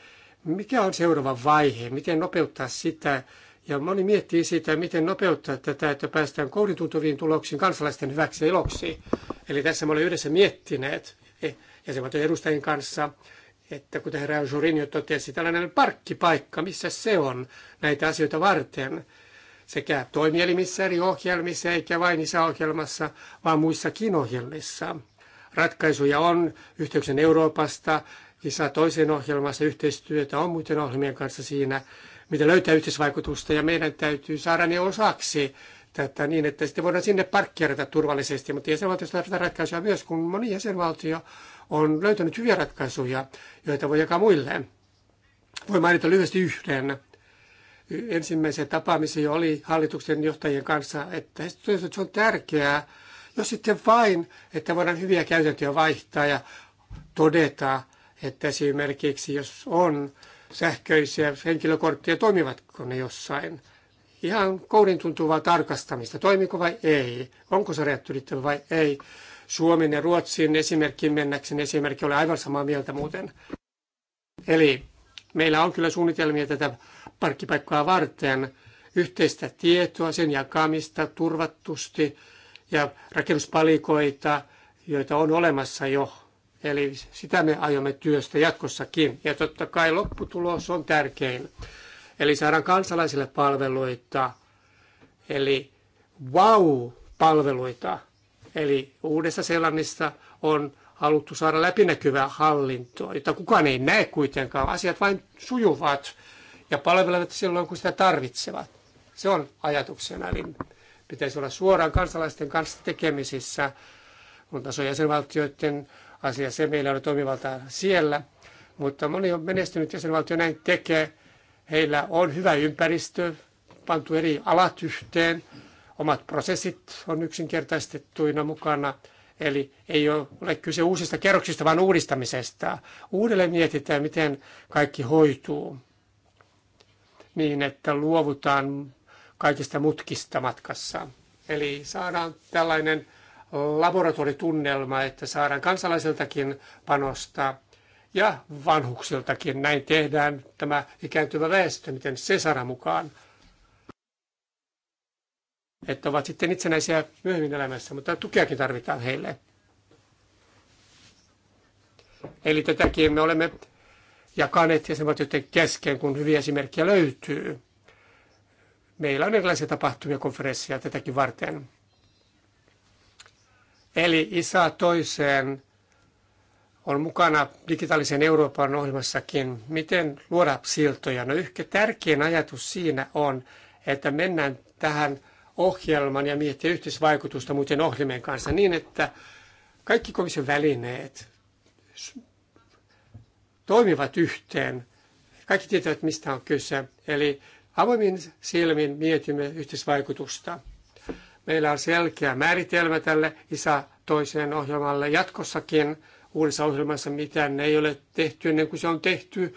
Mikä on seuraava vaihe? Miten nopeuttaa sitä? Ja moni miettii sitä, miten nopeuttaa tätä, että päästään kourituntuviin tuloksiin kansalaisten hyväksi iloksi. Eli tässä me olemme yhdessä miettineet eh, on edustajien kanssa, että kuten herra Jorin totesi, tällainen parkkipaikka, missä se on näitä asioita varten, sekä toimielimissä eri ohjelmissa, eikä vain isäohjelmassa, vaan muissakin ohjelmissa ratkaisuja on yhteyksen Euroopasta, kisa toiseen ohjelmassa, yhteistyötä on muiden ohjelmien kanssa siinä, mitä löytää yhteisvaikutusta ja meidän täytyy saada ne osaksi tätä niin, että sitten voidaan sinne parkkeerata turvallisesti, mutta jäsenvaltiossa tarvitaan ratkaisuja myös, kun moni jäsenvaltio on löytänyt hyviä ratkaisuja, joita voi jakaa muille. Voin mainita lyhyesti yhden. Ensimmäisen tapaamisen oli hallituksen johtajien kanssa, että se on tärkeää, jos no sitten vain, että voidaan hyviä käytäntöjä vaihtaa ja todeta, että esimerkiksi jos on sähköisiä henkilökortteja, toimivatko ne jossain. Ihan kourin tuntuvaa tarkastamista, toimiko vai ei, onko se rajat vai ei. Suomen ja Ruotsin esimerkki mennäkseni esimerkki oli aivan samaa mieltä muuten. Eli meillä on kyllä suunnitelmia tätä parkkipaikkaa varten, yhteistä tietoa, sen jakamista turvattusti ja rakennuspalikoita, joita on olemassa jo. Eli sitä me aiomme työstä jatkossakin. Ja totta kai lopputulos on tärkein. Eli saadaan kansalaisille palveluita, eli wow-palveluita. Eli Uudessa Seelannissa on haluttu saada läpinäkyvää hallintoa, jota kukaan ei näe kuitenkaan. Asiat vain sujuvat ja palvelevat silloin, kun sitä tarvitsevat. Se on ajatuksena. Eli niin Pitäisi olla suoraan kansalaisten kanssa tekemisissä, kun taso jäsenvaltioiden asia, se meillä on toimivalta siellä. Mutta moni on menestynyt jäsenvaltio näin tekee. Heillä on hyvä ympäristö, pantu eri alat yhteen, omat prosessit on yksinkertaistettuina mukana. Eli ei ole kyse uusista kerroksista, vaan uudistamisesta. Uudelleen mietitään, miten kaikki hoituu niin, että luovutaan kaikista mutkista matkassa. Eli saadaan tällainen laboratoritunnelma, että saadaan kansalaisiltakin panosta ja vanhuksiltakin. Näin tehdään tämä ikääntyvä väestö, miten se mukaan. Että ovat sitten itsenäisiä myöhemmin elämässä, mutta tukeakin tarvitaan heille. Eli tätäkin me olemme jakaneet jäsenvaltioiden kesken, kun hyviä esimerkkejä löytyy. Meillä on erilaisia tapahtumia, konferenssia tätäkin varten. Eli isä toiseen on mukana digitaalisen Euroopan ohjelmassakin, miten luoda siltoja. No yhkä tärkein ajatus siinä on, että mennään tähän ohjelman ja miettiä yhteisvaikutusta muiden ohjelmien kanssa niin, että kaikki komission välineet toimivat yhteen. Kaikki tietävät, mistä on kyse. Eli Avoimin silmin mietimme yhteisvaikutusta. Meillä on selkeä määritelmä tälle isä toiseen ohjelmalle jatkossakin uudessa ohjelmassa, mitään ne ei ole tehty ennen kuin se on tehty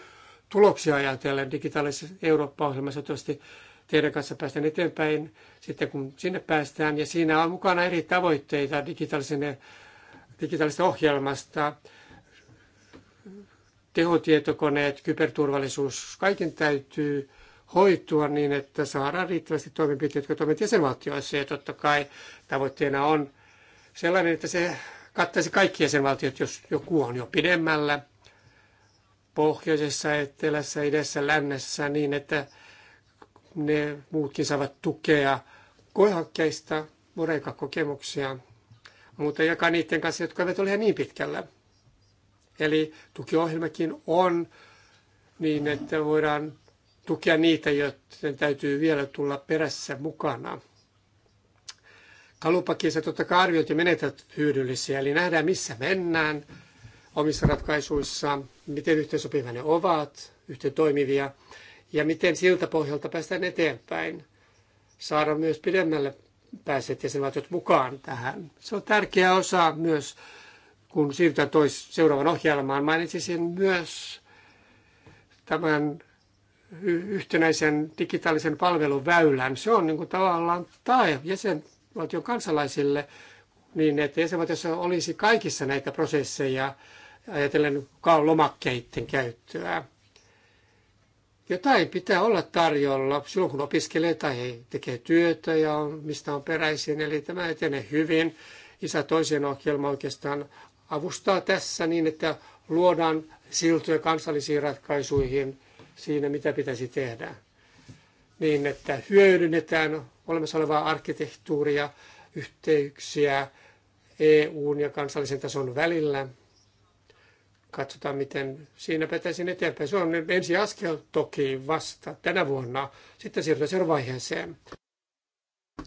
tuloksia ajatellen digitaalisessa Eurooppa-ohjelmassa. Toivottavasti teidän kanssa päästään eteenpäin sitten, kun sinne päästään. Ja siinä on mukana eri tavoitteita digitaalisesta ohjelmasta, tehotietokoneet, kyberturvallisuus, kaiken täytyy hoitua niin, että saadaan riittävästi toimenpiteitä, jotka toimivat jäsenvaltioissa. Ja totta kai tavoitteena on sellainen, että se kattaisi kaikki jäsenvaltiot, jos joku on jo pidemmällä pohjoisessa, etelässä, idässä, lännessä, niin että ne muutkin saavat tukea koehakkeista, kokemuksia, mutta jakaa niiden kanssa, jotka eivät ole ihan niin pitkällä. Eli tukiohjelmakin on niin, että voidaan tukea niitä, joiden täytyy vielä tulla perässä mukana. Kalupakissa totta kai menetät hyödyllisiä, eli nähdään missä mennään omissa ratkaisuissa, miten yhteensopivia ne ovat, yhteen toimivia, ja miten siltä pohjalta päästään eteenpäin. Saada myös pidemmälle pääset jäsenvaltiot mukaan tähän. Se on tärkeä osa myös, kun siirrytään tois seuraavan ohjelmaan. Mainitsisin myös tämän yhtenäisen digitaalisen palvelun väylän. Se on niin kuin tavallaan tae jäsenvaltion kansalaisille niin, että jäsenvaltiossa olisi kaikissa näitä prosesseja ajatellen lomakkeiden käyttöä. Jotain pitää olla tarjolla silloin, kun opiskelee tai tekee työtä ja on, mistä on peräisin. Eli tämä etenee hyvin. Isä toisen ohjelma oikeastaan avustaa tässä niin, että luodaan siltoja kansallisiin ratkaisuihin – siinä, mitä pitäisi tehdä. Niin, että hyödynnetään olemassa olevaa arkkitehtuuria, yhteyksiä EUn ja kansallisen tason välillä. Katsotaan, miten siinä pitäisi eteenpäin. Se on ensi askel toki vasta tänä vuonna. Sitten siirrytään seuraavaan vaiheeseen.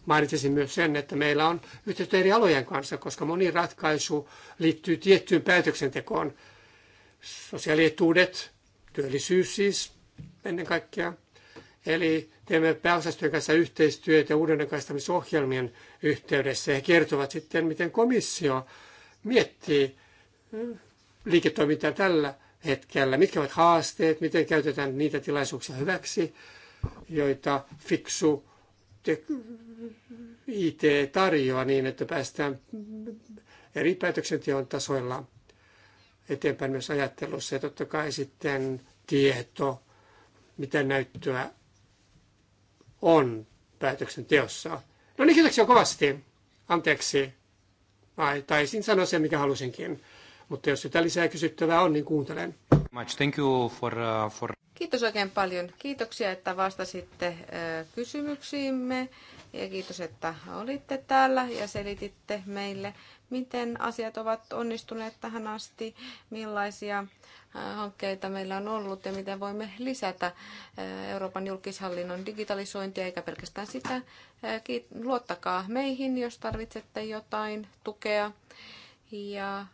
Mainitsisin myös sen, että meillä on yhteistyö eri alojen kanssa, koska moni ratkaisu liittyy tiettyyn päätöksentekoon. Sosiaalietuudet, työllisyys siis, ennen kaikkea. Eli teemme pääosastojen kanssa yhteistyötä uudenaikaistamisohjelmien yhteydessä ja kertovat sitten, miten komissio miettii eh, liiketoimintaa tällä hetkellä, mitkä ovat haasteet, miten käytetään niitä tilaisuuksia hyväksi, joita fiksu IT tarjoaa niin, että päästään eri päätöksenteon tasoilla eteenpäin myös ajattelussa ja totta kai sitten tieto, mitä näyttöä on päätöksenteossa. No niin, kiitoksia kovasti. Anteeksi. Ai, taisin sanoa sen, mikä halusinkin. Mutta jos jotain lisää kysyttävää on, niin kuuntelen. Thank you for, uh, for... Kiitos oikein paljon. Kiitoksia, että vastasitte uh, kysymyksiimme ja kiitos, että olitte täällä ja selititte meille, miten asiat ovat onnistuneet tähän asti, millaisia äh, hankkeita meillä on ollut ja miten voimme lisätä äh, Euroopan julkishallinnon digitalisointia, eikä pelkästään sitä. Äh, luottakaa meihin, jos tarvitsette jotain tukea. Ja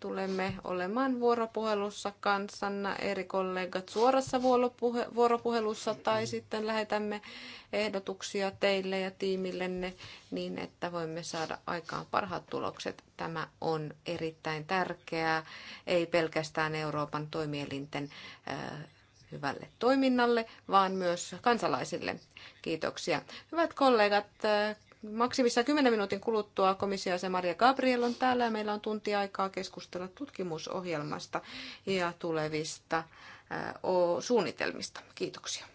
tulemme olemaan vuoropuhelussa kanssanne eri kollegat suorassa vuoropuhelussa tai sitten lähetämme ehdotuksia teille ja tiimillenne niin, että voimme saada aikaan parhaat tulokset. Tämä on erittäin tärkeää, ei pelkästään Euroopan toimielinten äh, hyvälle toiminnalle, vaan myös kansalaisille. Kiitoksia. Hyvät kollegat, äh, maksimissaan 10 minuutin kuluttua komissiaisen Maria Gabriel on täällä ja meillä on tunti aikaa keskustella tutkimusohjelmasta ja tulevista suunnitelmista. Kiitoksia.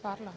parla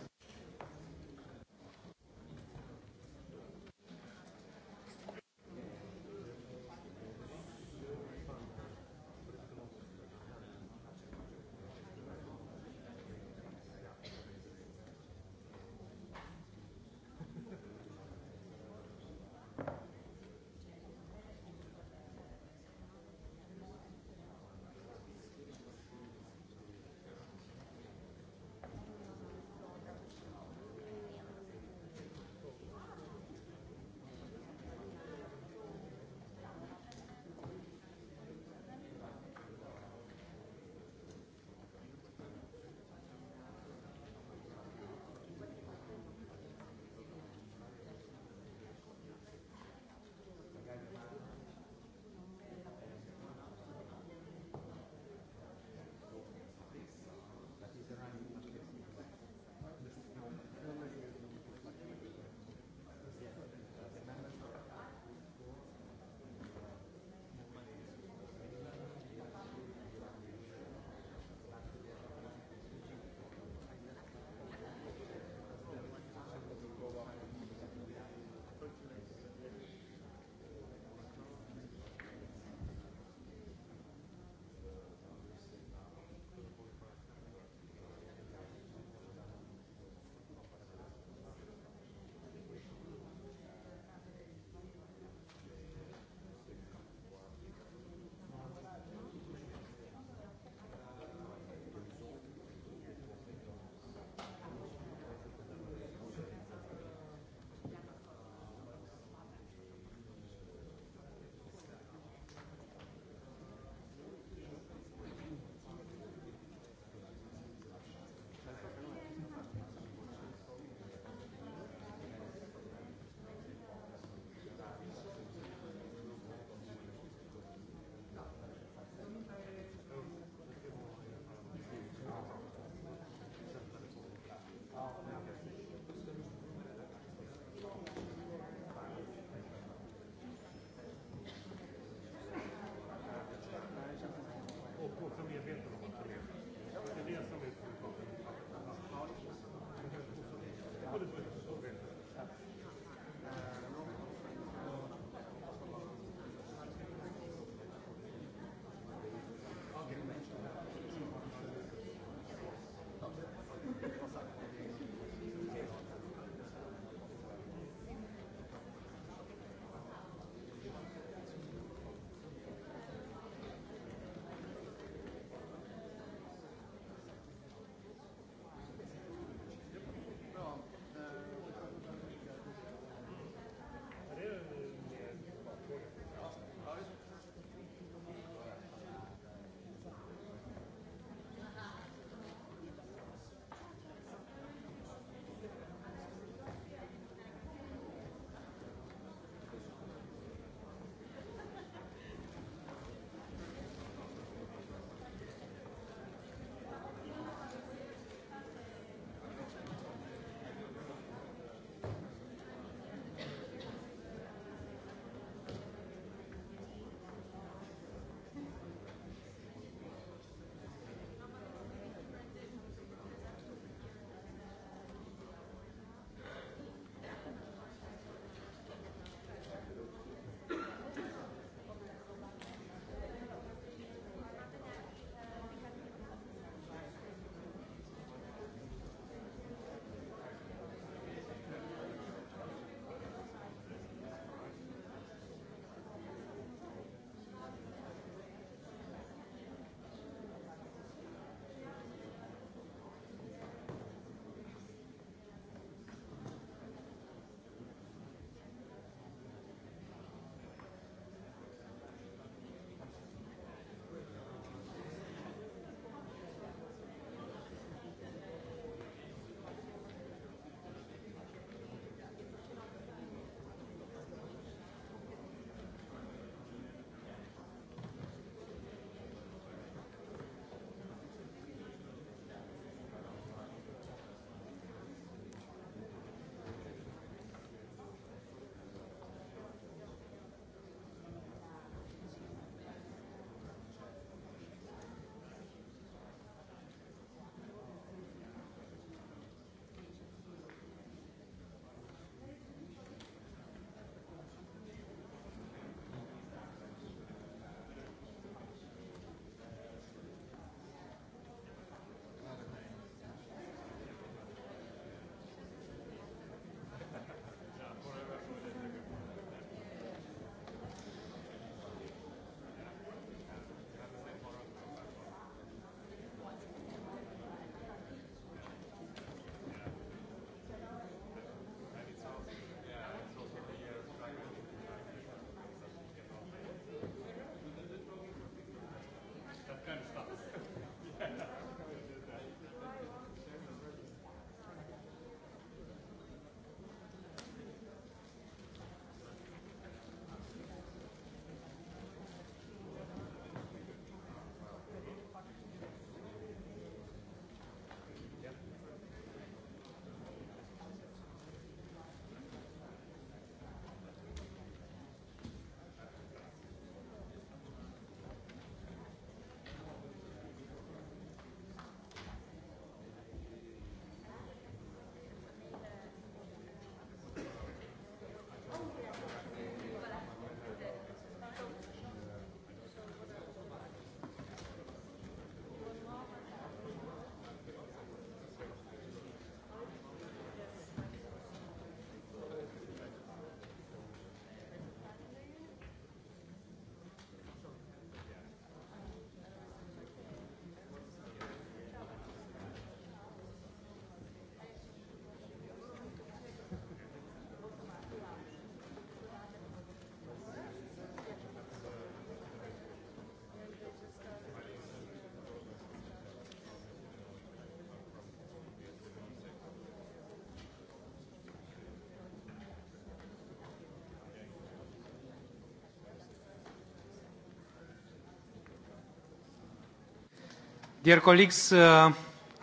Dear colleagues, uh,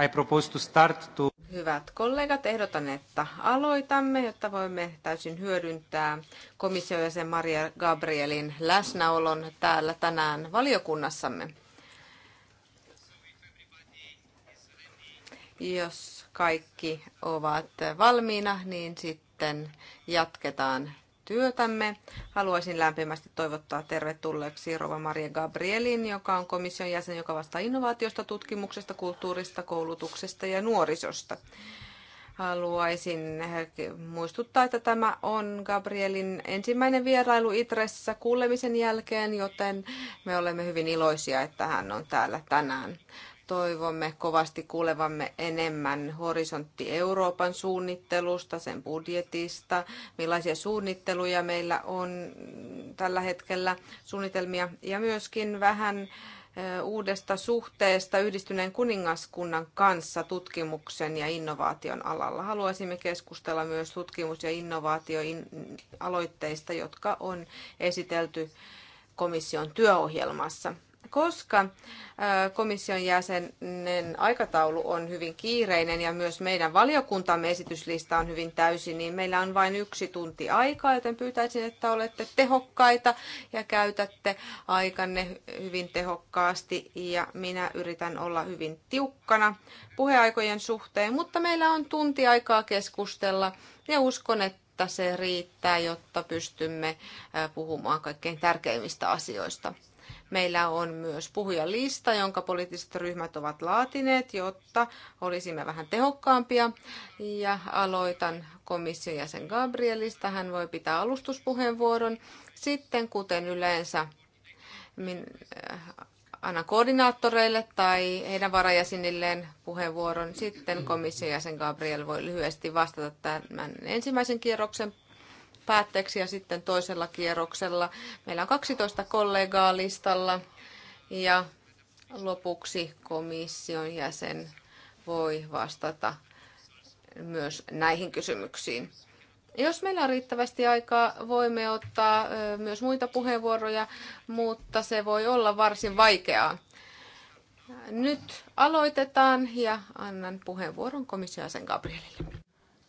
I propose to start to... Hyvät kollegat, ehdotan, että aloitamme, jotta voimme täysin hyödyntää komission jäsen Maria Gabrielin läsnäolon täällä tänään valiokunnassamme. Jos kaikki ovat valmiina, niin sitten jatketaan työtämme. Haluaisin lämpimästi toivottaa tervetulleeksi Rova Maria Gabrielin, joka on komission jäsen, joka vastaa innovaatiosta, tutkimuksesta, kulttuurista, koulutuksesta ja nuorisosta. Haluaisin muistuttaa, että tämä on Gabrielin ensimmäinen vierailu Itressä kuulemisen jälkeen, joten me olemme hyvin iloisia, että hän on täällä tänään toivomme kovasti kuulevamme enemmän horisontti Euroopan suunnittelusta, sen budjetista, millaisia suunnitteluja meillä on tällä hetkellä suunnitelmia ja myöskin vähän uudesta suhteesta yhdistyneen kuningaskunnan kanssa tutkimuksen ja innovaation alalla. Haluaisimme keskustella myös tutkimus- ja innovaatioaloitteista, jotka on esitelty komission työohjelmassa. Koska komission jäsenen aikataulu on hyvin kiireinen ja myös meidän valiokuntamme esityslista on hyvin täysi, niin meillä on vain yksi tunti aikaa, joten pyytäisin, että olette tehokkaita ja käytätte aikanne hyvin tehokkaasti. Ja minä yritän olla hyvin tiukkana puheaikojen suhteen, mutta meillä on tunti aikaa keskustella ja uskon, että että se riittää, jotta pystymme puhumaan kaikkein tärkeimmistä asioista. Meillä on myös puhujalista, jonka poliittiset ryhmät ovat laatineet, jotta olisimme vähän tehokkaampia. Ja aloitan komission jäsen Gabrielista. Hän voi pitää alustuspuheenvuoron. Sitten, kuten yleensä, min, äh, annan koordinaattoreille tai heidän varajäsenilleen puheenvuoron. Sitten komission jäsen Gabriel voi lyhyesti vastata tämän ensimmäisen kierroksen päätteeksi ja sitten toisella kierroksella. Meillä on 12 kollegaa listalla ja lopuksi komission jäsen voi vastata myös näihin kysymyksiin. Jos meillä on riittävästi aikaa, voimme ottaa myös muita puheenvuoroja, mutta se voi olla varsin vaikeaa. Nyt aloitetaan ja annan puheenvuoron jäsen Gabrielille.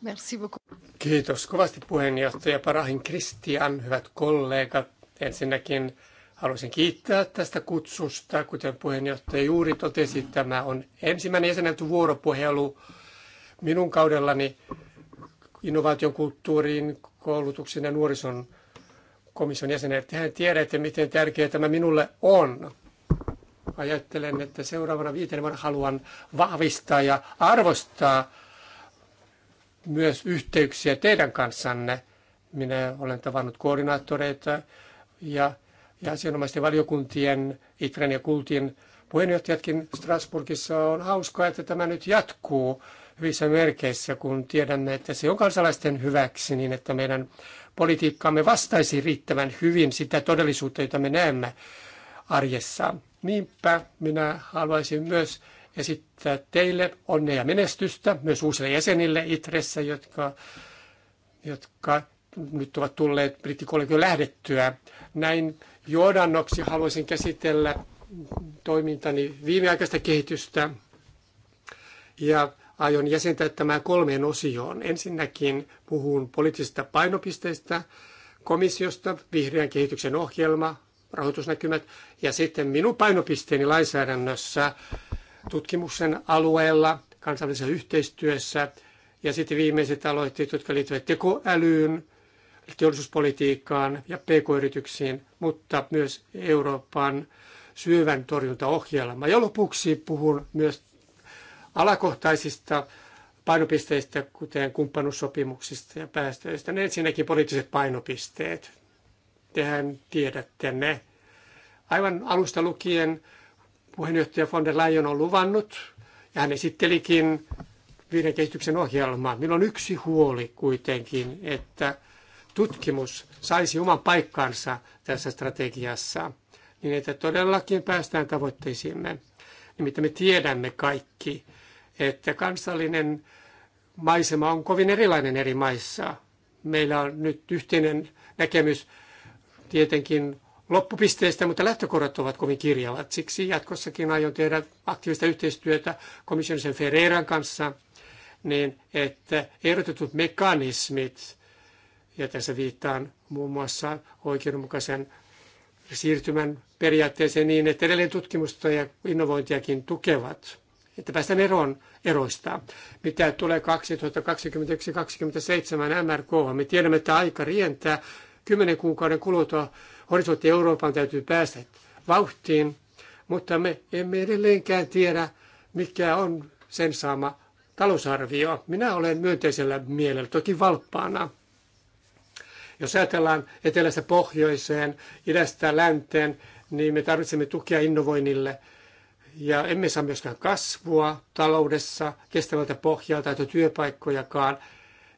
Merci beaucoup. Kiitos kovasti puheenjohtaja Parahin Kristian, hyvät kollegat. Ensinnäkin haluaisin kiittää tästä kutsusta. Kuten puheenjohtaja juuri totesi, tämä on ensimmäinen jäsenelty vuoropuhelu minun kaudellani innovaation kulttuuriin, koulutuksen ja nuorison komission jäsenet. Tehän tiedätte, miten tärkeää tämä minulle on. Ajattelen, että seuraavana viitenä haluan vahvistaa ja arvostaa myös yhteyksiä teidän kanssanne. Minä olen tavannut koordinaattoreita ja, ja asianomaisten valiokuntien, ITREN ja KULTin puheenjohtajatkin Strasbourgissa on hauskaa, että tämä nyt jatkuu hyvissä merkeissä, kun tiedämme, että se on kansalaisten hyväksi, niin että meidän politiikkaamme vastaisi riittävän hyvin sitä todellisuutta, jota me näemme arjessa. Niinpä minä haluaisin myös esittää teille onnea ja menestystä, myös uusille jäsenille Itressä, jotka, jotka nyt ovat tulleet brittikollegion lähdettyä. Näin johdannoksi haluaisin käsitellä toimintani viimeaikaista kehitystä ja aion jäsentää tämän kolmeen osioon. Ensinnäkin puhun poliittisista painopisteistä, komissiosta, vihreän kehityksen ohjelma, rahoitusnäkymät ja sitten minun painopisteeni lainsäädännössä tutkimuksen alueella, kansainvälisessä yhteistyössä ja sitten viimeiset aloitteet, jotka liittyvät tekoälyyn, teollisuuspolitiikkaan ja pk-yrityksiin, mutta myös Euroopan syövän torjuntaohjelma. Ja lopuksi puhun myös alakohtaisista painopisteistä, kuten kumppanuussopimuksista ja päästöistä. Ne ensinnäkin poliittiset painopisteet. Tehän tiedätte ne. Aivan alusta lukien Puheenjohtaja von der Leyen on luvannut, ja hän esittelikin viiden kehityksen ohjelmaa. Minulla on yksi huoli kuitenkin, että tutkimus saisi oman paikkansa tässä strategiassa, niin että todellakin päästään tavoitteisiimme. Nimittäin me tiedämme kaikki, että kansallinen maisema on kovin erilainen eri maissa. Meillä on nyt yhteinen näkemys tietenkin loppupisteestä, mutta lähtökohdat ovat kovin kirjavat. Siksi jatkossakin aion tehdä aktiivista yhteistyötä komissionisen Ferreiran kanssa, niin että ehdotetut mekanismit, ja tässä viittaan muun muassa oikeudenmukaisen siirtymän periaatteeseen niin, että edelleen tutkimusta ja innovointiakin tukevat, että päästään eroon eroista. Mitä tulee 2021-2027 MRK, me tiedämme, että aika rientää. Kymmenen kuukauden kuluttua Horisontti Euroopan täytyy päästä vauhtiin, mutta me emme edelleenkään tiedä, mikä on sen saama talousarvio. Minä olen myönteisellä mielellä, toki valppaana. Jos ajatellaan etelästä pohjoiseen, idästä länteen, niin me tarvitsemme tukea innovoinnille ja emme saa myöskään kasvua taloudessa kestävältä pohjalta tai työpaikkojakaan,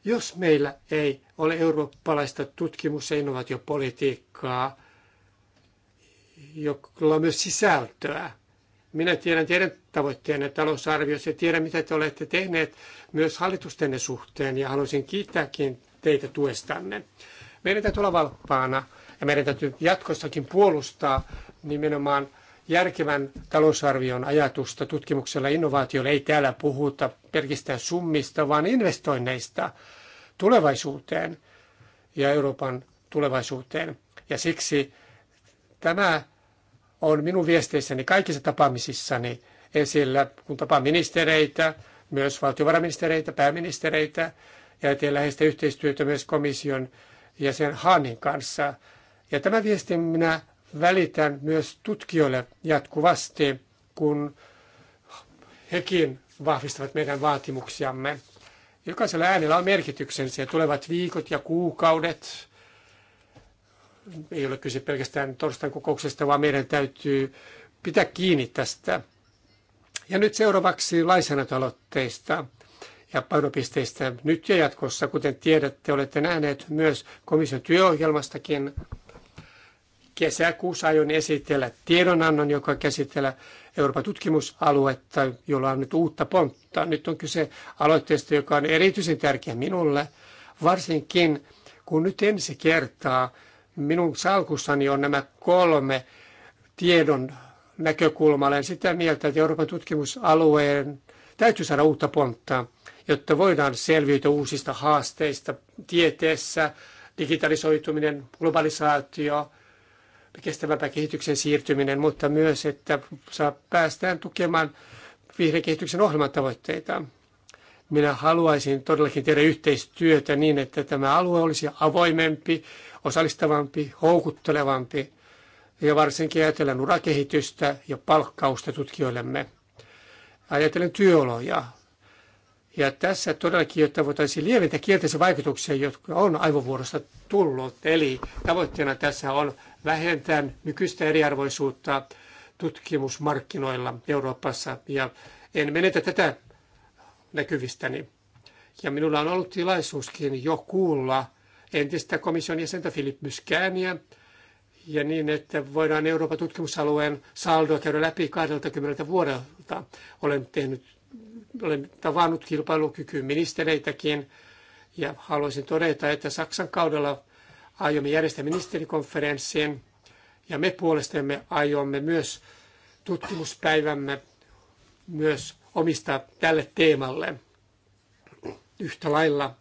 jos meillä ei ole eurooppalaista tutkimus- ja innovaatiopolitiikkaa, jolla on myös sisältöä. Minä tiedän teidän tavoitteenne talousarviossa ja tiedän, mitä te olette tehneet myös hallitustenne suhteen ja haluaisin kiittääkin teitä tuestanne. Meidän täytyy olla valppaana ja meidän täytyy jatkossakin puolustaa nimenomaan järkevän talousarvion ajatusta tutkimuksella ja innovaatiolla. Ei täällä puhuta pelkistään summista, vaan investoinneista tulevaisuuteen ja Euroopan tulevaisuuteen. Ja siksi tämä on minun viesteissäni kaikissa tapaamisissani esillä, kun tapaan ministereitä, myös valtiovarainministereitä, pääministereitä ja teen läheistä yhteistyötä myös komission ja sen Haanin kanssa. Ja tämä viesti minä välitän myös tutkijoille jatkuvasti, kun hekin vahvistavat meidän vaatimuksiamme. Jokaisella äänellä on merkityksensä ja tulevat viikot ja kuukaudet ei ole kyse pelkästään torstain kokouksesta, vaan meidän täytyy pitää kiinni tästä. Ja nyt seuraavaksi lainsäädäntöaloitteista ja painopisteistä nyt ja jatkossa. Kuten tiedätte, olette nähneet myös komission työohjelmastakin. Kesäkuussa aion esitellä tiedonannon, joka käsitellä Euroopan tutkimusaluetta, jolla on nyt uutta pontta. Nyt on kyse aloitteesta, joka on erityisen tärkeä minulle, varsinkin kun nyt ensi kertaa – Minun salkussani on nämä kolme tiedon näkökulmaa. Olen sitä mieltä, että Euroopan tutkimusalueen täytyy saada uutta pontta, jotta voidaan selviytyä uusista haasteista tieteessä, digitalisoituminen, globalisaatio, kestävämpään kehityksen siirtyminen, mutta myös, että saa päästään tukemaan vihreän kehityksen ohjelman tavoitteita. Minä haluaisin todellakin tehdä yhteistyötä niin, että tämä alue olisi avoimempi, osallistavampi, houkuttelevampi ja varsinkin ajatellen urakehitystä ja palkkausta tutkijoillemme. Ajatellen työoloja. Ja tässä todellakin, jotta voitaisiin lieventää kielteisiä vaikutuksia, jotka on aivovuorosta tullut. Eli tavoitteena tässä on vähentää nykyistä eriarvoisuutta tutkimusmarkkinoilla Euroopassa. Ja en menetä tätä näkyvistäni. Ja minulla on ollut tilaisuuskin jo kuulla entistä komission jäsentä Filip Myskääniä ja niin, että voidaan Euroopan tutkimusalueen saldoa käydä läpi 20 vuodelta. Olen tehnyt, olen tavannut kilpailukykyyn ministereitäkin ja haluaisin todeta, että Saksan kaudella aiomme järjestää ministerikonferenssin ja me puolestamme aiomme myös tutkimuspäivämme myös omistaa tälle teemalle. Yhtä lailla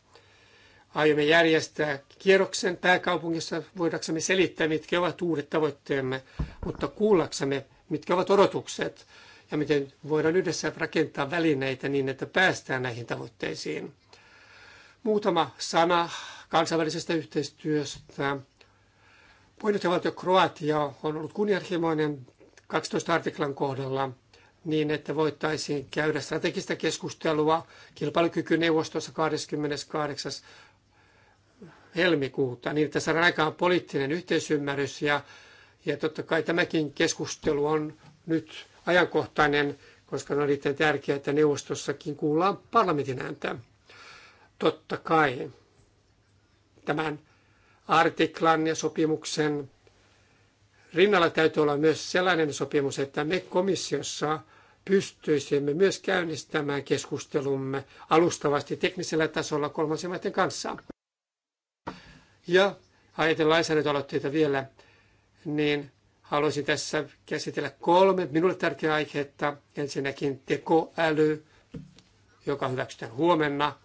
aiomme järjestää kierroksen pääkaupungissa, voidaksemme selittää, mitkä ovat uudet tavoitteemme, mutta kuullaksemme, mitkä ovat odotukset ja miten voidaan yhdessä rakentaa välineitä niin, että päästään näihin tavoitteisiin. Muutama sana kansainvälisestä yhteistyöstä. Puheenjohtajavaltio Kroatia on ollut kunnianhimoinen 12 artiklan kohdalla niin, että voitaisiin käydä strategista keskustelua kilpailukykyneuvostossa 28 helmikuuta, niin että saadaan aikaan poliittinen yhteisymmärrys ja, ja totta kai tämäkin keskustelu on nyt ajankohtainen, koska on erittäin tärkeää, että neuvostossakin kuullaan parlamentin ääntä. Totta kai tämän artiklan ja sopimuksen rinnalla täytyy olla myös sellainen sopimus, että me komissiossa pystyisimme myös käynnistämään keskustelumme alustavasti teknisellä tasolla kolmansien maiden kanssa. Ja ajatellen lainsäädäntöaloitteita vielä, niin haluaisin tässä käsitellä kolme minulle tärkeää aihetta. Ensinnäkin tekoäly, joka hyväksytään huomenna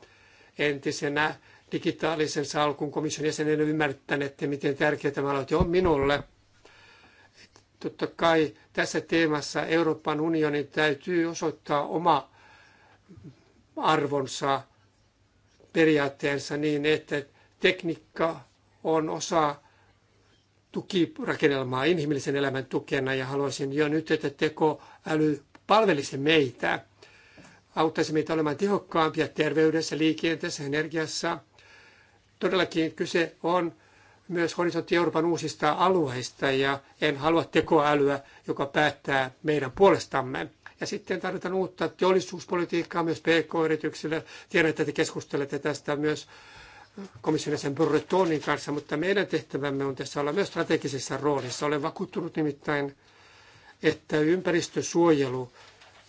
entisenä digitaalisen salkun komission jäsenen että miten tärkeä tämä aloite on minulle. Totta kai tässä teemassa Euroopan unionin täytyy osoittaa oma arvonsa periaatteensa niin, että tekniikka on osa tukirakennelmaa inhimillisen elämän tukena ja haluaisin jo nyt, että tekoäly palvelisi meitä, auttaisi meitä olemaan tehokkaampia terveydessä, liikenteessä, energiassa. Todellakin kyse on myös horisontti Euroopan uusista alueista ja en halua tekoälyä, joka päättää meidän puolestamme. Ja sitten tarvitaan uutta teollisuuspolitiikkaa myös PK-yrityksille. Tiedän, että te keskustelette tästä myös komission jäsen Burretonin kanssa, mutta meidän tehtävämme on tässä olla myös strategisessa roolissa. Olen vakuuttunut nimittäin, että ympäristösuojelu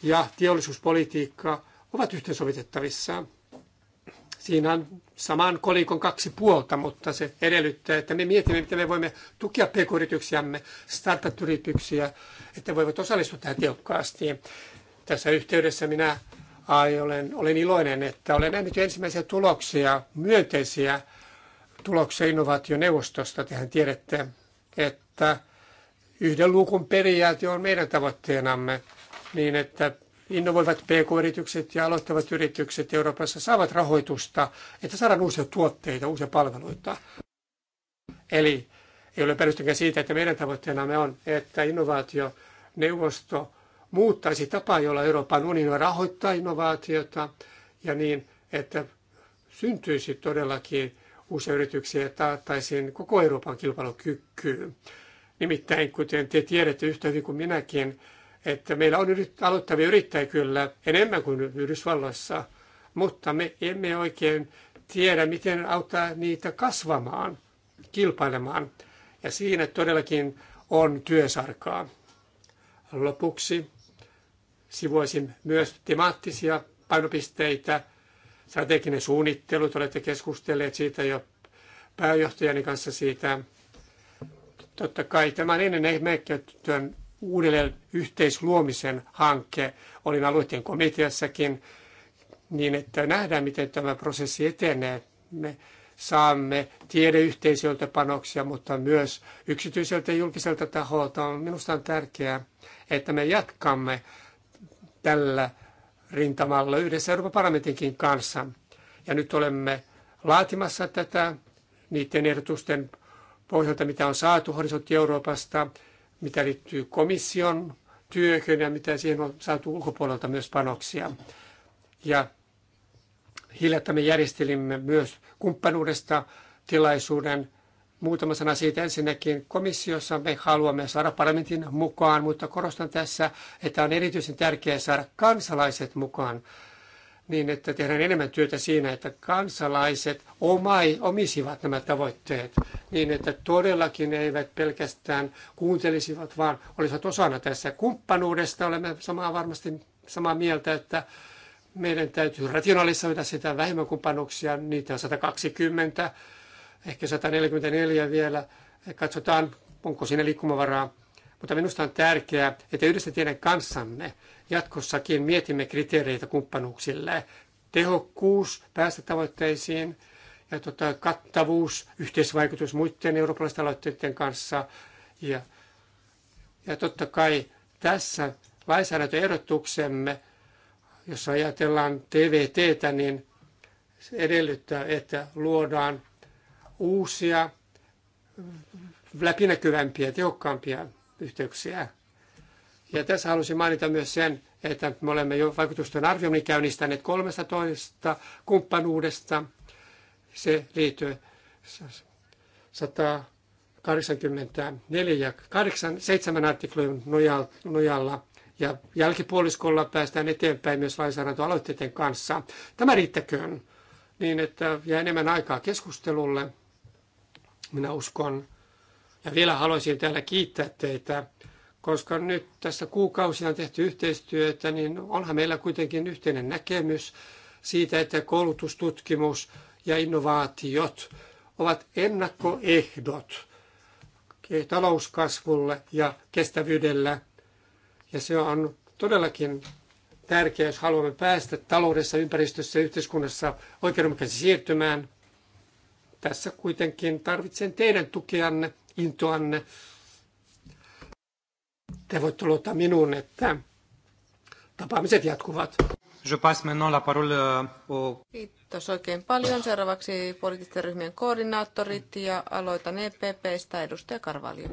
ja teollisuuspolitiikka ovat yhteensovitettavissa. Siinä on saman kolikon kaksi puolta, mutta se edellyttää, että me mietimme, miten me voimme tukea pk-yrityksiämme, startup-yrityksiä, että voivat osallistua tähän tehokkaasti. Tässä yhteydessä minä Ai, olen, olen iloinen, että olen nähnyt ensimmäisiä tuloksia, myönteisiä tuloksia innovaationeuvostosta. Tehän tiedätte, että yhden luukun periaate on meidän tavoitteenamme niin, että innovoivat pk-yritykset ja aloittavat yritykset Euroopassa saavat rahoitusta, että saadaan uusia tuotteita, uusia palveluita. Eli ei ole perustakaan siitä, että meidän tavoitteenamme on, että innovaationeuvosto muuttaisi tapaa, jolla Euroopan unioni rahoittaa innovaatiota ja niin, että syntyisi todellakin uusia yrityksiä ja taattaisiin koko Euroopan kilpailukykyyn. Nimittäin, kuten te tiedätte yhtä hyvin kuin minäkin, että meillä on yrit- aloittavia yrittäjiä kyllä enemmän kuin Yhdysvalloissa, mutta me emme oikein tiedä, miten auttaa niitä kasvamaan, kilpailemaan. Ja siinä todellakin on työsarkaa. Lopuksi Sivuaisin myös temaattisia painopisteitä, strateginen suunnittelu, te olette keskustelleet siitä jo pääjohtajani kanssa siitä. Totta kai tämä on ennen ehmeekkäyttöön uudelleen yhteisluomisen hanke. Olin alueiden komiteassakin niin, että nähdään, miten tämä prosessi etenee. Me saamme tiedeyhteisöltä panoksia, mutta myös yksityiseltä ja julkiselta taholta on minusta on tärkeää, että me jatkamme tällä rintamalla yhdessä Euroopan parlamentinkin kanssa. Ja nyt olemme laatimassa tätä niiden ehdotusten pohjalta, mitä on saatu Horisontti Euroopasta, mitä liittyy komission työhön ja mitä siihen on saatu ulkopuolelta myös panoksia. Ja hiljattain me järjestelimme myös kumppanuudesta tilaisuuden Muutama sana siitä ensinnäkin. Komissiossa me haluamme saada parlamentin mukaan, mutta korostan tässä, että on erityisen tärkeää saada kansalaiset mukaan niin, että tehdään enemmän työtä siinä, että kansalaiset omai, omisivat nämä tavoitteet niin, että todellakin eivät pelkästään kuuntelisivat, vaan olisivat osana tässä kumppanuudesta. Olemme samaa varmasti samaa mieltä, että meidän täytyy rationalisoida sitä vähemmän kumppanuuksia, niitä on 120, ehkä 144 vielä. Katsotaan, onko siinä liikkumavaraa. Mutta minusta on tärkeää, että yhdessä teidän kanssanne jatkossakin mietimme kriteereitä kumppanuuksille. Tehokkuus, päästä tavoitteisiin ja tota, kattavuus, yhteisvaikutus muiden eurooppalaisten aloitteiden kanssa. Ja, ja totta kai tässä lainsäädäntöehdotuksemme, jos ajatellaan TVTtä, niin se edellyttää, että luodaan uusia, läpinäkyvämpiä, tehokkaampia yhteyksiä. Ja tässä halusin mainita myös sen, että me olemme jo vaikutusten arvioinnin käynnistäneet 13 kumppanuudesta. Se liittyy 184 8, 7 artiklojen nojalla. Ja jälkipuoliskolla päästään eteenpäin myös lainsäädäntöaloitteiden kanssa. Tämä riittäköön niin, että jää enemmän aikaa keskustelulle minä uskon ja vielä haluaisin täällä kiittää teitä, koska nyt tässä kuukausia on tehty yhteistyötä, niin onhan meillä kuitenkin yhteinen näkemys siitä, että koulutustutkimus ja innovaatiot ovat ennakkoehdot talouskasvulle ja kestävyydellä. Ja se on todellakin tärkeää, jos haluamme päästä taloudessa, ympäristössä ja yhteiskunnassa oikeudenmukaisesti siirtymään. Tässä kuitenkin tarvitsen teidän tukeanne, intoanne. Te voitte luottaa minuun, että tapaamiset jatkuvat. Je passe maintenant la parole euh, au... Kiitos oikein paljon. Seuraavaksi poliittisten ryhmien koordinaattorit ja aloitan EPPstä edustaja Karvalio.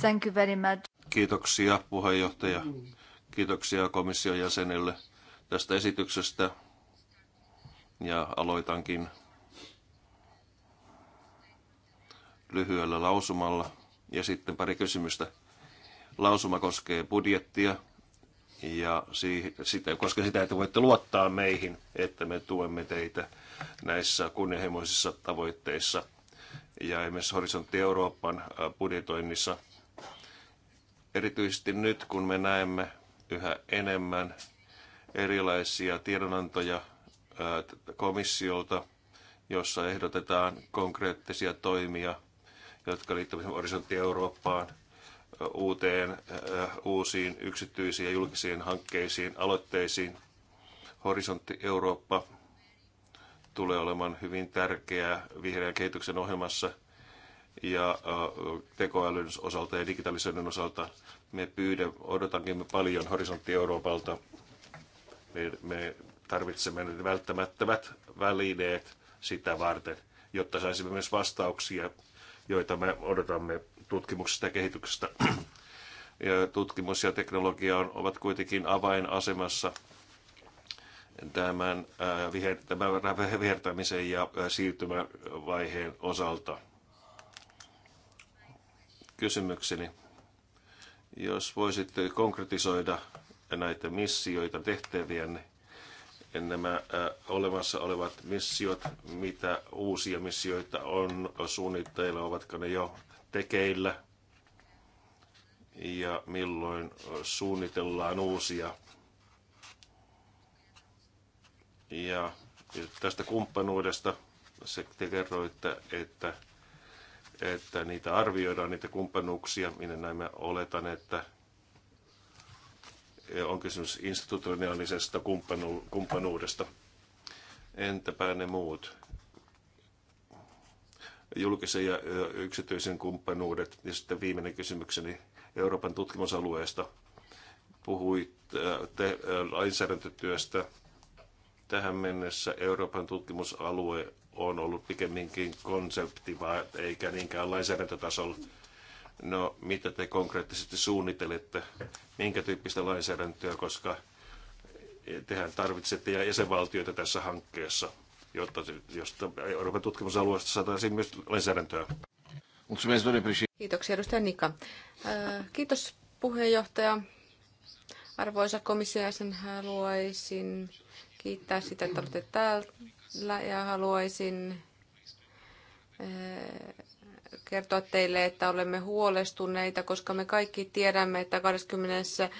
Thank you very much. Kiitoksia puheenjohtaja. Kiitoksia komission jäsenille tästä esityksestä ja aloitankin lyhyellä lausumalla ja sitten pari kysymystä. Lausuma koskee budjettia ja sitä, koska sitä, että voitte luottaa meihin, että me tuemme teitä näissä kunnianhimoisissa tavoitteissa ja esimerkiksi Horisontti Euroopan budjetoinnissa. Erityisesti nyt, kun me näemme yhä enemmän erilaisia tiedonantoja komissiolta, jossa ehdotetaan konkreettisia toimia, jotka liittyvät Horisontti Eurooppaan, uuteen, uusiin yksityisiin ja julkisiin hankkeisiin, aloitteisiin. Horisontti Eurooppa tulee olemaan hyvin tärkeä vihreän kehityksen ohjelmassa ja tekoälyn osalta ja digitalisoinnin osalta. Me pyydämme, odotankin paljon Horisontti Euroopalta. Me, me tarvitsemme ne välttämättömät välineet sitä varten, jotta saisimme myös vastauksia, joita me odotamme tutkimuksesta ja kehityksestä. Ja tutkimus ja teknologia on, ovat kuitenkin avainasemassa tämän, äh, tämän vihertämisen ja äh, siirtymävaiheen osalta. Kysymykseni, jos voisitte konkretisoida näitä missioita tehtäviänne nämä olemassa olevat missiot, mitä uusia missioita on suunnitteilla, ovatko ne jo tekeillä ja milloin suunnitellaan uusia. Ja tästä kumppanuudesta se te kerroitte, että, että niitä arvioidaan, niitä kumppanuuksia. Minä näin mä oletan, että on kysymys institutionaalisesta kumppanu- kumppanuudesta. Entäpä ne muut? Julkisen ja yksityisen kumppanuudet. Ja sitten viimeinen kysymykseni Euroopan tutkimusalueesta. Puhuit te, lainsäädäntötyöstä. Tähän mennessä Euroopan tutkimusalue on ollut pikemminkin konsepti, eikä niinkään lainsäädäntötasolla No, mitä te konkreettisesti suunnittelette, minkä tyyppistä lainsäädäntöä, koska tehän tarvitsette ja jäsenvaltioita tässä hankkeessa, jotta, josta Euroopan tutkimusalueesta saataisiin myös lainsäädäntöä. Kiitoksia edustaja Nika. Äh, kiitos puheenjohtaja. Arvoisa komission jäsen, haluaisin kiittää sitä, että olette täällä ja haluaisin äh, kertoa teille, että olemme huolestuneita, koska me kaikki tiedämme, että 20. Äh,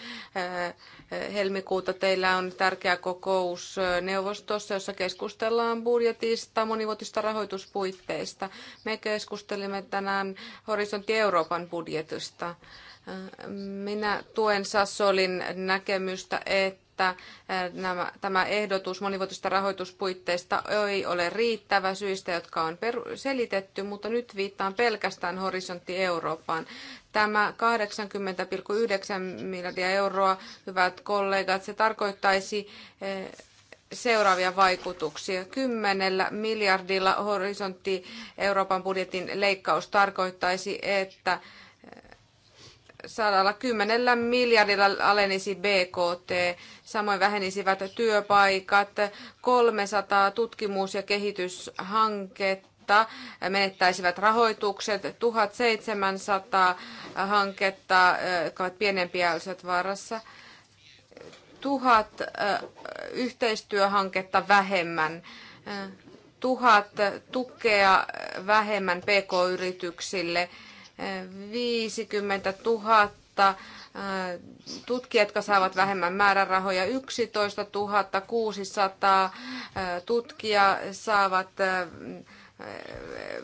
helmikuuta teillä on tärkeä kokous äh, neuvostossa, jossa keskustellaan budjetista, monivuotista rahoituspuitteista. Me keskustelimme tänään Horisontti Euroopan budjetista. Äh, minä tuen Sassolin näkemystä, että että äh, nämä, tämä ehdotus monivuotisesta rahoituspuitteista ei ole riittävä syistä, jotka on selitetty, mutta nyt viittaan pelkästään horisontti Eurooppaan. Tämä 80,9 miljardia euroa, hyvät kollegat, se tarkoittaisi äh, seuraavia vaikutuksia. Kymmenellä miljardilla horisontti Euroopan budjetin leikkaus tarkoittaisi, että 110 miljardilla alenisi BKT, samoin vähenisivät työpaikat, 300 tutkimus- ja kehityshanketta menettäisivät rahoitukset, 1700 hanketta, eh, jotka ovat pienempiä, olisivat vaarassa, tuhat eh, yhteistyöhanketta vähemmän, eh, tuhat tukea vähemmän pk-yrityksille – 50 000 äh, tutkijat, jotka saavat vähemmän määrärahoja, 11 600 tutkijaa saavat äh,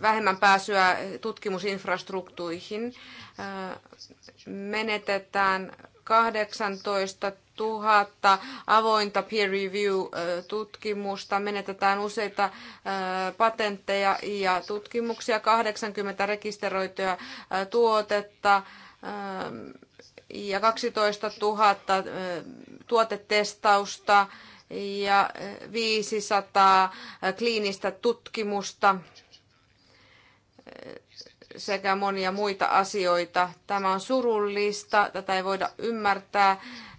vähemmän pääsyä tutkimusinfrastruktuihin. Äh, menetetään 18 000 avointa peer review-tutkimusta, menetetään useita patentteja ja tutkimuksia, 80 rekisteröityä tuotetta ja 12 000 tuotetestausta ja 500 kliinistä tutkimusta sekä monia muita asioita. Tämä on surullista, tätä ei voida ymmärtää,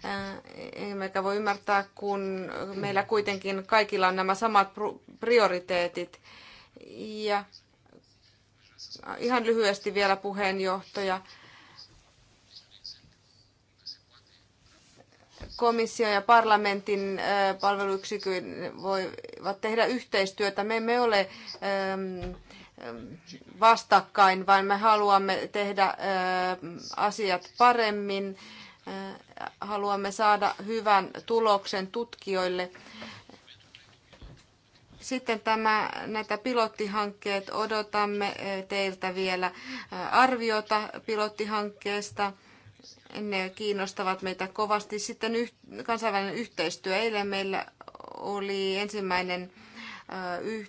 eh, emmekä voi ymmärtää, kun meillä kuitenkin kaikilla on nämä samat prioriteetit. Ja ihan lyhyesti vielä puheenjohtaja. komissio ja parlamentin eh, palveluyksikön voivat tehdä yhteistyötä. Me emme ole ähm, Ähm, vastakkain, vaan me haluamme tehdä äh, asiat paremmin, äh, haluamme saada hyvän tuloksen tutkijoille. Sitten tämä, näitä pilottihankkeet odotamme äh, teiltä vielä arviota pilottihankkeesta ne kiinnostavat meitä kovasti. Sitten yh, kansainvälinen yhteistyö. Eilen meillä oli ensimmäinen yh,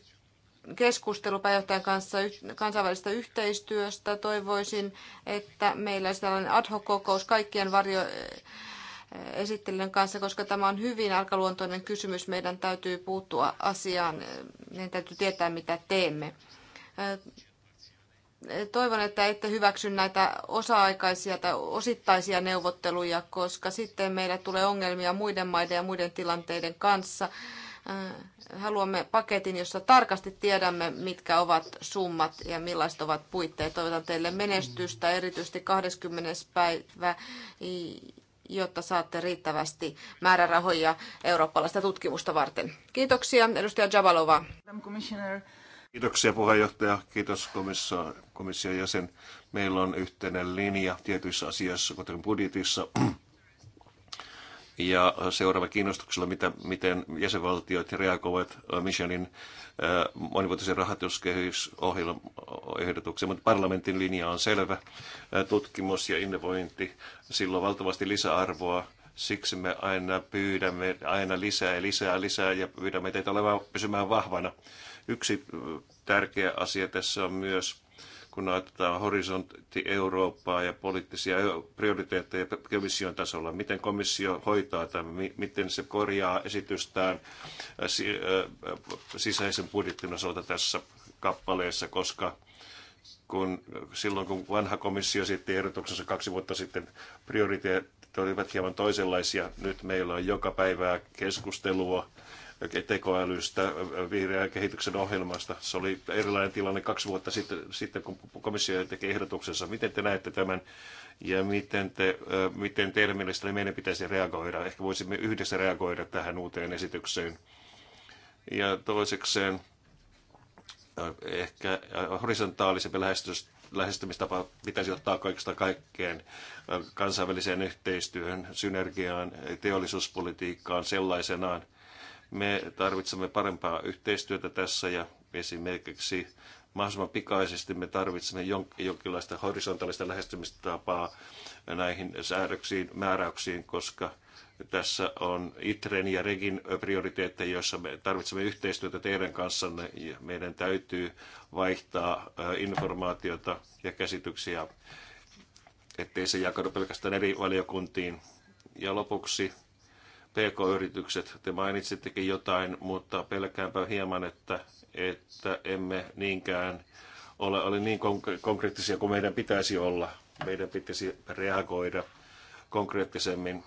keskustelu pääjohtajan kanssa kansainvälisestä yhteistyöstä. Toivoisin, että meillä olisi tällainen ad hoc-kokous kaikkien varjo eh, esittelijän kanssa, koska tämä on hyvin arkaluontoinen kysymys. Meidän täytyy puuttua asiaan, eh, meidän täytyy tietää, mitä teemme. Eh, toivon, että ette hyväksy näitä osa-aikaisia tai osittaisia neuvotteluja, koska sitten meillä tulee ongelmia muiden maiden ja muiden tilanteiden kanssa Äh, haluamme paketin, jossa tarkasti tiedämme, mitkä ovat summat ja millaiset ovat puitteet. Toivotan teille menestystä, erityisesti 20. päivä, jotta saatte riittävästi määrärahoja eurooppalaista tutkimusta varten. Kiitoksia, edustaja Jabalova. Kiitoksia puheenjohtaja, kiitos komissio, komission jäsen. Meillä on yhteinen linja tietyissä asioissa, kuten budjetissa ja seuraava kiinnostuksella, mitä, miten jäsenvaltiot reagoivat äh, Michelin äh, monivuotisen rahoituskehysohjelmaehdotuksen, mutta parlamentin linja on selvä. Äh, tutkimus ja innovointi, sillä on valtavasti lisäarvoa. Siksi me aina pyydämme aina lisää ja lisää lisää ja pyydämme teitä olemaan pysymään vahvana. Yksi tärkeä asia tässä on myös kun ajatetaan horisontti Eurooppaa ja poliittisia prioriteetteja komission tasolla. Miten komissio hoitaa tämän, miten se korjaa esitystään äh, äh, sisäisen budjettin osalta tässä kappaleessa, koska kun, silloin kun vanha komissio sitten ehdotuksensa kaksi vuotta sitten prioriteetit olivat hieman toisenlaisia, nyt meillä on joka päivää keskustelua tekoälystä, vihreän kehityksen ohjelmasta. Se oli erilainen tilanne kaksi vuotta sitten, kun komissio teki ehdotuksensa. Miten te näette tämän ja miten, te, miten teidän mielestänne meidän pitäisi reagoida? Ehkä voisimme yhdessä reagoida tähän uuteen esitykseen. Ja toisekseen ehkä horisontaalisempi lähestys lähestymistapa pitäisi ottaa kaikista kaikkeen kansainväliseen yhteistyöhön, synergiaan, teollisuuspolitiikkaan sellaisenaan me tarvitsemme parempaa yhteistyötä tässä ja esimerkiksi mahdollisimman pikaisesti me tarvitsemme jonkinlaista horisontaalista lähestymistapaa näihin säädöksiin, määräyksiin, koska tässä on ITREN ja REGin prioriteetteja, joissa me tarvitsemme yhteistyötä teidän kanssanne ja meidän täytyy vaihtaa informaatiota ja käsityksiä, ettei se jakaudu pelkästään eri valiokuntiin. Ja lopuksi PK-yritykset, te mainitsittekin jotain, mutta pelkäänpä hieman, että, että emme niinkään ole, ole niin konkreettisia kuin meidän pitäisi olla. Meidän pitäisi reagoida konkreettisemmin.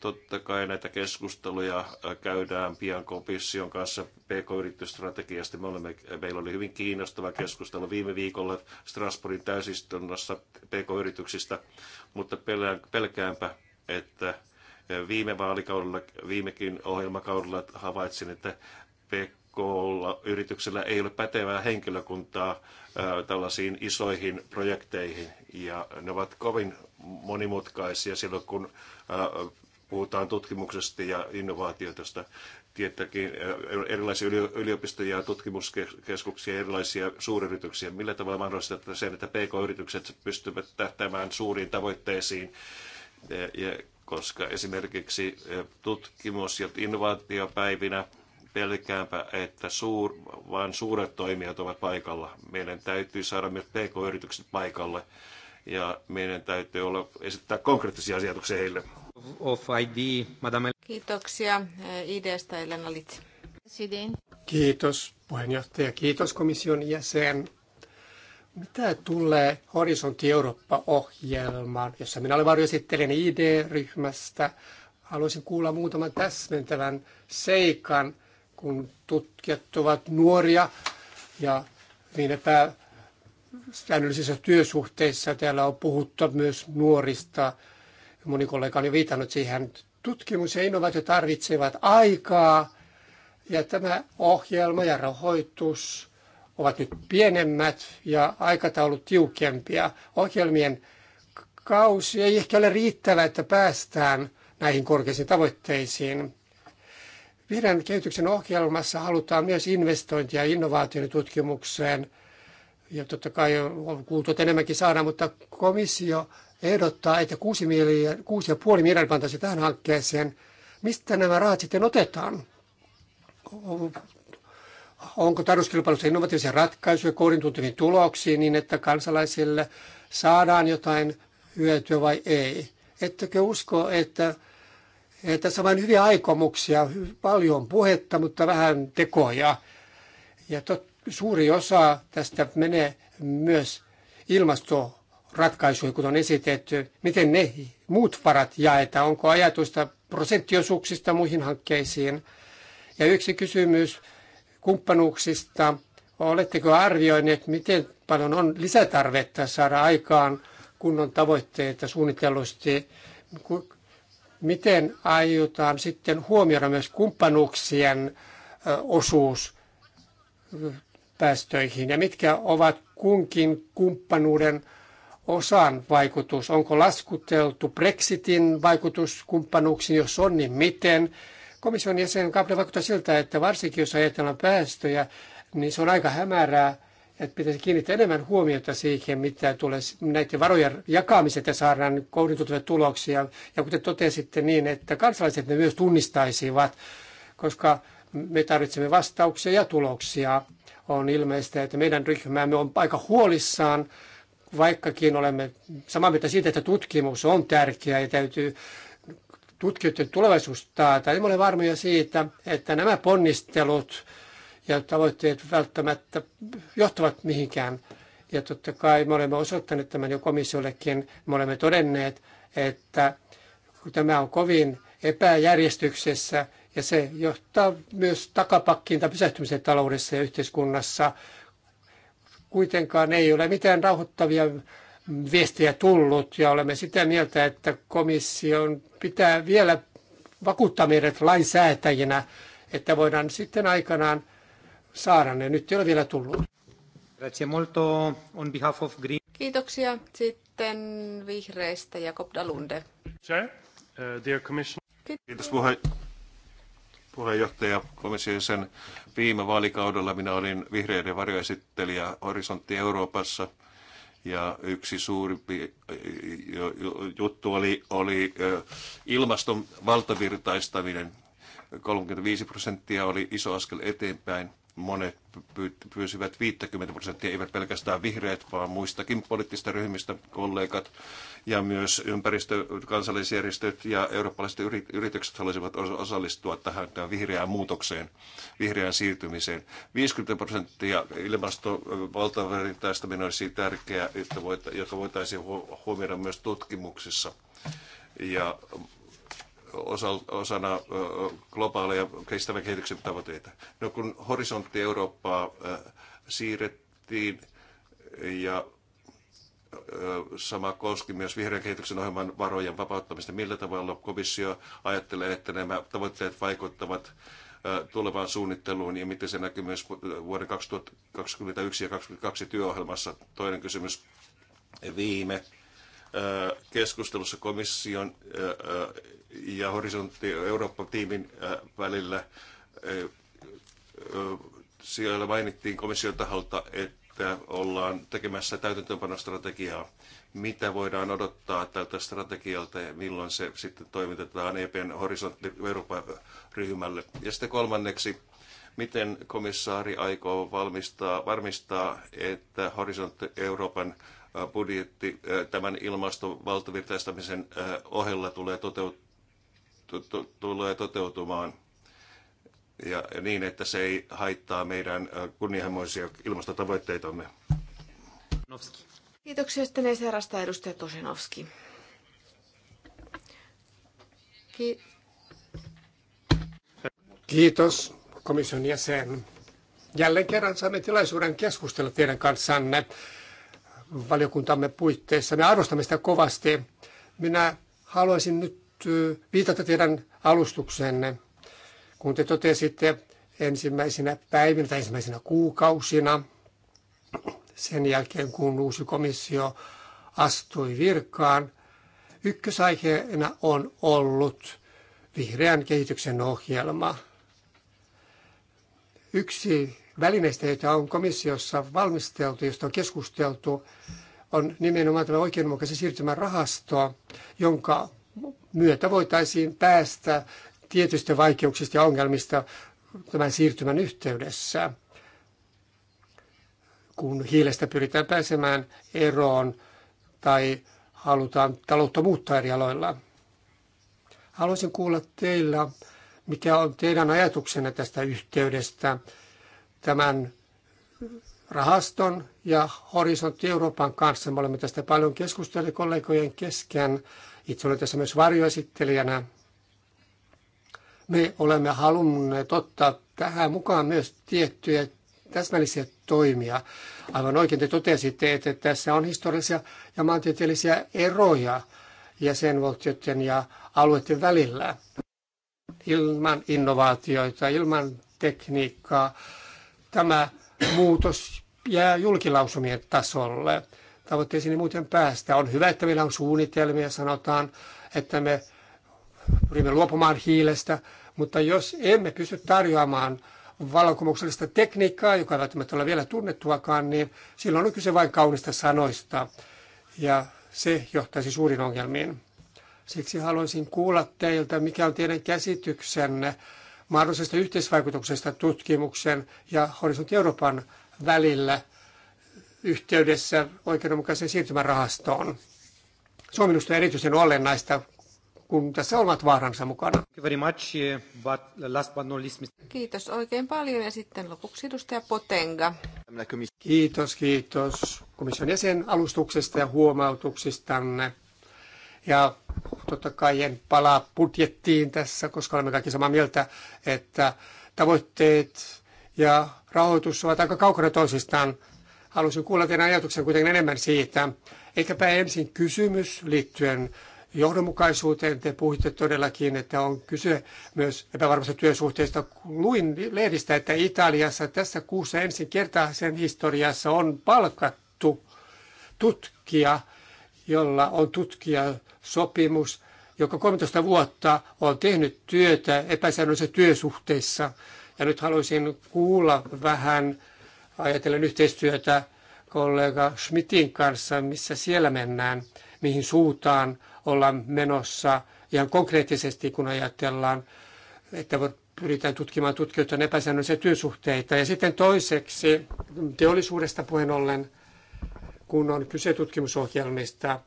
Totta kai näitä keskusteluja käydään pian komission kanssa PK-yritysstrategiasta. Me olemme, meillä oli hyvin kiinnostava keskustelu viime viikolla Strasbourgin täysistunnossa PK-yrityksistä, mutta pelkäänpä, että Viime vaalikaudella, viimekin ohjelmakaudella havaitsin, että pk yrityksellä ei ole pätevää henkilökuntaa tällaisiin isoihin projekteihin ja ne ovat kovin monimutkaisia silloin, kun puhutaan tutkimuksesta ja innovaatioista tietenkin erilaisia yliopistoja, tutkimuskeskuksia, erilaisia suuryrityksiä. Millä tavalla mahdollistetaan sen, että PK-yritykset pystyvät tähtäämään suuriin tavoitteisiin ja koska esimerkiksi eh, tutkimus- ja innovaatiopäivinä pelkäänpä, että suur, vain suuret toimijat ovat paikalla. Meidän täytyy saada myös pk-yritykset paikalle ja meidän täytyy olla, esittää konkreettisia asiatuksia heille. Of ID, madame. Kiitoksia eh, ideasta Elena Litsi. Kiitos puheenjohtaja, kiitos komission jäsen. Mitä tulee Horisontti Eurooppa-ohjelmaan, jossa minä olen varjoesittelijän ID-ryhmästä, haluaisin kuulla muutaman täsmentävän seikan, kun tutkijat ovat nuoria ja niin epä säännöllisissä työsuhteissa. Täällä on puhuttu myös nuorista. Moni kollega oli viitannut siihen. Tutkimus ja innovaatio tarvitsevat aikaa ja tämä ohjelma ja rahoitus – ovat nyt pienemmät ja aikataulut tiukempia. Ohjelmien kausi ei ehkä ole riittävä, että päästään näihin korkeisiin tavoitteisiin. Vihreän kehityksen ohjelmassa halutaan myös investointia innovaatioiden tutkimukseen. Ja totta kai on kuultu, että enemmänkin saadaan, mutta komissio ehdottaa, että 6,5 miljardia pantaisiin tähän hankkeeseen. Mistä nämä rahat sitten otetaan? onko tarjouskilpailussa innovatiivisia ratkaisuja koodin tuntuviin tuloksiin niin, että kansalaisille saadaan jotain hyötyä vai ei. Ettekö usko, että, että tässä on vain hyviä aikomuksia, paljon puhetta, mutta vähän tekoja. Ja tot, suuri osa tästä menee myös ilmastoratkaisuihin, kun on esitetty. Miten ne muut varat jaetaan? Onko ajatusta prosenttiosuuksista muihin hankkeisiin? Ja yksi kysymys kumppanuuksista. Oletteko arvioineet, miten paljon on lisätarvetta saada aikaan kunnon tavoitteita suunnitellusti? Miten aiotaan sitten huomioida myös kumppanuuksien osuus päästöihin ja mitkä ovat kunkin kumppanuuden osan vaikutus? Onko laskuteltu Brexitin vaikutus kumppanuuksiin, jos on, niin miten? Komission jäsen Kaple vaikuttaa siltä, että varsinkin jos ajatellaan päästöjä, niin se on aika hämärää, että pitäisi kiinnittää enemmän huomiota siihen, mitä tulee näiden varojen jakamiset ja saadaan kohdentutuja tuloksia. Ja kuten totesitte niin, että kansalaiset ne myös tunnistaisivat, koska me tarvitsemme vastauksia ja tuloksia. On ilmeistä, että meidän ryhmämme on aika huolissaan, vaikkakin olemme samaa mieltä siitä, että tutkimus on tärkeä ja täytyy tutkijoiden tulevaisuutta, taata. Emme ole varmoja siitä, että nämä ponnistelut ja tavoitteet välttämättä johtavat mihinkään. Ja totta kai me olemme osoittaneet tämän jo komissiollekin. Me olemme todenneet, että tämä on kovin epäjärjestyksessä ja se johtaa myös takapakkiin tai pysähtymiseen taloudessa ja yhteiskunnassa. Kuitenkaan ei ole mitään rauhoittavia viestejä tullut ja olemme sitä mieltä, että komission pitää vielä vakuuttaa meidät lainsäätäjinä, että voidaan sitten aikanaan saada ne. Nyt ei ole vielä tullut. molto on behalf of Green. Kiitoksia. Sitten vihreistä Jakob Dalunde. Chair, uh, dear Kiitos puhe, puheenjohtaja komission sen viime vaalikaudella. Minä olin vihreiden varjoesittelijä Horisontti Euroopassa – ja yksi suurimpi eh, juttu oli, oli eh, ilmaston valtavirtaistaminen. 35 prosenttia oli iso askel eteenpäin – Monet pyysivät 50 prosenttia, eivät pelkästään vihreät, vaan muistakin poliittista ryhmistä kollegat ja myös ympäristö, kansallisjärjestöt ja eurooppalaiset yritykset haluaisivat osallistua tähän, tähän vihreään muutokseen, vihreään siirtymiseen. 50 prosenttia ilmastovaltavertaistaminen olisi tärkeää, että voita, joka voitaisiin huomioida myös tutkimuksissa ja osana globaaleja kestävän kehityksen tavoitteita. No kun horisontti Eurooppaa siirrettiin ja sama koski myös vihreän kehityksen ohjelman varojen vapauttamista. Millä tavalla komissio ajattelee, että nämä tavoitteet vaikuttavat tulevaan suunnitteluun ja miten se näkyy myös vuoden 2021 ja 2022 työohjelmassa? Toinen kysymys. Viime keskustelussa komission ja Horisontti Eurooppa-tiimin välillä. Siellä mainittiin komission taholta, että ollaan tekemässä täytäntöönpanostrategiaa. Mitä voidaan odottaa tältä strategialta ja milloin se sitten toimitetaan EPn Horisontti Euroopan ryhmälle Ja sitten kolmanneksi, miten komissaari aikoo valmistaa, varmistaa, että Horisontti Euroopan budjetti tämän ilmastovaltavirtaistamisen ohella tulee, toteut- tulee toteutumaan ja niin, että se ei haittaa meidän kunnianhimoisia ilmastotavoitteitamme. Novski. Kiitoksia sitten ECRstä edustaja Tosinovski. Ki- Kiitos komission jäsen. Jälleen kerran saamme tilaisuuden keskustella teidän kanssanne valiokuntamme puitteissa. Me arvostamme sitä kovasti. Minä haluaisin nyt viitata teidän alustuksenne, kun te totesitte ensimmäisenä päivinä tai ensimmäisenä kuukausina, sen jälkeen kun uusi komissio astui virkaan, ykkösaiheena on ollut vihreän kehityksen ohjelma. Yksi välineistä, joita on komissiossa valmisteltu, josta on keskusteltu, on nimenomaan tämä oikeudenmukaisen siirtymän rahasto, jonka myötä voitaisiin päästä tietystä vaikeuksista ja ongelmista tämän siirtymän yhteydessä, kun hiilestä pyritään pääsemään eroon tai halutaan taloutta muuttaa eri aloilla. Haluaisin kuulla teillä, mikä on teidän ajatuksenne tästä yhteydestä tämän rahaston ja Horisontti Euroopan kanssa. Me olemme tästä paljon keskustelleet kollegojen kesken. Itse olen tässä myös varjoesittelijänä. Me olemme halunneet ottaa tähän mukaan myös tiettyjä täsmällisiä toimia. Aivan oikein te totesitte, että tässä on historiallisia ja maantieteellisiä eroja jäsenvaltioiden ja alueiden välillä. Ilman innovaatioita, ilman tekniikkaa, tämä muutos jää julkilausumien tasolle. Tavoitteisiin ei muuten päästä. On hyvä, että meillä on suunnitelmia, sanotaan, että me pyrimme luopumaan hiilestä, mutta jos emme pysty tarjoamaan valokumouksellista tekniikkaa, joka ei välttämättä ole vielä tunnettuakaan, niin silloin on kyse vain kaunista sanoista. Ja se johtaisi suurin ongelmiin. Siksi haluaisin kuulla teiltä, mikä on teidän käsityksenne mahdollisesta yhteisvaikutuksesta tutkimuksen ja Horisontti Euroopan välillä yhteydessä oikeudenmukaisen siirtymärahastoon. Se on minusta erityisen olennaista, kun tässä ovat vaaransa mukana. Kiitos oikein paljon ja sitten lopuksi edustaja Potenga. Kiitos, kiitos komission jäsen alustuksesta ja huomautuksistanne. Ja totta kai en palaa budjettiin tässä, koska olemme kaikki samaa mieltä, että tavoitteet ja rahoitus ovat aika kaukana toisistaan. Haluaisin kuulla teidän ajatuksen kuitenkin enemmän siitä. Ehkäpä ensin kysymys liittyen johdonmukaisuuteen. Te puhuitte todellakin, että on kyse myös epävarmasta työsuhteista. Luin lehdistä, että Italiassa tässä kuussa ensin kertaa sen historiassa on palkattu tutkija – jolla on tutkija sopimus, joka 13 vuotta on tehnyt työtä epäsäännöllisessä työsuhteessa, Ja nyt haluaisin kuulla vähän, ajatellen yhteistyötä kollega Schmidtin kanssa, missä siellä mennään, mihin suuntaan ollaan menossa ihan konkreettisesti, kun ajatellaan, että pyritään tutkimaan tutkijoiden epäsäännöllisiä työsuhteita. Ja sitten toiseksi teollisuudesta puheen ollen – kun on kyse tutkimusohjelmista,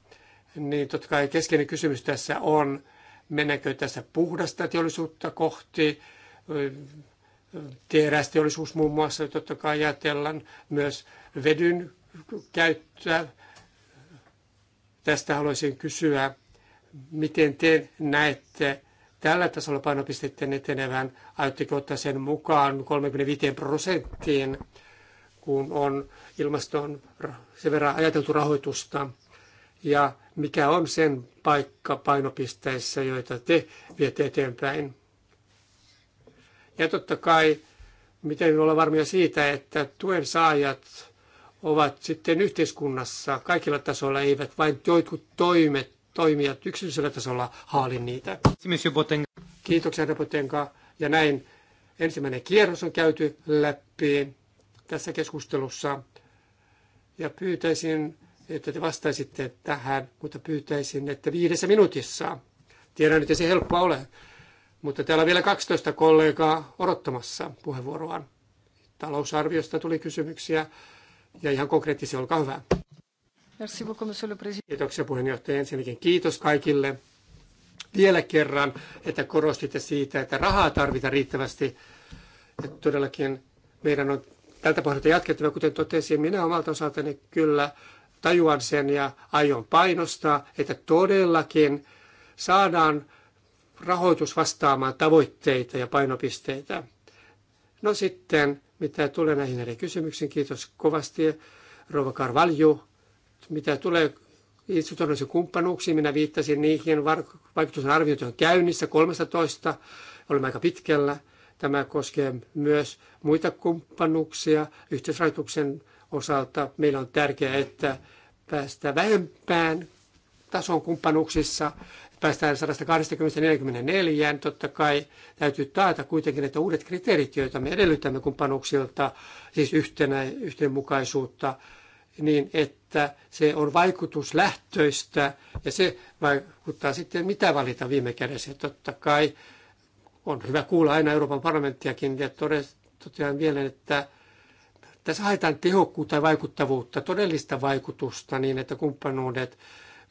niin totta kai keskeinen kysymys tässä on, mennäänkö tässä puhdasta teollisuutta kohti, teerästeollisuus muun muassa, totta kai ajatellaan myös vedyn käyttöä. Tästä haluaisin kysyä, miten te näette tällä tasolla painopisteiden etenevän, aiotteko ottaa sen mukaan 35 prosenttiin kun on ilmaston sen verran ajateltu rahoitusta ja mikä on sen paikka painopisteissä, joita te viette eteenpäin. Ja totta kai, miten me ollaan varmia siitä, että tuen saajat ovat sitten yhteiskunnassa kaikilla tasoilla, eivät vain jotkut toimet, toimijat yksityisellä tasolla haali niitä. Kiitoksia, Rapotenka. Ja näin ensimmäinen kierros on käyty läpi tässä keskustelussa. Ja pyytäisin, että te vastaisitte tähän, mutta pyytäisin, että viidessä minuutissa. Tiedän, että se helppoa ole, mutta täällä on vielä 12 kollegaa odottamassa puheenvuoroaan. Talousarviosta tuli kysymyksiä ja ihan konkreettisia, olkaa hyvä. Kiitoksia puheenjohtaja. Ensinnäkin kiitos kaikille vielä kerran, että korostitte siitä, että rahaa tarvitaan riittävästi. Että todellakin meidän on tältä pohjalta jatkettava, kuten totesin, minä omalta osaltani kyllä tajuan sen ja aion painostaa, että todellakin saadaan rahoitus vastaamaan tavoitteita ja painopisteitä. No sitten, mitä tulee näihin eri kysymyksiin, kiitos kovasti Rova Karvalju. Mitä tulee institutionaalisiin kumppanuuksiin, minä viittasin niihin, vaikutusarviointi on käynnissä 13, olemme aika pitkällä. Tämä koskee myös muita kumppanuuksia yhteisrahoituksen osalta. Meillä on tärkeää, että päästään vähempään tason kumppanuuksissa, päästään 120-44. Totta kai täytyy taata kuitenkin, että uudet kriteerit, joita me edellytämme kumppanuuksilta, siis yhtenä, yhdenmukaisuutta, niin että se on vaikutuslähtöistä ja se vaikuttaa sitten mitä valita viime kädessä. Totta kai on hyvä kuulla aina Euroopan parlamenttiakin ja totean vielä, että tässä haetaan tehokkuutta ja vaikuttavuutta, todellista vaikutusta niin, että kumppanuudet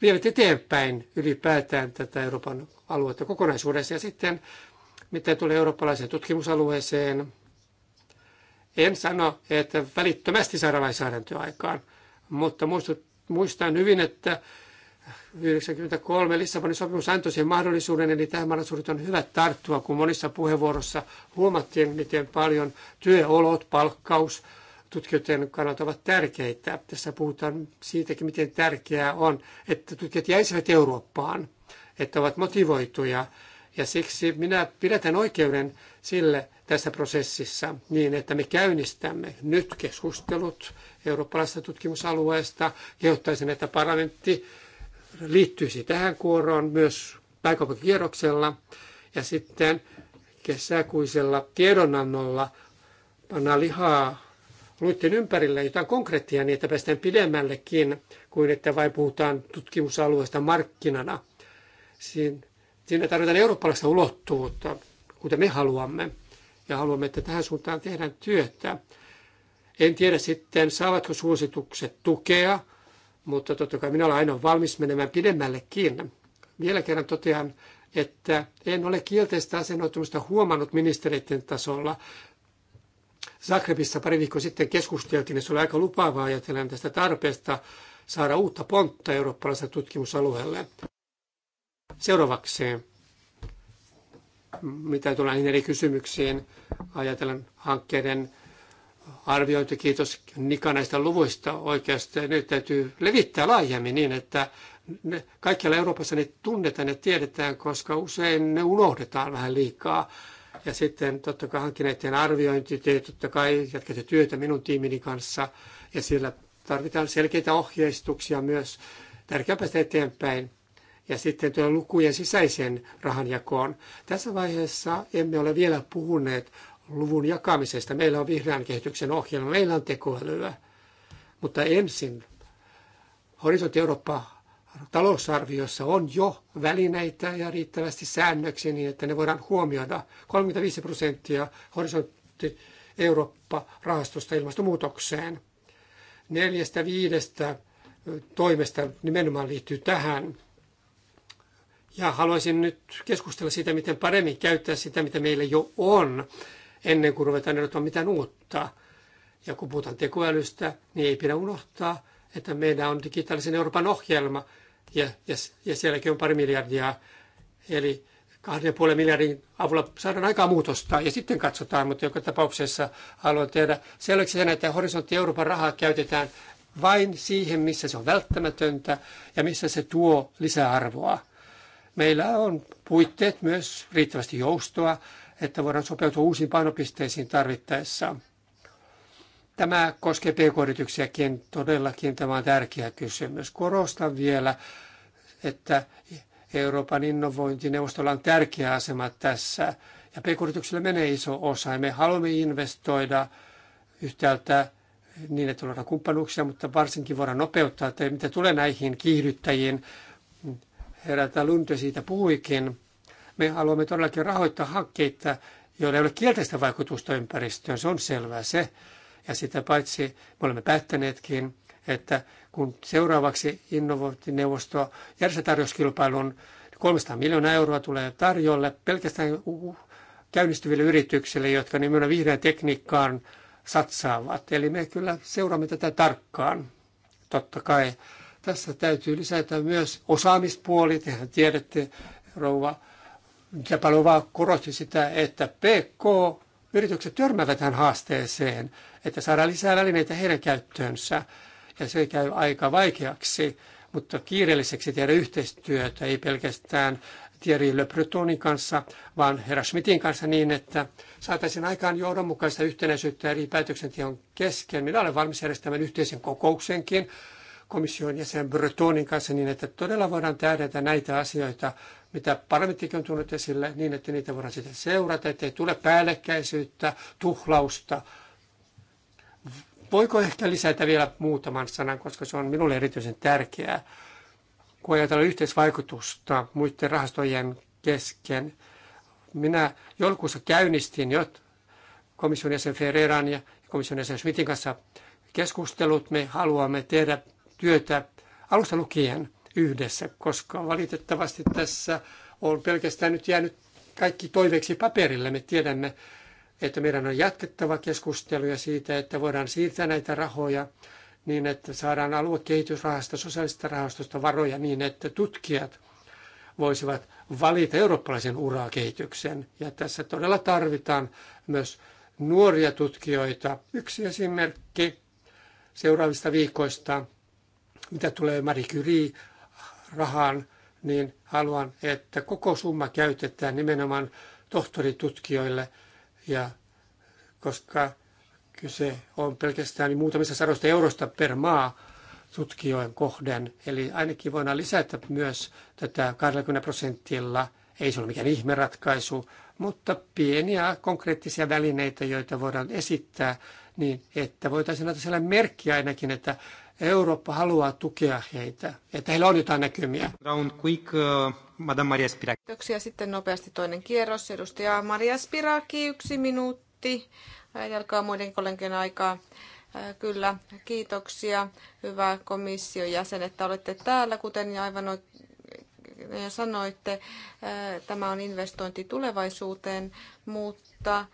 vievät eteenpäin ylipäätään tätä Euroopan aluetta kokonaisuudessa. Ja sitten mitä tulee eurooppalaiseen tutkimusalueeseen, en sano, että välittömästi saadaan lainsäädäntöä aikaan, mutta muistan hyvin, että 93 Lissabonin sopimus antoi siihen mahdollisuuden, eli tähän mahdollisuudet on hyvä tarttua, kun monissa puheenvuorossa huomattiin, miten paljon työolot, palkkaus, tutkijoiden kannalta ovat tärkeitä. Tässä puhutaan siitäkin, miten tärkeää on, että tutkijat jäisivät Eurooppaan, että ovat motivoituja. Ja siksi minä pidätän oikeuden sille tässä prosessissa niin, että me käynnistämme nyt keskustelut eurooppalaisesta tutkimusalueesta. Kehottaisin, että parlamentti liittyisi tähän kuoroon myös pääkaupunkikierroksella ja sitten kesäkuisella tiedonannolla panna lihaa luitten ympärille jotain konkreettia niin, että päästään pidemmällekin kuin että vain puhutaan tutkimusalueesta markkinana. Siinä tarvitaan eurooppalaista ulottuvuutta, kuten me haluamme. Ja haluamme, että tähän suuntaan tehdään työtä. En tiedä sitten, saavatko suositukset tukea mutta totta kai minä olen aina valmis menemään pidemmällekin. Vielä kerran totean, että en ole kielteistä asennoitumista huomannut ministereiden tasolla. Zagrebissa pari viikkoa sitten keskusteltiin, ja se oli aika lupaavaa ajatellen tästä tarpeesta saada uutta pontta eurooppalaiselle tutkimusalueelle. Seuraavaksi, mitä tulee näihin eri kysymyksiin, ajatellen hankkeiden arviointi. Kiitos Nika näistä luvuista oikeasti. nyt täytyy levittää laajemmin niin, että ne, kaikkialla Euroopassa ne tunnetaan ja tiedetään, koska usein ne unohdetaan vähän liikaa. Ja sitten totta kai hankkineiden arviointi, te totta kai jatkatte työtä minun tiimini kanssa ja siellä tarvitaan selkeitä ohjeistuksia myös. Tärkeää päästä eteenpäin ja sitten tuo lukujen sisäisen rahanjakoon. Tässä vaiheessa emme ole vielä puhuneet luvun jakamisesta. Meillä on vihreän kehityksen ohjelma, meillä on tekoälyä. Mutta ensin Horisontti Eurooppa talousarviossa on jo välineitä ja riittävästi säännöksiä niin, että ne voidaan huomioida. 35 prosenttia Horisontti Eurooppa-rahastosta ilmastonmuutokseen. Neljästä viidestä toimesta nimenomaan liittyy tähän. Ja haluaisin nyt keskustella siitä, miten paremmin käyttää sitä, mitä meillä jo on ennen kuin ruvetaan erottamaan mitään uutta. Ja kun puhutaan tekoälystä, niin ei pidä unohtaa, että meillä on digitaalisen Euroopan ohjelma, ja, ja, ja sielläkin on pari miljardia, eli kahden puolen miljardin avulla saadaan aikaa muutosta, ja sitten katsotaan, mutta joka tapauksessa haluan tehdä selväksi sen, että horisontti Euroopan rahaa käytetään vain siihen, missä se on välttämätöntä ja missä se tuo lisäarvoa. Meillä on puitteet myös riittävästi joustoa että voidaan sopeutua uusiin painopisteisiin tarvittaessa. Tämä koskee pk-yrityksiäkin todellakin. Tämä on tärkeä kysymys. Korostan vielä, että Euroopan innovointineuvostolla on tärkeä asema tässä. Ja pk-yrityksillä menee iso osa. Ja me haluamme investoida yhtäältä niin, että luodaan kumppanuuksia, mutta varsinkin voidaan nopeuttaa, että mitä tulee näihin kiihdyttäjiin. herätä Talunde siitä puhuikin. Me haluamme todellakin rahoittaa hankkeita, joilla ei ole kielteistä vaikutusta ympäristöön, se on selvää se. Ja sitä paitsi me olemme päättäneetkin, että kun seuraavaksi innovointineuvosto järjestää tarjouskilpailun, 300 miljoonaa euroa tulee tarjolle pelkästään käynnistyville yrityksille, jotka nimenomaan vihreän tekniikkaan satsaavat. Eli me kyllä seuraamme tätä tarkkaan. Totta kai tässä täytyy lisätä myös osaamispuoli. Tehän tiedätte, rouva Jepalova korosti sitä, että PK-yritykset törmäävät tähän haasteeseen, että saadaan lisää välineitä heidän käyttöönsä. Ja se käy aika vaikeaksi, mutta kiireelliseksi tehdä yhteistyötä, ei pelkästään Thierry Le Bretonin kanssa, vaan herra Schmidtin kanssa niin, että saataisiin aikaan johdonmukaista yhtenäisyyttä eri päätöksenteon kesken. Minä olen valmis järjestämään yhteisen kokouksenkin komission jäsen Bretonin kanssa niin, että todella voidaan tähdätä näitä asioita, mitä parlamenttikin on tullut esille, niin että niitä voidaan sitten seurata, ettei tule päällekkäisyyttä, tuhlausta. Voiko ehkä lisätä vielä muutaman sanan, koska se on minulle erityisen tärkeää, kun ajatellaan yhteisvaikutusta muiden rahastojen kesken. Minä joulukuussa käynnistin jo komission jäsen Ferreran ja komission jäsen Schmidtin kanssa keskustelut. Me haluamme tehdä työtä alusta lukien yhdessä, koska valitettavasti tässä on pelkästään nyt jäänyt kaikki toiveeksi paperille. Me tiedämme, että meidän on jatkettava keskusteluja siitä, että voidaan siirtää näitä rahoja niin, että saadaan aluekehitysrahasta, sosiaalista rahastosta varoja niin, että tutkijat voisivat valita eurooppalaisen urakehityksen. Ja tässä todella tarvitaan myös nuoria tutkijoita. Yksi esimerkki seuraavista viikoista mitä tulee Marie Curie-rahaan, niin haluan, että koko summa käytetään nimenomaan tohtoritutkijoille, ja koska kyse on pelkästään muutamista sadoista eurosta per maa tutkijoiden kohden, eli ainakin voidaan lisätä myös tätä 20 prosentilla, ei se ole mikään ihmeratkaisu, mutta pieniä konkreettisia välineitä, joita voidaan esittää, niin että voitaisiin antaa sellainen merkki ainakin, että Eurooppa haluaa tukea heitä, että heillä on jotain näkymiä. Round quick, uh, Madame Maria Spiraki. Kiitoksia. Sitten nopeasti toinen kierros. Edustaja Maria Spiraki, yksi minuutti. Jalkaa muiden kollegien aikaa. Kyllä, kiitoksia. Hyvä komission jäsen, että olette täällä, kuten aivan sanoitte. Tämä on investointi tulevaisuuteen, mutta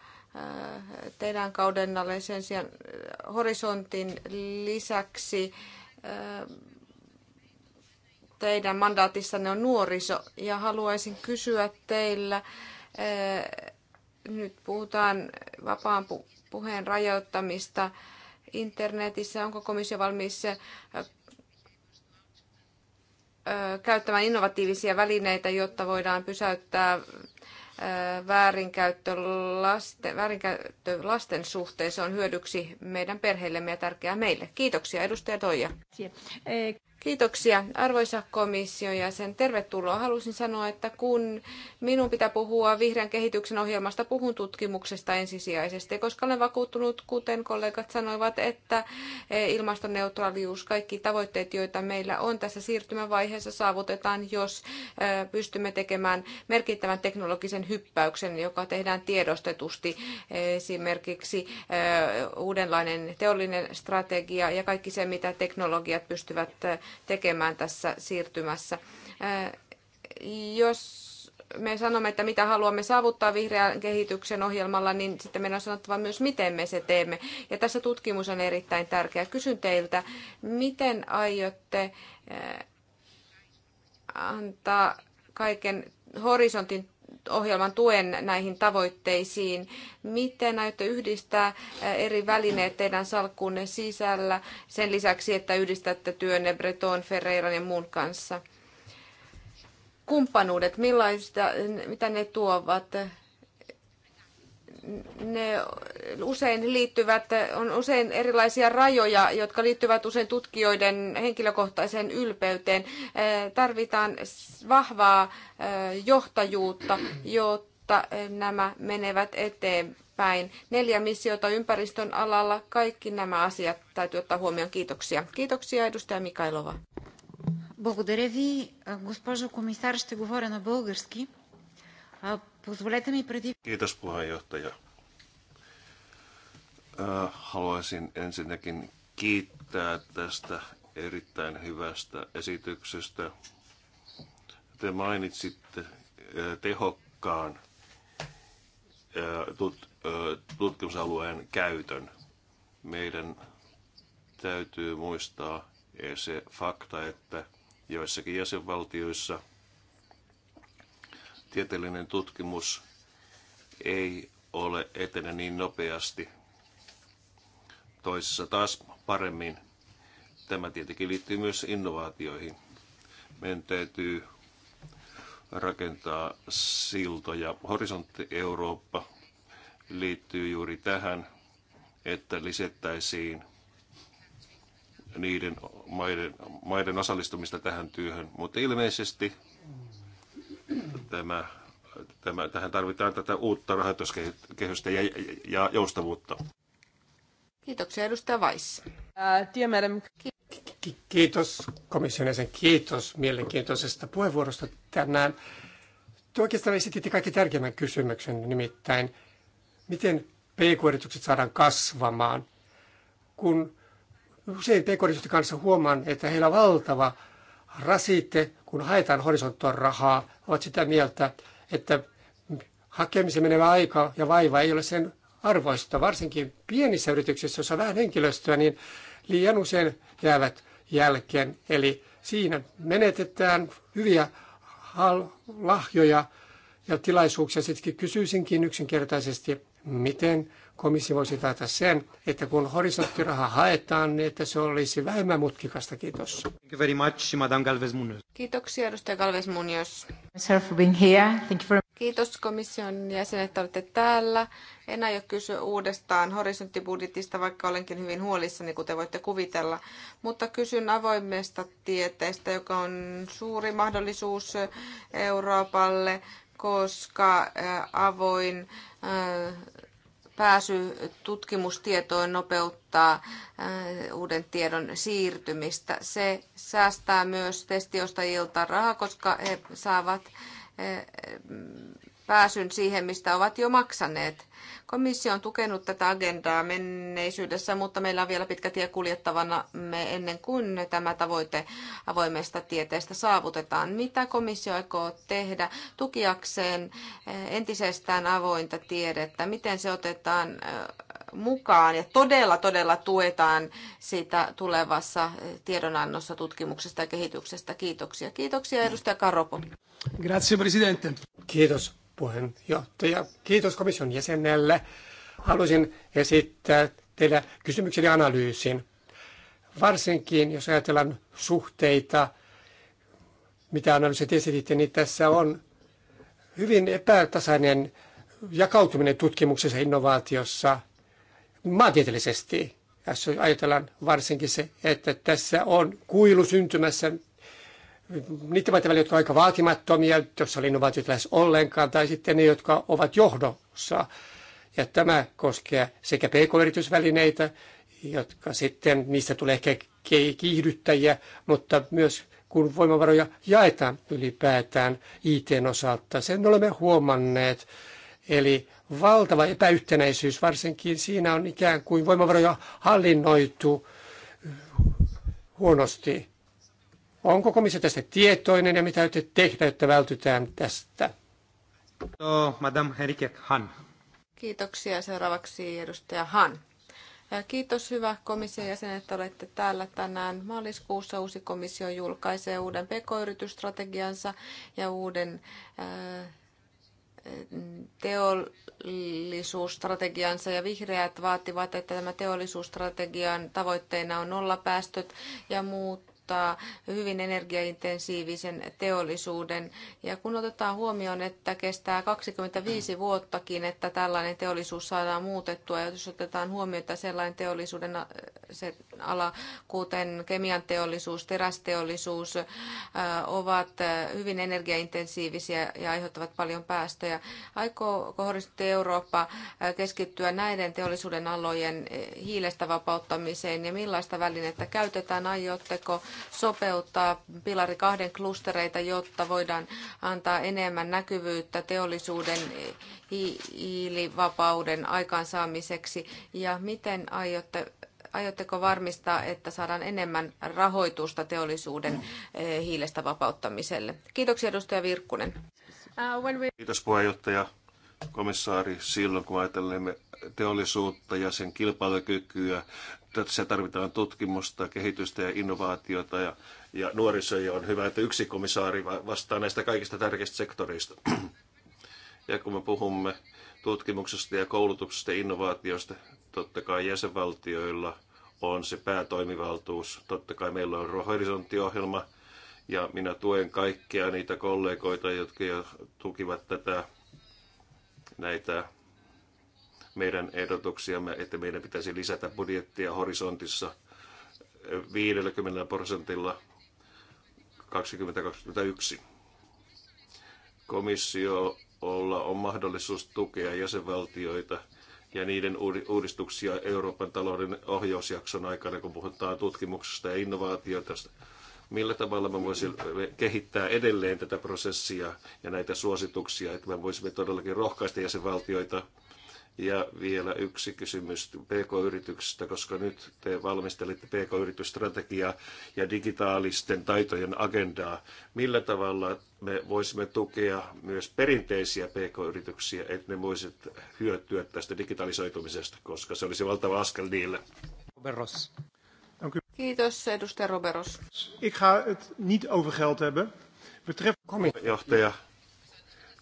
teidän kaudennalle sen sijaan äh, horisontin lisäksi äh, teidän mandaatissanne on nuoriso ja haluaisin kysyä teillä, äh, nyt puhutaan vapaan puheen rajoittamista internetissä, onko komissio valmis käyttämään innovatiivisia välineitä, jotta voidaan pysäyttää väärinkäyttö lasten, väärinkäyttö lasten suhteen. Se on hyödyksi meidän perheillemme ja tärkeää meille. Kiitoksia edustaja Toija. Kiitoksia arvoisa komissio ja sen tervetuloa. Halusin sanoa, että kun minun pitää puhua vihreän kehityksen ohjelmasta, puhun tutkimuksesta ensisijaisesti, koska olen vakuuttunut, kuten kollegat sanoivat, että ilmastoneutraalius, kaikki tavoitteet, joita meillä on tässä siirtymävaiheessa, saavutetaan, jos pystymme tekemään merkittävän teknologisen hyppäyksen, joka tehdään tiedostetusti, esimerkiksi uudenlainen teollinen strategia ja kaikki se, mitä teknologiat pystyvät tekemään tässä siirtymässä. Äh, jos me sanomme, että mitä haluamme saavuttaa vihreän kehityksen ohjelmalla, niin sitten meidän on sanottava myös, miten me se teemme. Ja tässä tutkimus on erittäin tärkeä. Kysyn teiltä, miten aiotte äh, antaa kaiken horisontin ohjelman tuen näihin tavoitteisiin. Miten aiotte yhdistää eri välineet teidän salkkuunne sisällä sen lisäksi, että yhdistätte työnne Breton, Ferreiran ja muun kanssa? Kumppanuudet, millaista, mitä ne tuovat? ne usein liittyvät, on usein erilaisia rajoja, jotka liittyvät usein tutkijoiden henkilökohtaiseen ylpeyteen. Eh, tarvitaan vahvaa eh, johtajuutta, jotta eh, nämä menevät eteenpäin. Neljä missiota ympäristön alalla, kaikki nämä asiat täytyy ottaa huomioon. Kiitoksia. Kiitoksia edustaja Mikailova. Благодаря ви, госпожо комисар, ще говоря на български. Kiitos puheenjohtaja. Haluaisin ensinnäkin kiittää tästä erittäin hyvästä esityksestä. Te mainitsitte tehokkaan tutkimusalueen käytön. Meidän täytyy muistaa se fakta, että joissakin jäsenvaltioissa – tieteellinen tutkimus ei ole etene niin nopeasti. Toisessa taas paremmin. Tämä tietenkin liittyy myös innovaatioihin. Meidän täytyy rakentaa siltoja. Horisontti Eurooppa liittyy juuri tähän, että lisättäisiin niiden maiden, maiden osallistumista tähän työhön, mutta ilmeisesti tämä, tämä, tähän tarvitaan tätä uutta rahoituskehystä ja, ja joustavuutta. Kiitoksia edustaja Weiss. Äh, kiitos komission jäsen, kiitos mielenkiintoisesta puheenvuorosta tänään. Tuo oikeastaan esititte kaikki tärkeimmän kysymyksen, nimittäin miten pk-yritykset saadaan kasvamaan, kun usein pk kanssa huomaan, että heillä on valtava rasite, kun haetaan horisonttoon rahaa, ovat sitä mieltä, että hakemisen menevä aika ja vaiva ei ole sen arvoista. Varsinkin pienissä yrityksissä, joissa on vähän henkilöstöä, niin liian usein jäävät jälkeen. Eli siinä menetetään hyviä lahjoja ja tilaisuuksia. Sitten kysyisinkin yksinkertaisesti, miten komissio voisi taata sen, että kun horisonttiraha haetaan, niin että se olisi vähemmän mutkikasta. Kiitos. Thank you very much, Galvez Munoz. Kiitoksia, edustaja Galvez Munoz. For being here. Thank you for... Kiitos komission jäsenet, että olette täällä. En aio kysyä uudestaan horisonttibudjetista, vaikka olenkin hyvin huolissani, kuten voitte kuvitella. Mutta kysyn avoimesta tieteestä, joka on suuri mahdollisuus Euroopalle, koska avoin pääsy tutkimustietoon nopeuttaa äh, uuden tiedon siirtymistä. Se säästää myös testiostajilta rahaa, koska he saavat äh, pääsyn siihen, mistä ovat jo maksaneet. Komissio on tukenut tätä agendaa menneisyydessä, mutta meillä on vielä pitkä tie kuljettavana me ennen kuin tämä tavoite avoimesta tieteestä saavutetaan. Mitä komissio aikoo tehdä tukiakseen eh, entisestään avointa tiedettä? Miten se otetaan eh, mukaan ja todella, todella tuetaan sitä tulevassa eh, tiedonannossa tutkimuksesta ja kehityksestä. Kiitoksia. Kiitoksia edustaja Karopo. Grazie, presidente. Kiitos puheenjohtaja. Kiitos komission jäsenelle. Haluaisin esittää teille kysymyksen ja analyysin. Varsinkin jos ajatellaan suhteita, mitä analyysit esititte, niin tässä on hyvin epätasainen jakautuminen tutkimuksessa ja innovaatiossa maantieteellisesti. Jos ajatellaan varsinkin se, että tässä on kuilu syntymässä niiden maiden välillä, jotka ovat aika vaatimattomia, jossa oli innovaatiot lähes ollenkaan, tai sitten ne, jotka ovat johdossa. Ja tämä koskee sekä pk-yritysvälineitä, jotka sitten, niistä tulee ehkä kiihdyttäjiä, mutta myös kun voimavaroja jaetaan ylipäätään it osalta. Sen olemme huomanneet. Eli valtava epäyhtenäisyys, varsinkin siinä on ikään kuin voimavaroja hallinnoitu huonosti. Onko komissio tästä tietoinen ja mitä täytyy te tehdä, jotta vältytään tästä? No, Madame Han. Kiitoksia. Seuraavaksi edustaja Han. Kiitos hyvä komission jäsen, että olette täällä tänään. Maaliskuussa uusi komissio julkaisee uuden pk-yritysstrategiansa ja uuden äh, teollisuusstrategiansa ja vihreät vaativat, että tämä teollisuusstrategian tavoitteena on nollapäästöt ja muut muodostaa hyvin energiaintensiivisen teollisuuden. Ja kun otetaan huomioon, että kestää 25 vuottakin, että tällainen teollisuus saadaan muutettua, ja jos otetaan huomioon, että sellainen teollisuuden se ala, kuten kemian teollisuus, terästeollisuus, ovat hyvin energiaintensiivisiä ja aiheuttavat paljon päästöjä. Aikooko horisontti Eurooppa keskittyä näiden teollisuuden alojen hiilestä vapauttamiseen ja millaista välinettä käytetään? Aiotteko sopeuttaa pilari kahden klustereita, jotta voidaan antaa enemmän näkyvyyttä teollisuuden hiilivapauden aikaansaamiseksi ja miten aiotte aiotteko varmistaa, että saadaan enemmän rahoitusta teollisuuden eh, hiilestä vapauttamiselle? Kiitoksia edustaja Virkkunen. Uh, Kiitos puheenjohtaja komissaari silloin, kun ajattelemme teollisuutta ja sen kilpailukykyä. Tässä tarvitaan tutkimusta, kehitystä ja innovaatiota ja, ja nuorisoja on hyvä, että yksi komissaari vastaa näistä kaikista tärkeistä sektoreista. Ja kun me puhumme tutkimuksesta ja koulutuksesta ja innovaatiosta, totta kai jäsenvaltioilla on se päätoimivaltuus. Totta kai meillä on horisonttiohjelma ja minä tuen kaikkia niitä kollegoita, jotka jo tukivat tätä, näitä meidän ehdotuksiamme, että meidän pitäisi lisätä budjettia horisontissa 50 prosentilla 2021. Komissio on mahdollisuus tukea jäsenvaltioita ja niiden uudistuksia Euroopan talouden ohjausjakson aikana, kun puhutaan tutkimuksesta ja innovaatioista. Millä tavalla me voisimme kehittää edelleen tätä prosessia ja näitä suosituksia, että me voisimme todellakin rohkaista jäsenvaltioita ja vielä yksi kysymys PK-yrityksistä, koska nyt te valmistelitte PK-yritysstrategiaa ja digitaalisten taitojen agendaa. Millä tavalla me voisimme tukea myös perinteisiä PK-yrityksiä, että ne voisivat hyötyä tästä digitalisoitumisesta, koska se olisi valtava askel niille? Roberos. Kiitos, edustaja Roberos. Ik ga het niet over geld hebben. Betreft... Johtaja,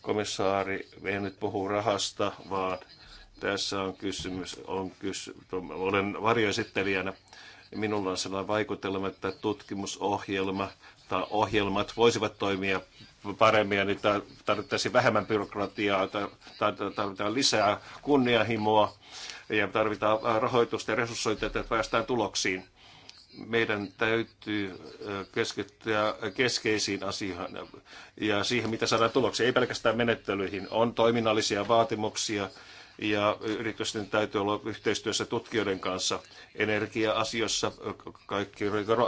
komissaari, me nyt puhu rahasta, vaan tässä on kysymys, on kysy, olen varjoesittelijänä. Minulla on sellainen vaikutelma, että tutkimusohjelma tai ohjelmat voisivat toimia paremmin ja nyt tarvittaisiin vähemmän byrokratiaa, tarvitaan lisää kunnianhimoa ja tarvitaan rahoitusta ja resurssointia, että päästään tuloksiin meidän täytyy keskittyä keskeisiin asioihin ja siihen, mitä saadaan tuloksia, ei pelkästään menettelyihin. On toiminnallisia vaatimuksia, ja yritysten täytyy olla yhteistyössä tutkijoiden kanssa energia asiossa Kaikki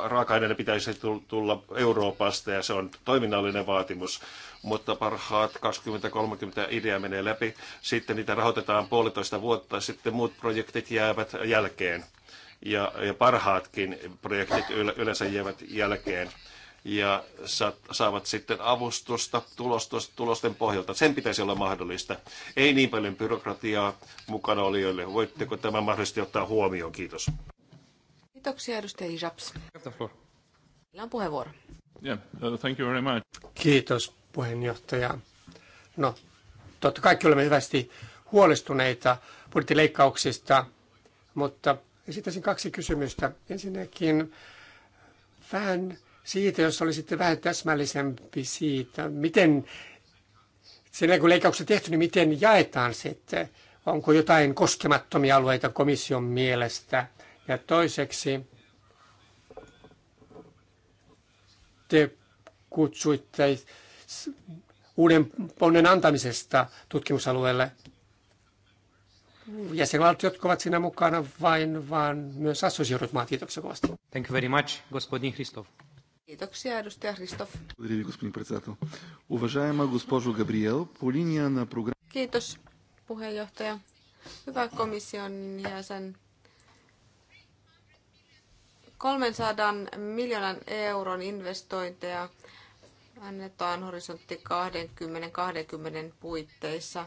raaka-aineiden pitäisi tulla Euroopasta ja se on toiminnallinen vaatimus, mutta parhaat 20-30 idea menee läpi. Sitten niitä rahoitetaan puolitoista vuotta, sitten muut projektit jäävät jälkeen ja, ja parhaatkin projektit yleensä jäävät jälkeen ja saavat sitten avustusta tulosten pohjalta. Sen pitäisi olla mahdollista. Ei niin paljon byrokratiaa mukana olijoille. Voitteko tämän mahdollisesti ottaa huomioon? Kiitos. Kiitoksia edustaja Ijaps. Meillä on puheenvuoro. Yeah, uh, thank you very much. Kiitos puheenjohtaja. No, totta kaikki olemme hyvästi huolestuneita budjettileikkauksista, mutta esittäisin kaksi kysymystä. Ensinnäkin vähän siitä, jos olisitte vähän täsmällisempi siitä, miten sen kun on tehty, niin miten jaetaan sitten? Onko jotain koskemattomia alueita komission mielestä? Ja toiseksi te kutsuitte uuden ponnen antamisesta tutkimusalueelle jäsenvaltiot ovat siinä mukana vain, vaan myös assosioidut maat. Kiitoksia kovasti. Thank you very much, gospodin Hristov. Kiitoksia, edustaja Kristoff. Kiitos, puheenjohtaja. Hyvä komission jäsen. 300 miljoonan euron investointeja annetaan horisontti 20-20 puitteissa.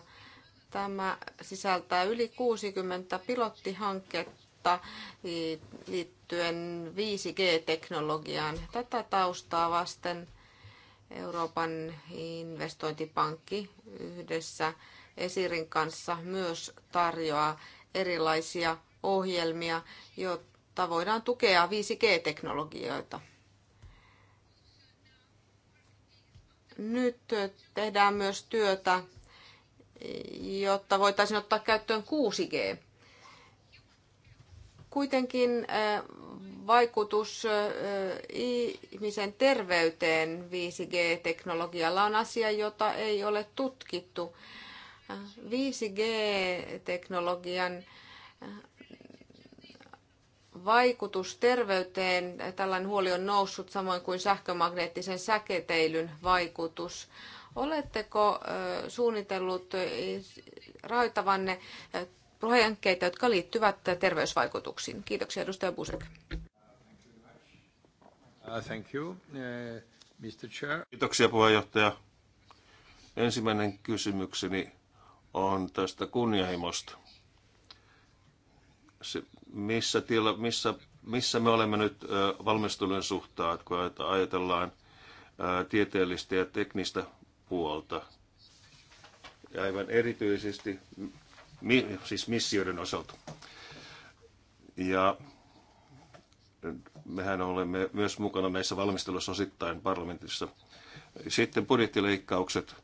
Tämä sisältää yli 60 pilottihanketta huolta liittyen 5G-teknologiaan. Tätä taustaa vasten Euroopan investointipankki yhdessä Esirin kanssa myös tarjoaa erilaisia ohjelmia, jotta voidaan tukea 5G-teknologioita. Nyt tehdään myös työtä, jotta voitaisiin ottaa käyttöön 6G. Kuitenkin äh, vaikutus äh, ihmisen terveyteen 5G-teknologialla on asia, jota ei ole tutkittu. 5G-teknologian äh, vaikutus terveyteen, tällainen huoli on noussut, samoin kuin sähkömagneettisen säketeilyn vaikutus. Oletteko suunnitellut rahoittavanne hankkeita, jotka liittyvät terveysvaikutuksiin. Kiitoksia edustaja Busek. Uh, thank you, uh, Mr. Chair. Kiitoksia puheenjohtaja. Ensimmäinen kysymykseni on tästä kunnianhimosta. Se, missä, tila, missä, missä me olemme nyt valmistelujen suhtaan, kun ajatellaan tieteellistä ja teknistä puolta. Ja aivan erityisesti siis missioiden osalta. Ja eh, mehän olemme myös mukana näissä valmisteluissa osittain parlamentissa. Sitten budjettileikkaukset.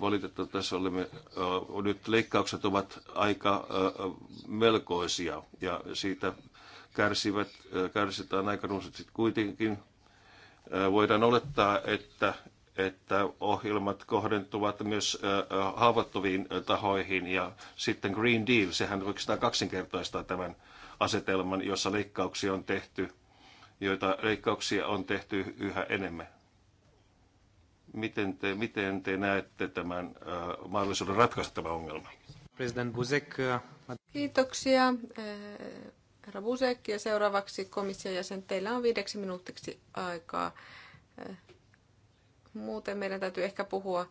Valitettavasti tässä olemme, äh, nyt leikkaukset ovat aika äh, melkoisia ja siitä kärsivät, äh, kärsitään aika runsaasti kuitenkin. Äh, voidaan olettaa, että että ohjelmat kohdentuvat myös haavoittuviin tahoihin ja sitten Green Deal, sehän oikeastaan kaksinkertaistaa tämän asetelman, jossa leikkauksia on tehty, joita leikkauksia on tehty yhä enemmän. Miten te, miten te näette tämän uh, mahdollisuuden ratkaista tämä ongelma? President Buzek. Kiitoksia, herra Buzek. Ja seuraavaksi komission jäsen, teillä on viideksi minuutiksi aikaa Muuten meidän täytyy ehkä puhua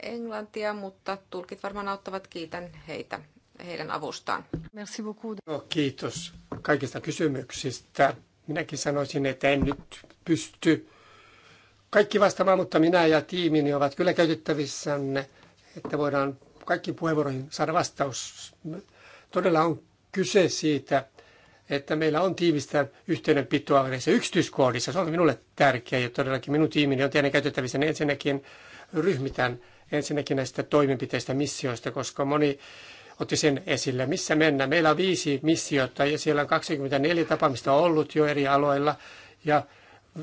englantia, mutta tulkit varmaan auttavat. Kiitän heitä heidän avustaan. Merci beaucoup. No, kiitos kaikista kysymyksistä. Minäkin sanoisin, että en nyt pysty kaikki vastaamaan, mutta minä ja tiimini ovat kyllä käytettävissänne, että voidaan kaikkiin puheenvuoroihin saada vastaus. Todella on kyse siitä, että meillä on tiivistä yhteydenpitoa näissä yksityiskohdissa. Se on minulle tärkeää ja todellakin minun tiimini on teidän käytettävissä. Ne niin ensinnäkin ryhmitän ensinnäkin näistä toimenpiteistä, missioista, koska moni otti sen esille, missä mennään. Meillä on viisi missiota ja siellä on 24 tapaamista ollut jo eri aloilla ja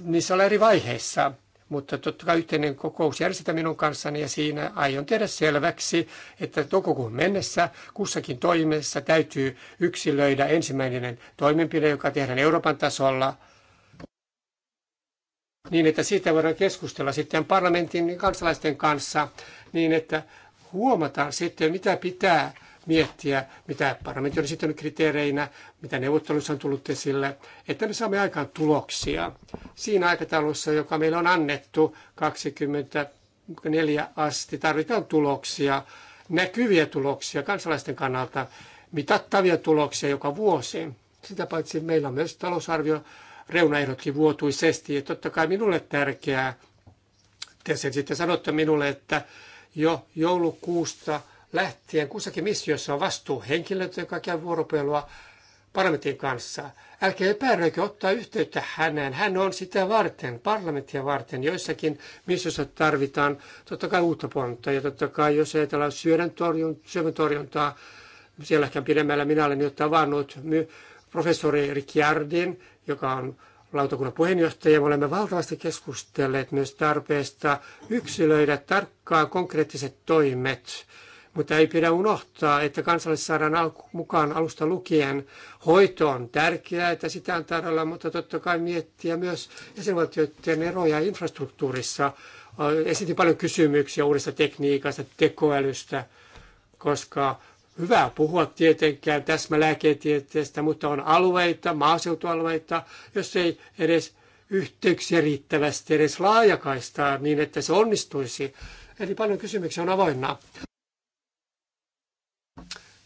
niissä on eri vaiheissa mutta totta kai yhteinen kokous järjestetään minun kanssani ja siinä aion tehdä selväksi, että toukokuun mennessä kussakin toimessa täytyy yksilöidä ensimmäinen toimenpide, joka tehdään Euroopan tasolla, niin että siitä voidaan keskustella sitten parlamentin kansalaisten kanssa, niin että huomataan sitten, mitä pitää miettiä, mitä parlamentti on esittänyt kriteereinä, mitä neuvotteluissa on tullut esille, että me saamme aikaan tuloksia siinä aikataulussa, joka meillä on annettu 24 asti. Tarvitaan tuloksia, näkyviä tuloksia kansalaisten kannalta, mitattavia tuloksia joka vuosi. Sitä paitsi meillä on myös talousarvio reunaehdotkin vuotuisesti. Ja totta kai minulle tärkeää, te sen sitten sanotte minulle, että jo joulukuusta – lähtien kussakin missiossa on vastuuhenkilöt, joka käy vuoropuhelua parlamentin kanssa. Älkää epäröikö ottaa yhteyttä häneen. Hän on sitä varten, parlamenttia varten. Joissakin missiossa tarvitaan totta kai uutta pontta ja totta kai jos ajatellaan syövän, torjun, torjuntaa, siellä ehkä pidemmällä minä olen jo tavannut professori Ricciardin, joka on lautakunnan puheenjohtaja. Me olemme valtavasti keskustelleet myös tarpeesta yksilöidä tarkkaan konkreettiset toimet mutta ei pidä unohtaa, että kansalaiset saadaan mukaan alusta lukien. Hoito on tärkeää, että sitä on tarjolla, mutta totta kai miettiä myös jäsenvaltioiden eroja infrastruktuurissa. Esitin paljon kysymyksiä uudesta tekniikasta, tekoälystä, koska hyvä puhua tietenkään täsmälääketieteestä, mutta on alueita, maaseutualueita, jos ei edes yhteyksiä riittävästi edes laajakaistaa niin, että se onnistuisi. Eli paljon kysymyksiä on avoinna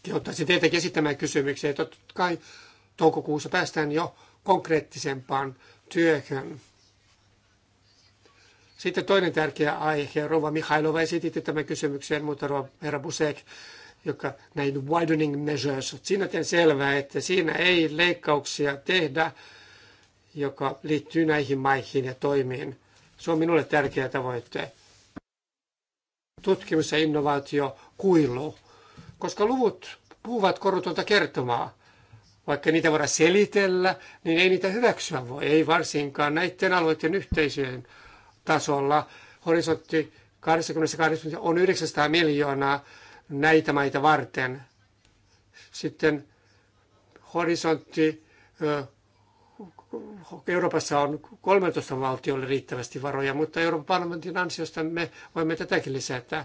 kehottaisin teitä esittämään kysymyksiä. Totta kai toukokuussa päästään jo konkreettisempaan työhön. Sitten toinen tärkeä aihe. Rova Mihailova esititte tämän kysymyksen, mutta Rova herra Busek, joka näin widening measures. Siinä on selvää, että siinä ei leikkauksia tehdä, joka liittyy näihin maihin ja toimiin. Se on minulle tärkeä tavoite. Tutkimus ja innovaatio kuilu koska luvut puhuvat korutonta kertomaa. Vaikka niitä voidaan selitellä, niin ei niitä hyväksyä voi, ei varsinkaan näiden alueiden yhteisöjen tasolla. Horisontti 28 on 900 miljoonaa näitä maita varten. Sitten horisontti Euroopassa on 13 valtiolle riittävästi varoja, mutta Euroopan parlamentin ansiosta me voimme tätäkin lisätä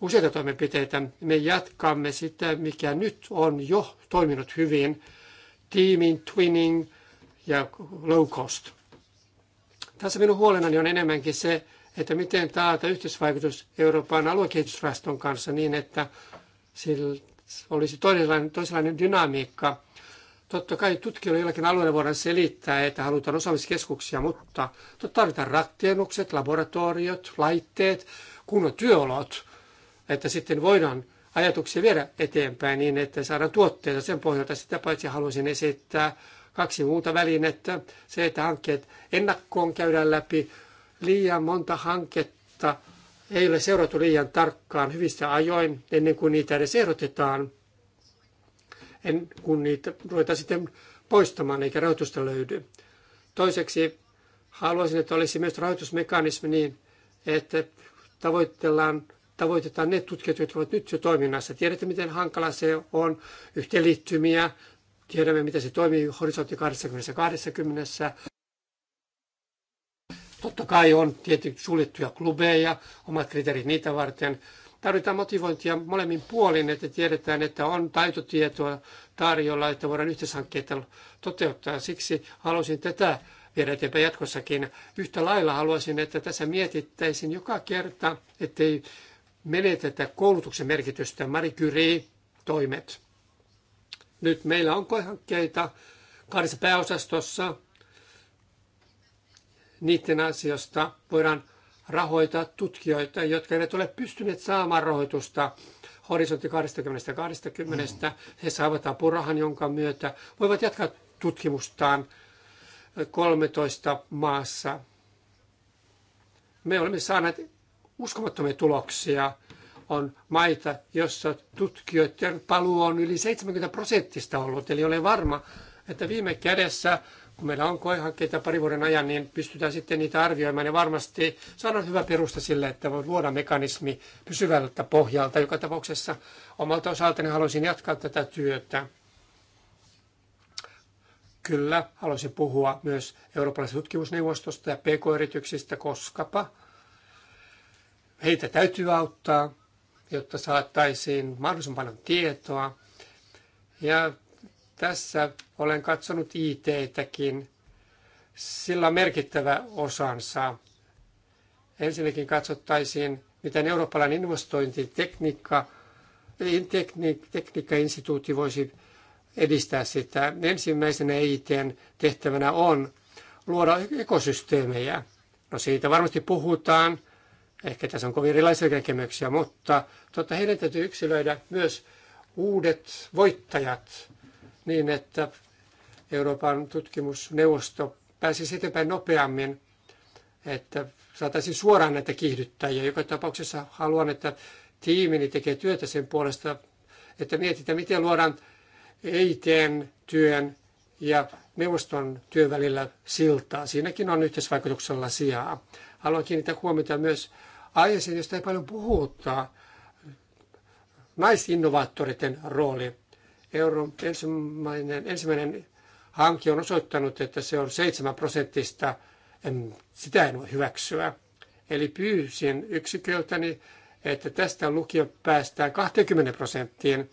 useita toimenpiteitä. Me jatkamme sitä, mikä nyt on jo toiminut hyvin, teaming, twinning ja low cost. Tässä minun huolenani on enemmänkin se, että miten taata yhteisvaikutus Euroopan aluekehitysrahaston kanssa niin, että sillä olisi toisenlainen, toisenlainen dynamiikka. Totta kai tutkijoilla jollakin alueella voidaan selittää, että halutaan osaamiskeskuksia, mutta tarvitaan rakennukset, laboratoriot, laitteet, kunnon työolot että sitten voidaan ajatuksia viedä eteenpäin niin, että saadaan tuotteita sen pohjalta. Sitä paitsi haluaisin esittää kaksi muuta välinettä. Se, että hankkeet ennakkoon käydään läpi. Liian monta hanketta ei ole seurattu liian tarkkaan hyvissä ajoin ennen kuin niitä edes ehdotetaan, en, kun niitä ruvetaan sitten poistamaan eikä rahoitusta löydy. Toiseksi haluaisin, että olisi myös rahoitusmekanismi niin, että tavoitellaan tavoitetaan ne tutkijat, jotka ovat nyt jo toiminnassa. Tiedätte, miten hankala se on, yhteenliittymiä, tiedämme, miten se toimii horisontti 2020. Totta kai on tietysti suljettuja klubeja, omat kriteerit niitä varten. Tarvitaan motivointia molemmin puolin, että tiedetään, että on taitotietoa tarjolla, että voidaan yhteishankkeita toteuttaa. Siksi halusin tätä viedä eteenpäin jatkossakin. Yhtä lailla haluaisin, että tässä mietittäisin joka kerta, ettei menetetä koulutuksen merkitystä Marie Curie-toimet. Nyt meillä on koehankkeita kahdessa pääosastossa. Niiden asioista voidaan rahoittaa tutkijoita, jotka eivät ole pystyneet saamaan rahoitusta horisontti 20 Mm. He saavat apurahan, jonka myötä voivat jatkaa tutkimustaan 13 maassa. Me olemme saaneet uskomattomia tuloksia. On maita, jossa tutkijoiden paluu on yli 70 prosenttista ollut, eli olen varma, että viime kädessä, kun meillä on koehankkeita pari vuoden ajan, niin pystytään sitten niitä arvioimaan ja varmasti saadaan hyvä perusta sille, että voi luoda mekanismi pysyvältä pohjalta. Joka tapauksessa omalta osaltani haluaisin jatkaa tätä työtä. Kyllä, haluaisin puhua myös eurooppalaisesta tutkimusneuvostosta ja pk-yrityksistä, koskapa Heitä täytyy auttaa, jotta saattaisiin mahdollisimman paljon tietoa. Ja tässä olen katsonut IT-täkin. Sillä on merkittävä osansa. Ensinnäkin katsottaisiin, miten eurooppalainen investointitekniikka tekniik, tekniikkainstituutti voisi edistää sitä. Ensimmäisenä it tehtävänä on luoda ekosysteemejä. No siitä varmasti puhutaan Ehkä tässä on kovin erilaisia näkemyksiä, mutta totta heidän täytyy yksilöidä myös uudet voittajat niin, että Euroopan tutkimusneuvosto pääsisi eteenpäin nopeammin, että saataisiin suoraan näitä kiihdyttäjiä. Joka tapauksessa haluan, että tiimini tekee työtä sen puolesta, että mietitään, miten luodaan ei työn ja neuvoston työn välillä siltaa. Siinäkin on yhteisvaikutuksella sijaa. Haluan kiinnittää huomiota myös aiheeseen, josta ei paljon puhuta, naisinnovaattoreiden rooli. Euron ensimmäinen, ensimmäinen hanki on osoittanut, että se on 7 prosentista en, sitä en voi hyväksyä. Eli pyysin yksiköltäni, että tästä lukio päästään 20 prosenttiin,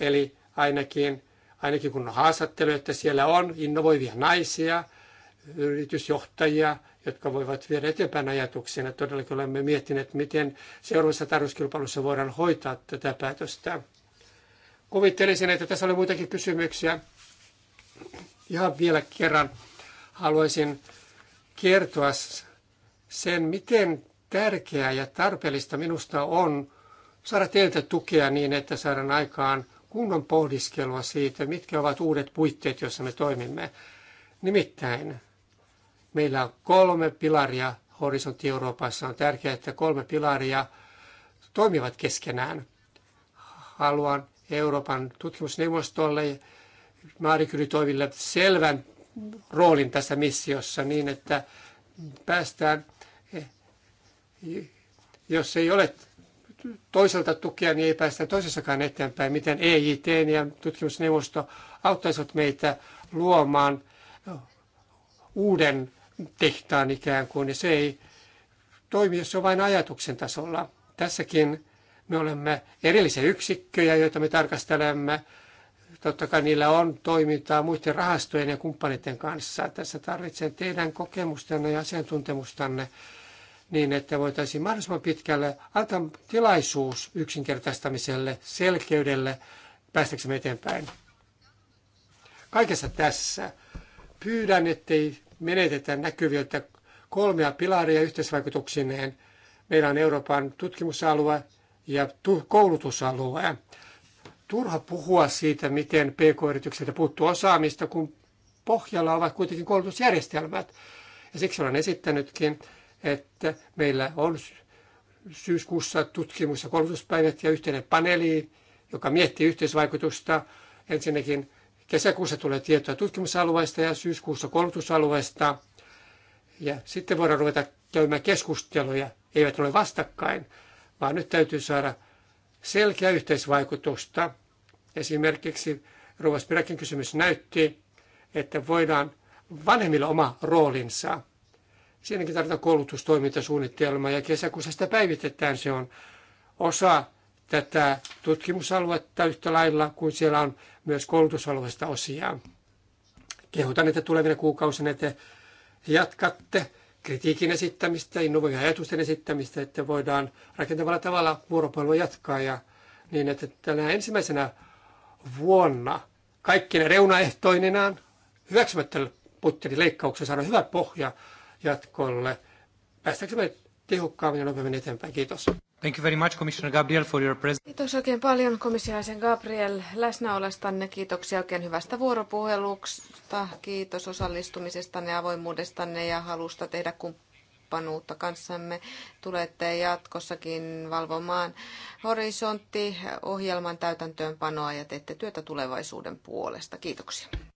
eli ainakin, ainakin kun on haastattelu, että siellä on innovoivia naisia – yritysjohtajia, jotka voivat viedä eteenpäin Ja Todellakin olemme miettineet, miten seuraavassa tarjouskilpailussa voidaan hoitaa tätä päätöstä. Kuvittelisin, että tässä oli muitakin kysymyksiä. Ihan vielä kerran haluaisin kertoa sen, miten tärkeää ja tarpeellista minusta on saada teiltä tukea niin, että saadaan aikaan kunnon pohdiskelua siitä, mitkä ovat uudet puitteet, joissa me toimimme. Nimittäin Meillä on kolme pilaria horisontti Euroopassa. On tärkeää, että kolme pilaria toimivat keskenään. Haluan Euroopan tutkimusneuvostolle ja Toiville selvän roolin tässä missiossa niin, että päästään, jos ei ole toiselta tukea, niin ei päästä toisessakaan eteenpäin. Miten EIT ja tutkimusneuvosto auttaisivat meitä luomaan uuden tehtaan ikään kuin, niin se ei toimi, jos se on vain ajatuksen tasolla. Tässäkin me olemme erillisiä yksikköjä, joita me tarkastelemme. Totta kai niillä on toimintaa muiden rahastojen ja kumppaneiden kanssa. Tässä tarvitsen teidän kokemustanne ja asiantuntemustanne niin, että voitaisiin mahdollisimman pitkälle antaa tilaisuus yksinkertaistamiselle, selkeydelle, päästäksemme eteenpäin. Kaikessa tässä pyydän, ettei menetetään näkyviltä kolmea pilaria yhteisvaikutuksineen. Meillä on Euroopan tutkimusalue ja koulutusalue. Turha puhua siitä, miten PK-yrityksiltä puuttuu osaamista, kun pohjalla ovat kuitenkin koulutusjärjestelmät. Ja siksi olen esittänytkin, että meillä on syyskuussa tutkimus- ja koulutuspäivät ja yhteinen paneeli, joka miettii yhteisvaikutusta ensinnäkin Kesäkuussa tulee tietoa tutkimusalueista ja syyskuussa koulutusalueista. Ja sitten voidaan ruveta käymään keskusteluja. Eivät ole vastakkain, vaan nyt täytyy saada selkeä yhteisvaikutusta. Esimerkiksi Ruvas Pirakin kysymys näytti, että voidaan vanhemmilla oma roolinsa. Siinäkin tarvitaan koulutustoimintasuunnitelma ja kesäkuussa sitä päivitetään. Se on osa tätä tutkimusaluetta yhtä lailla kuin siellä on myös koulutusalueesta osia. Kehotan, että tulevina kuukausina te jatkatte kritiikin esittämistä, innovoivien ajatusten esittämistä, että voidaan rakentavalla tavalla vuoropuhelua jatkaa ja niin, että tänä ensimmäisenä vuonna kaikkina reunaehtoinenaan hyväksymättä Putinin leikkauksen saada hyvä pohja jatkolle. me tehokkaammin ja nopeammin eteenpäin. Kiitos. Thank you very much, Commissioner Gabriel, for your presence. Kiitos oikein paljon komissiaisen Gabriel läsnäolestanne. Kiitoksia oikein hyvästä vuoropuhelusta. Kiitos osallistumisestanne, avoimuudestanne ja halusta tehdä kumppanuutta kanssamme. Tulette jatkossakin valvomaan horisontti-ohjelman täytäntöönpanoa ja teette työtä tulevaisuuden puolesta. Kiitoksia.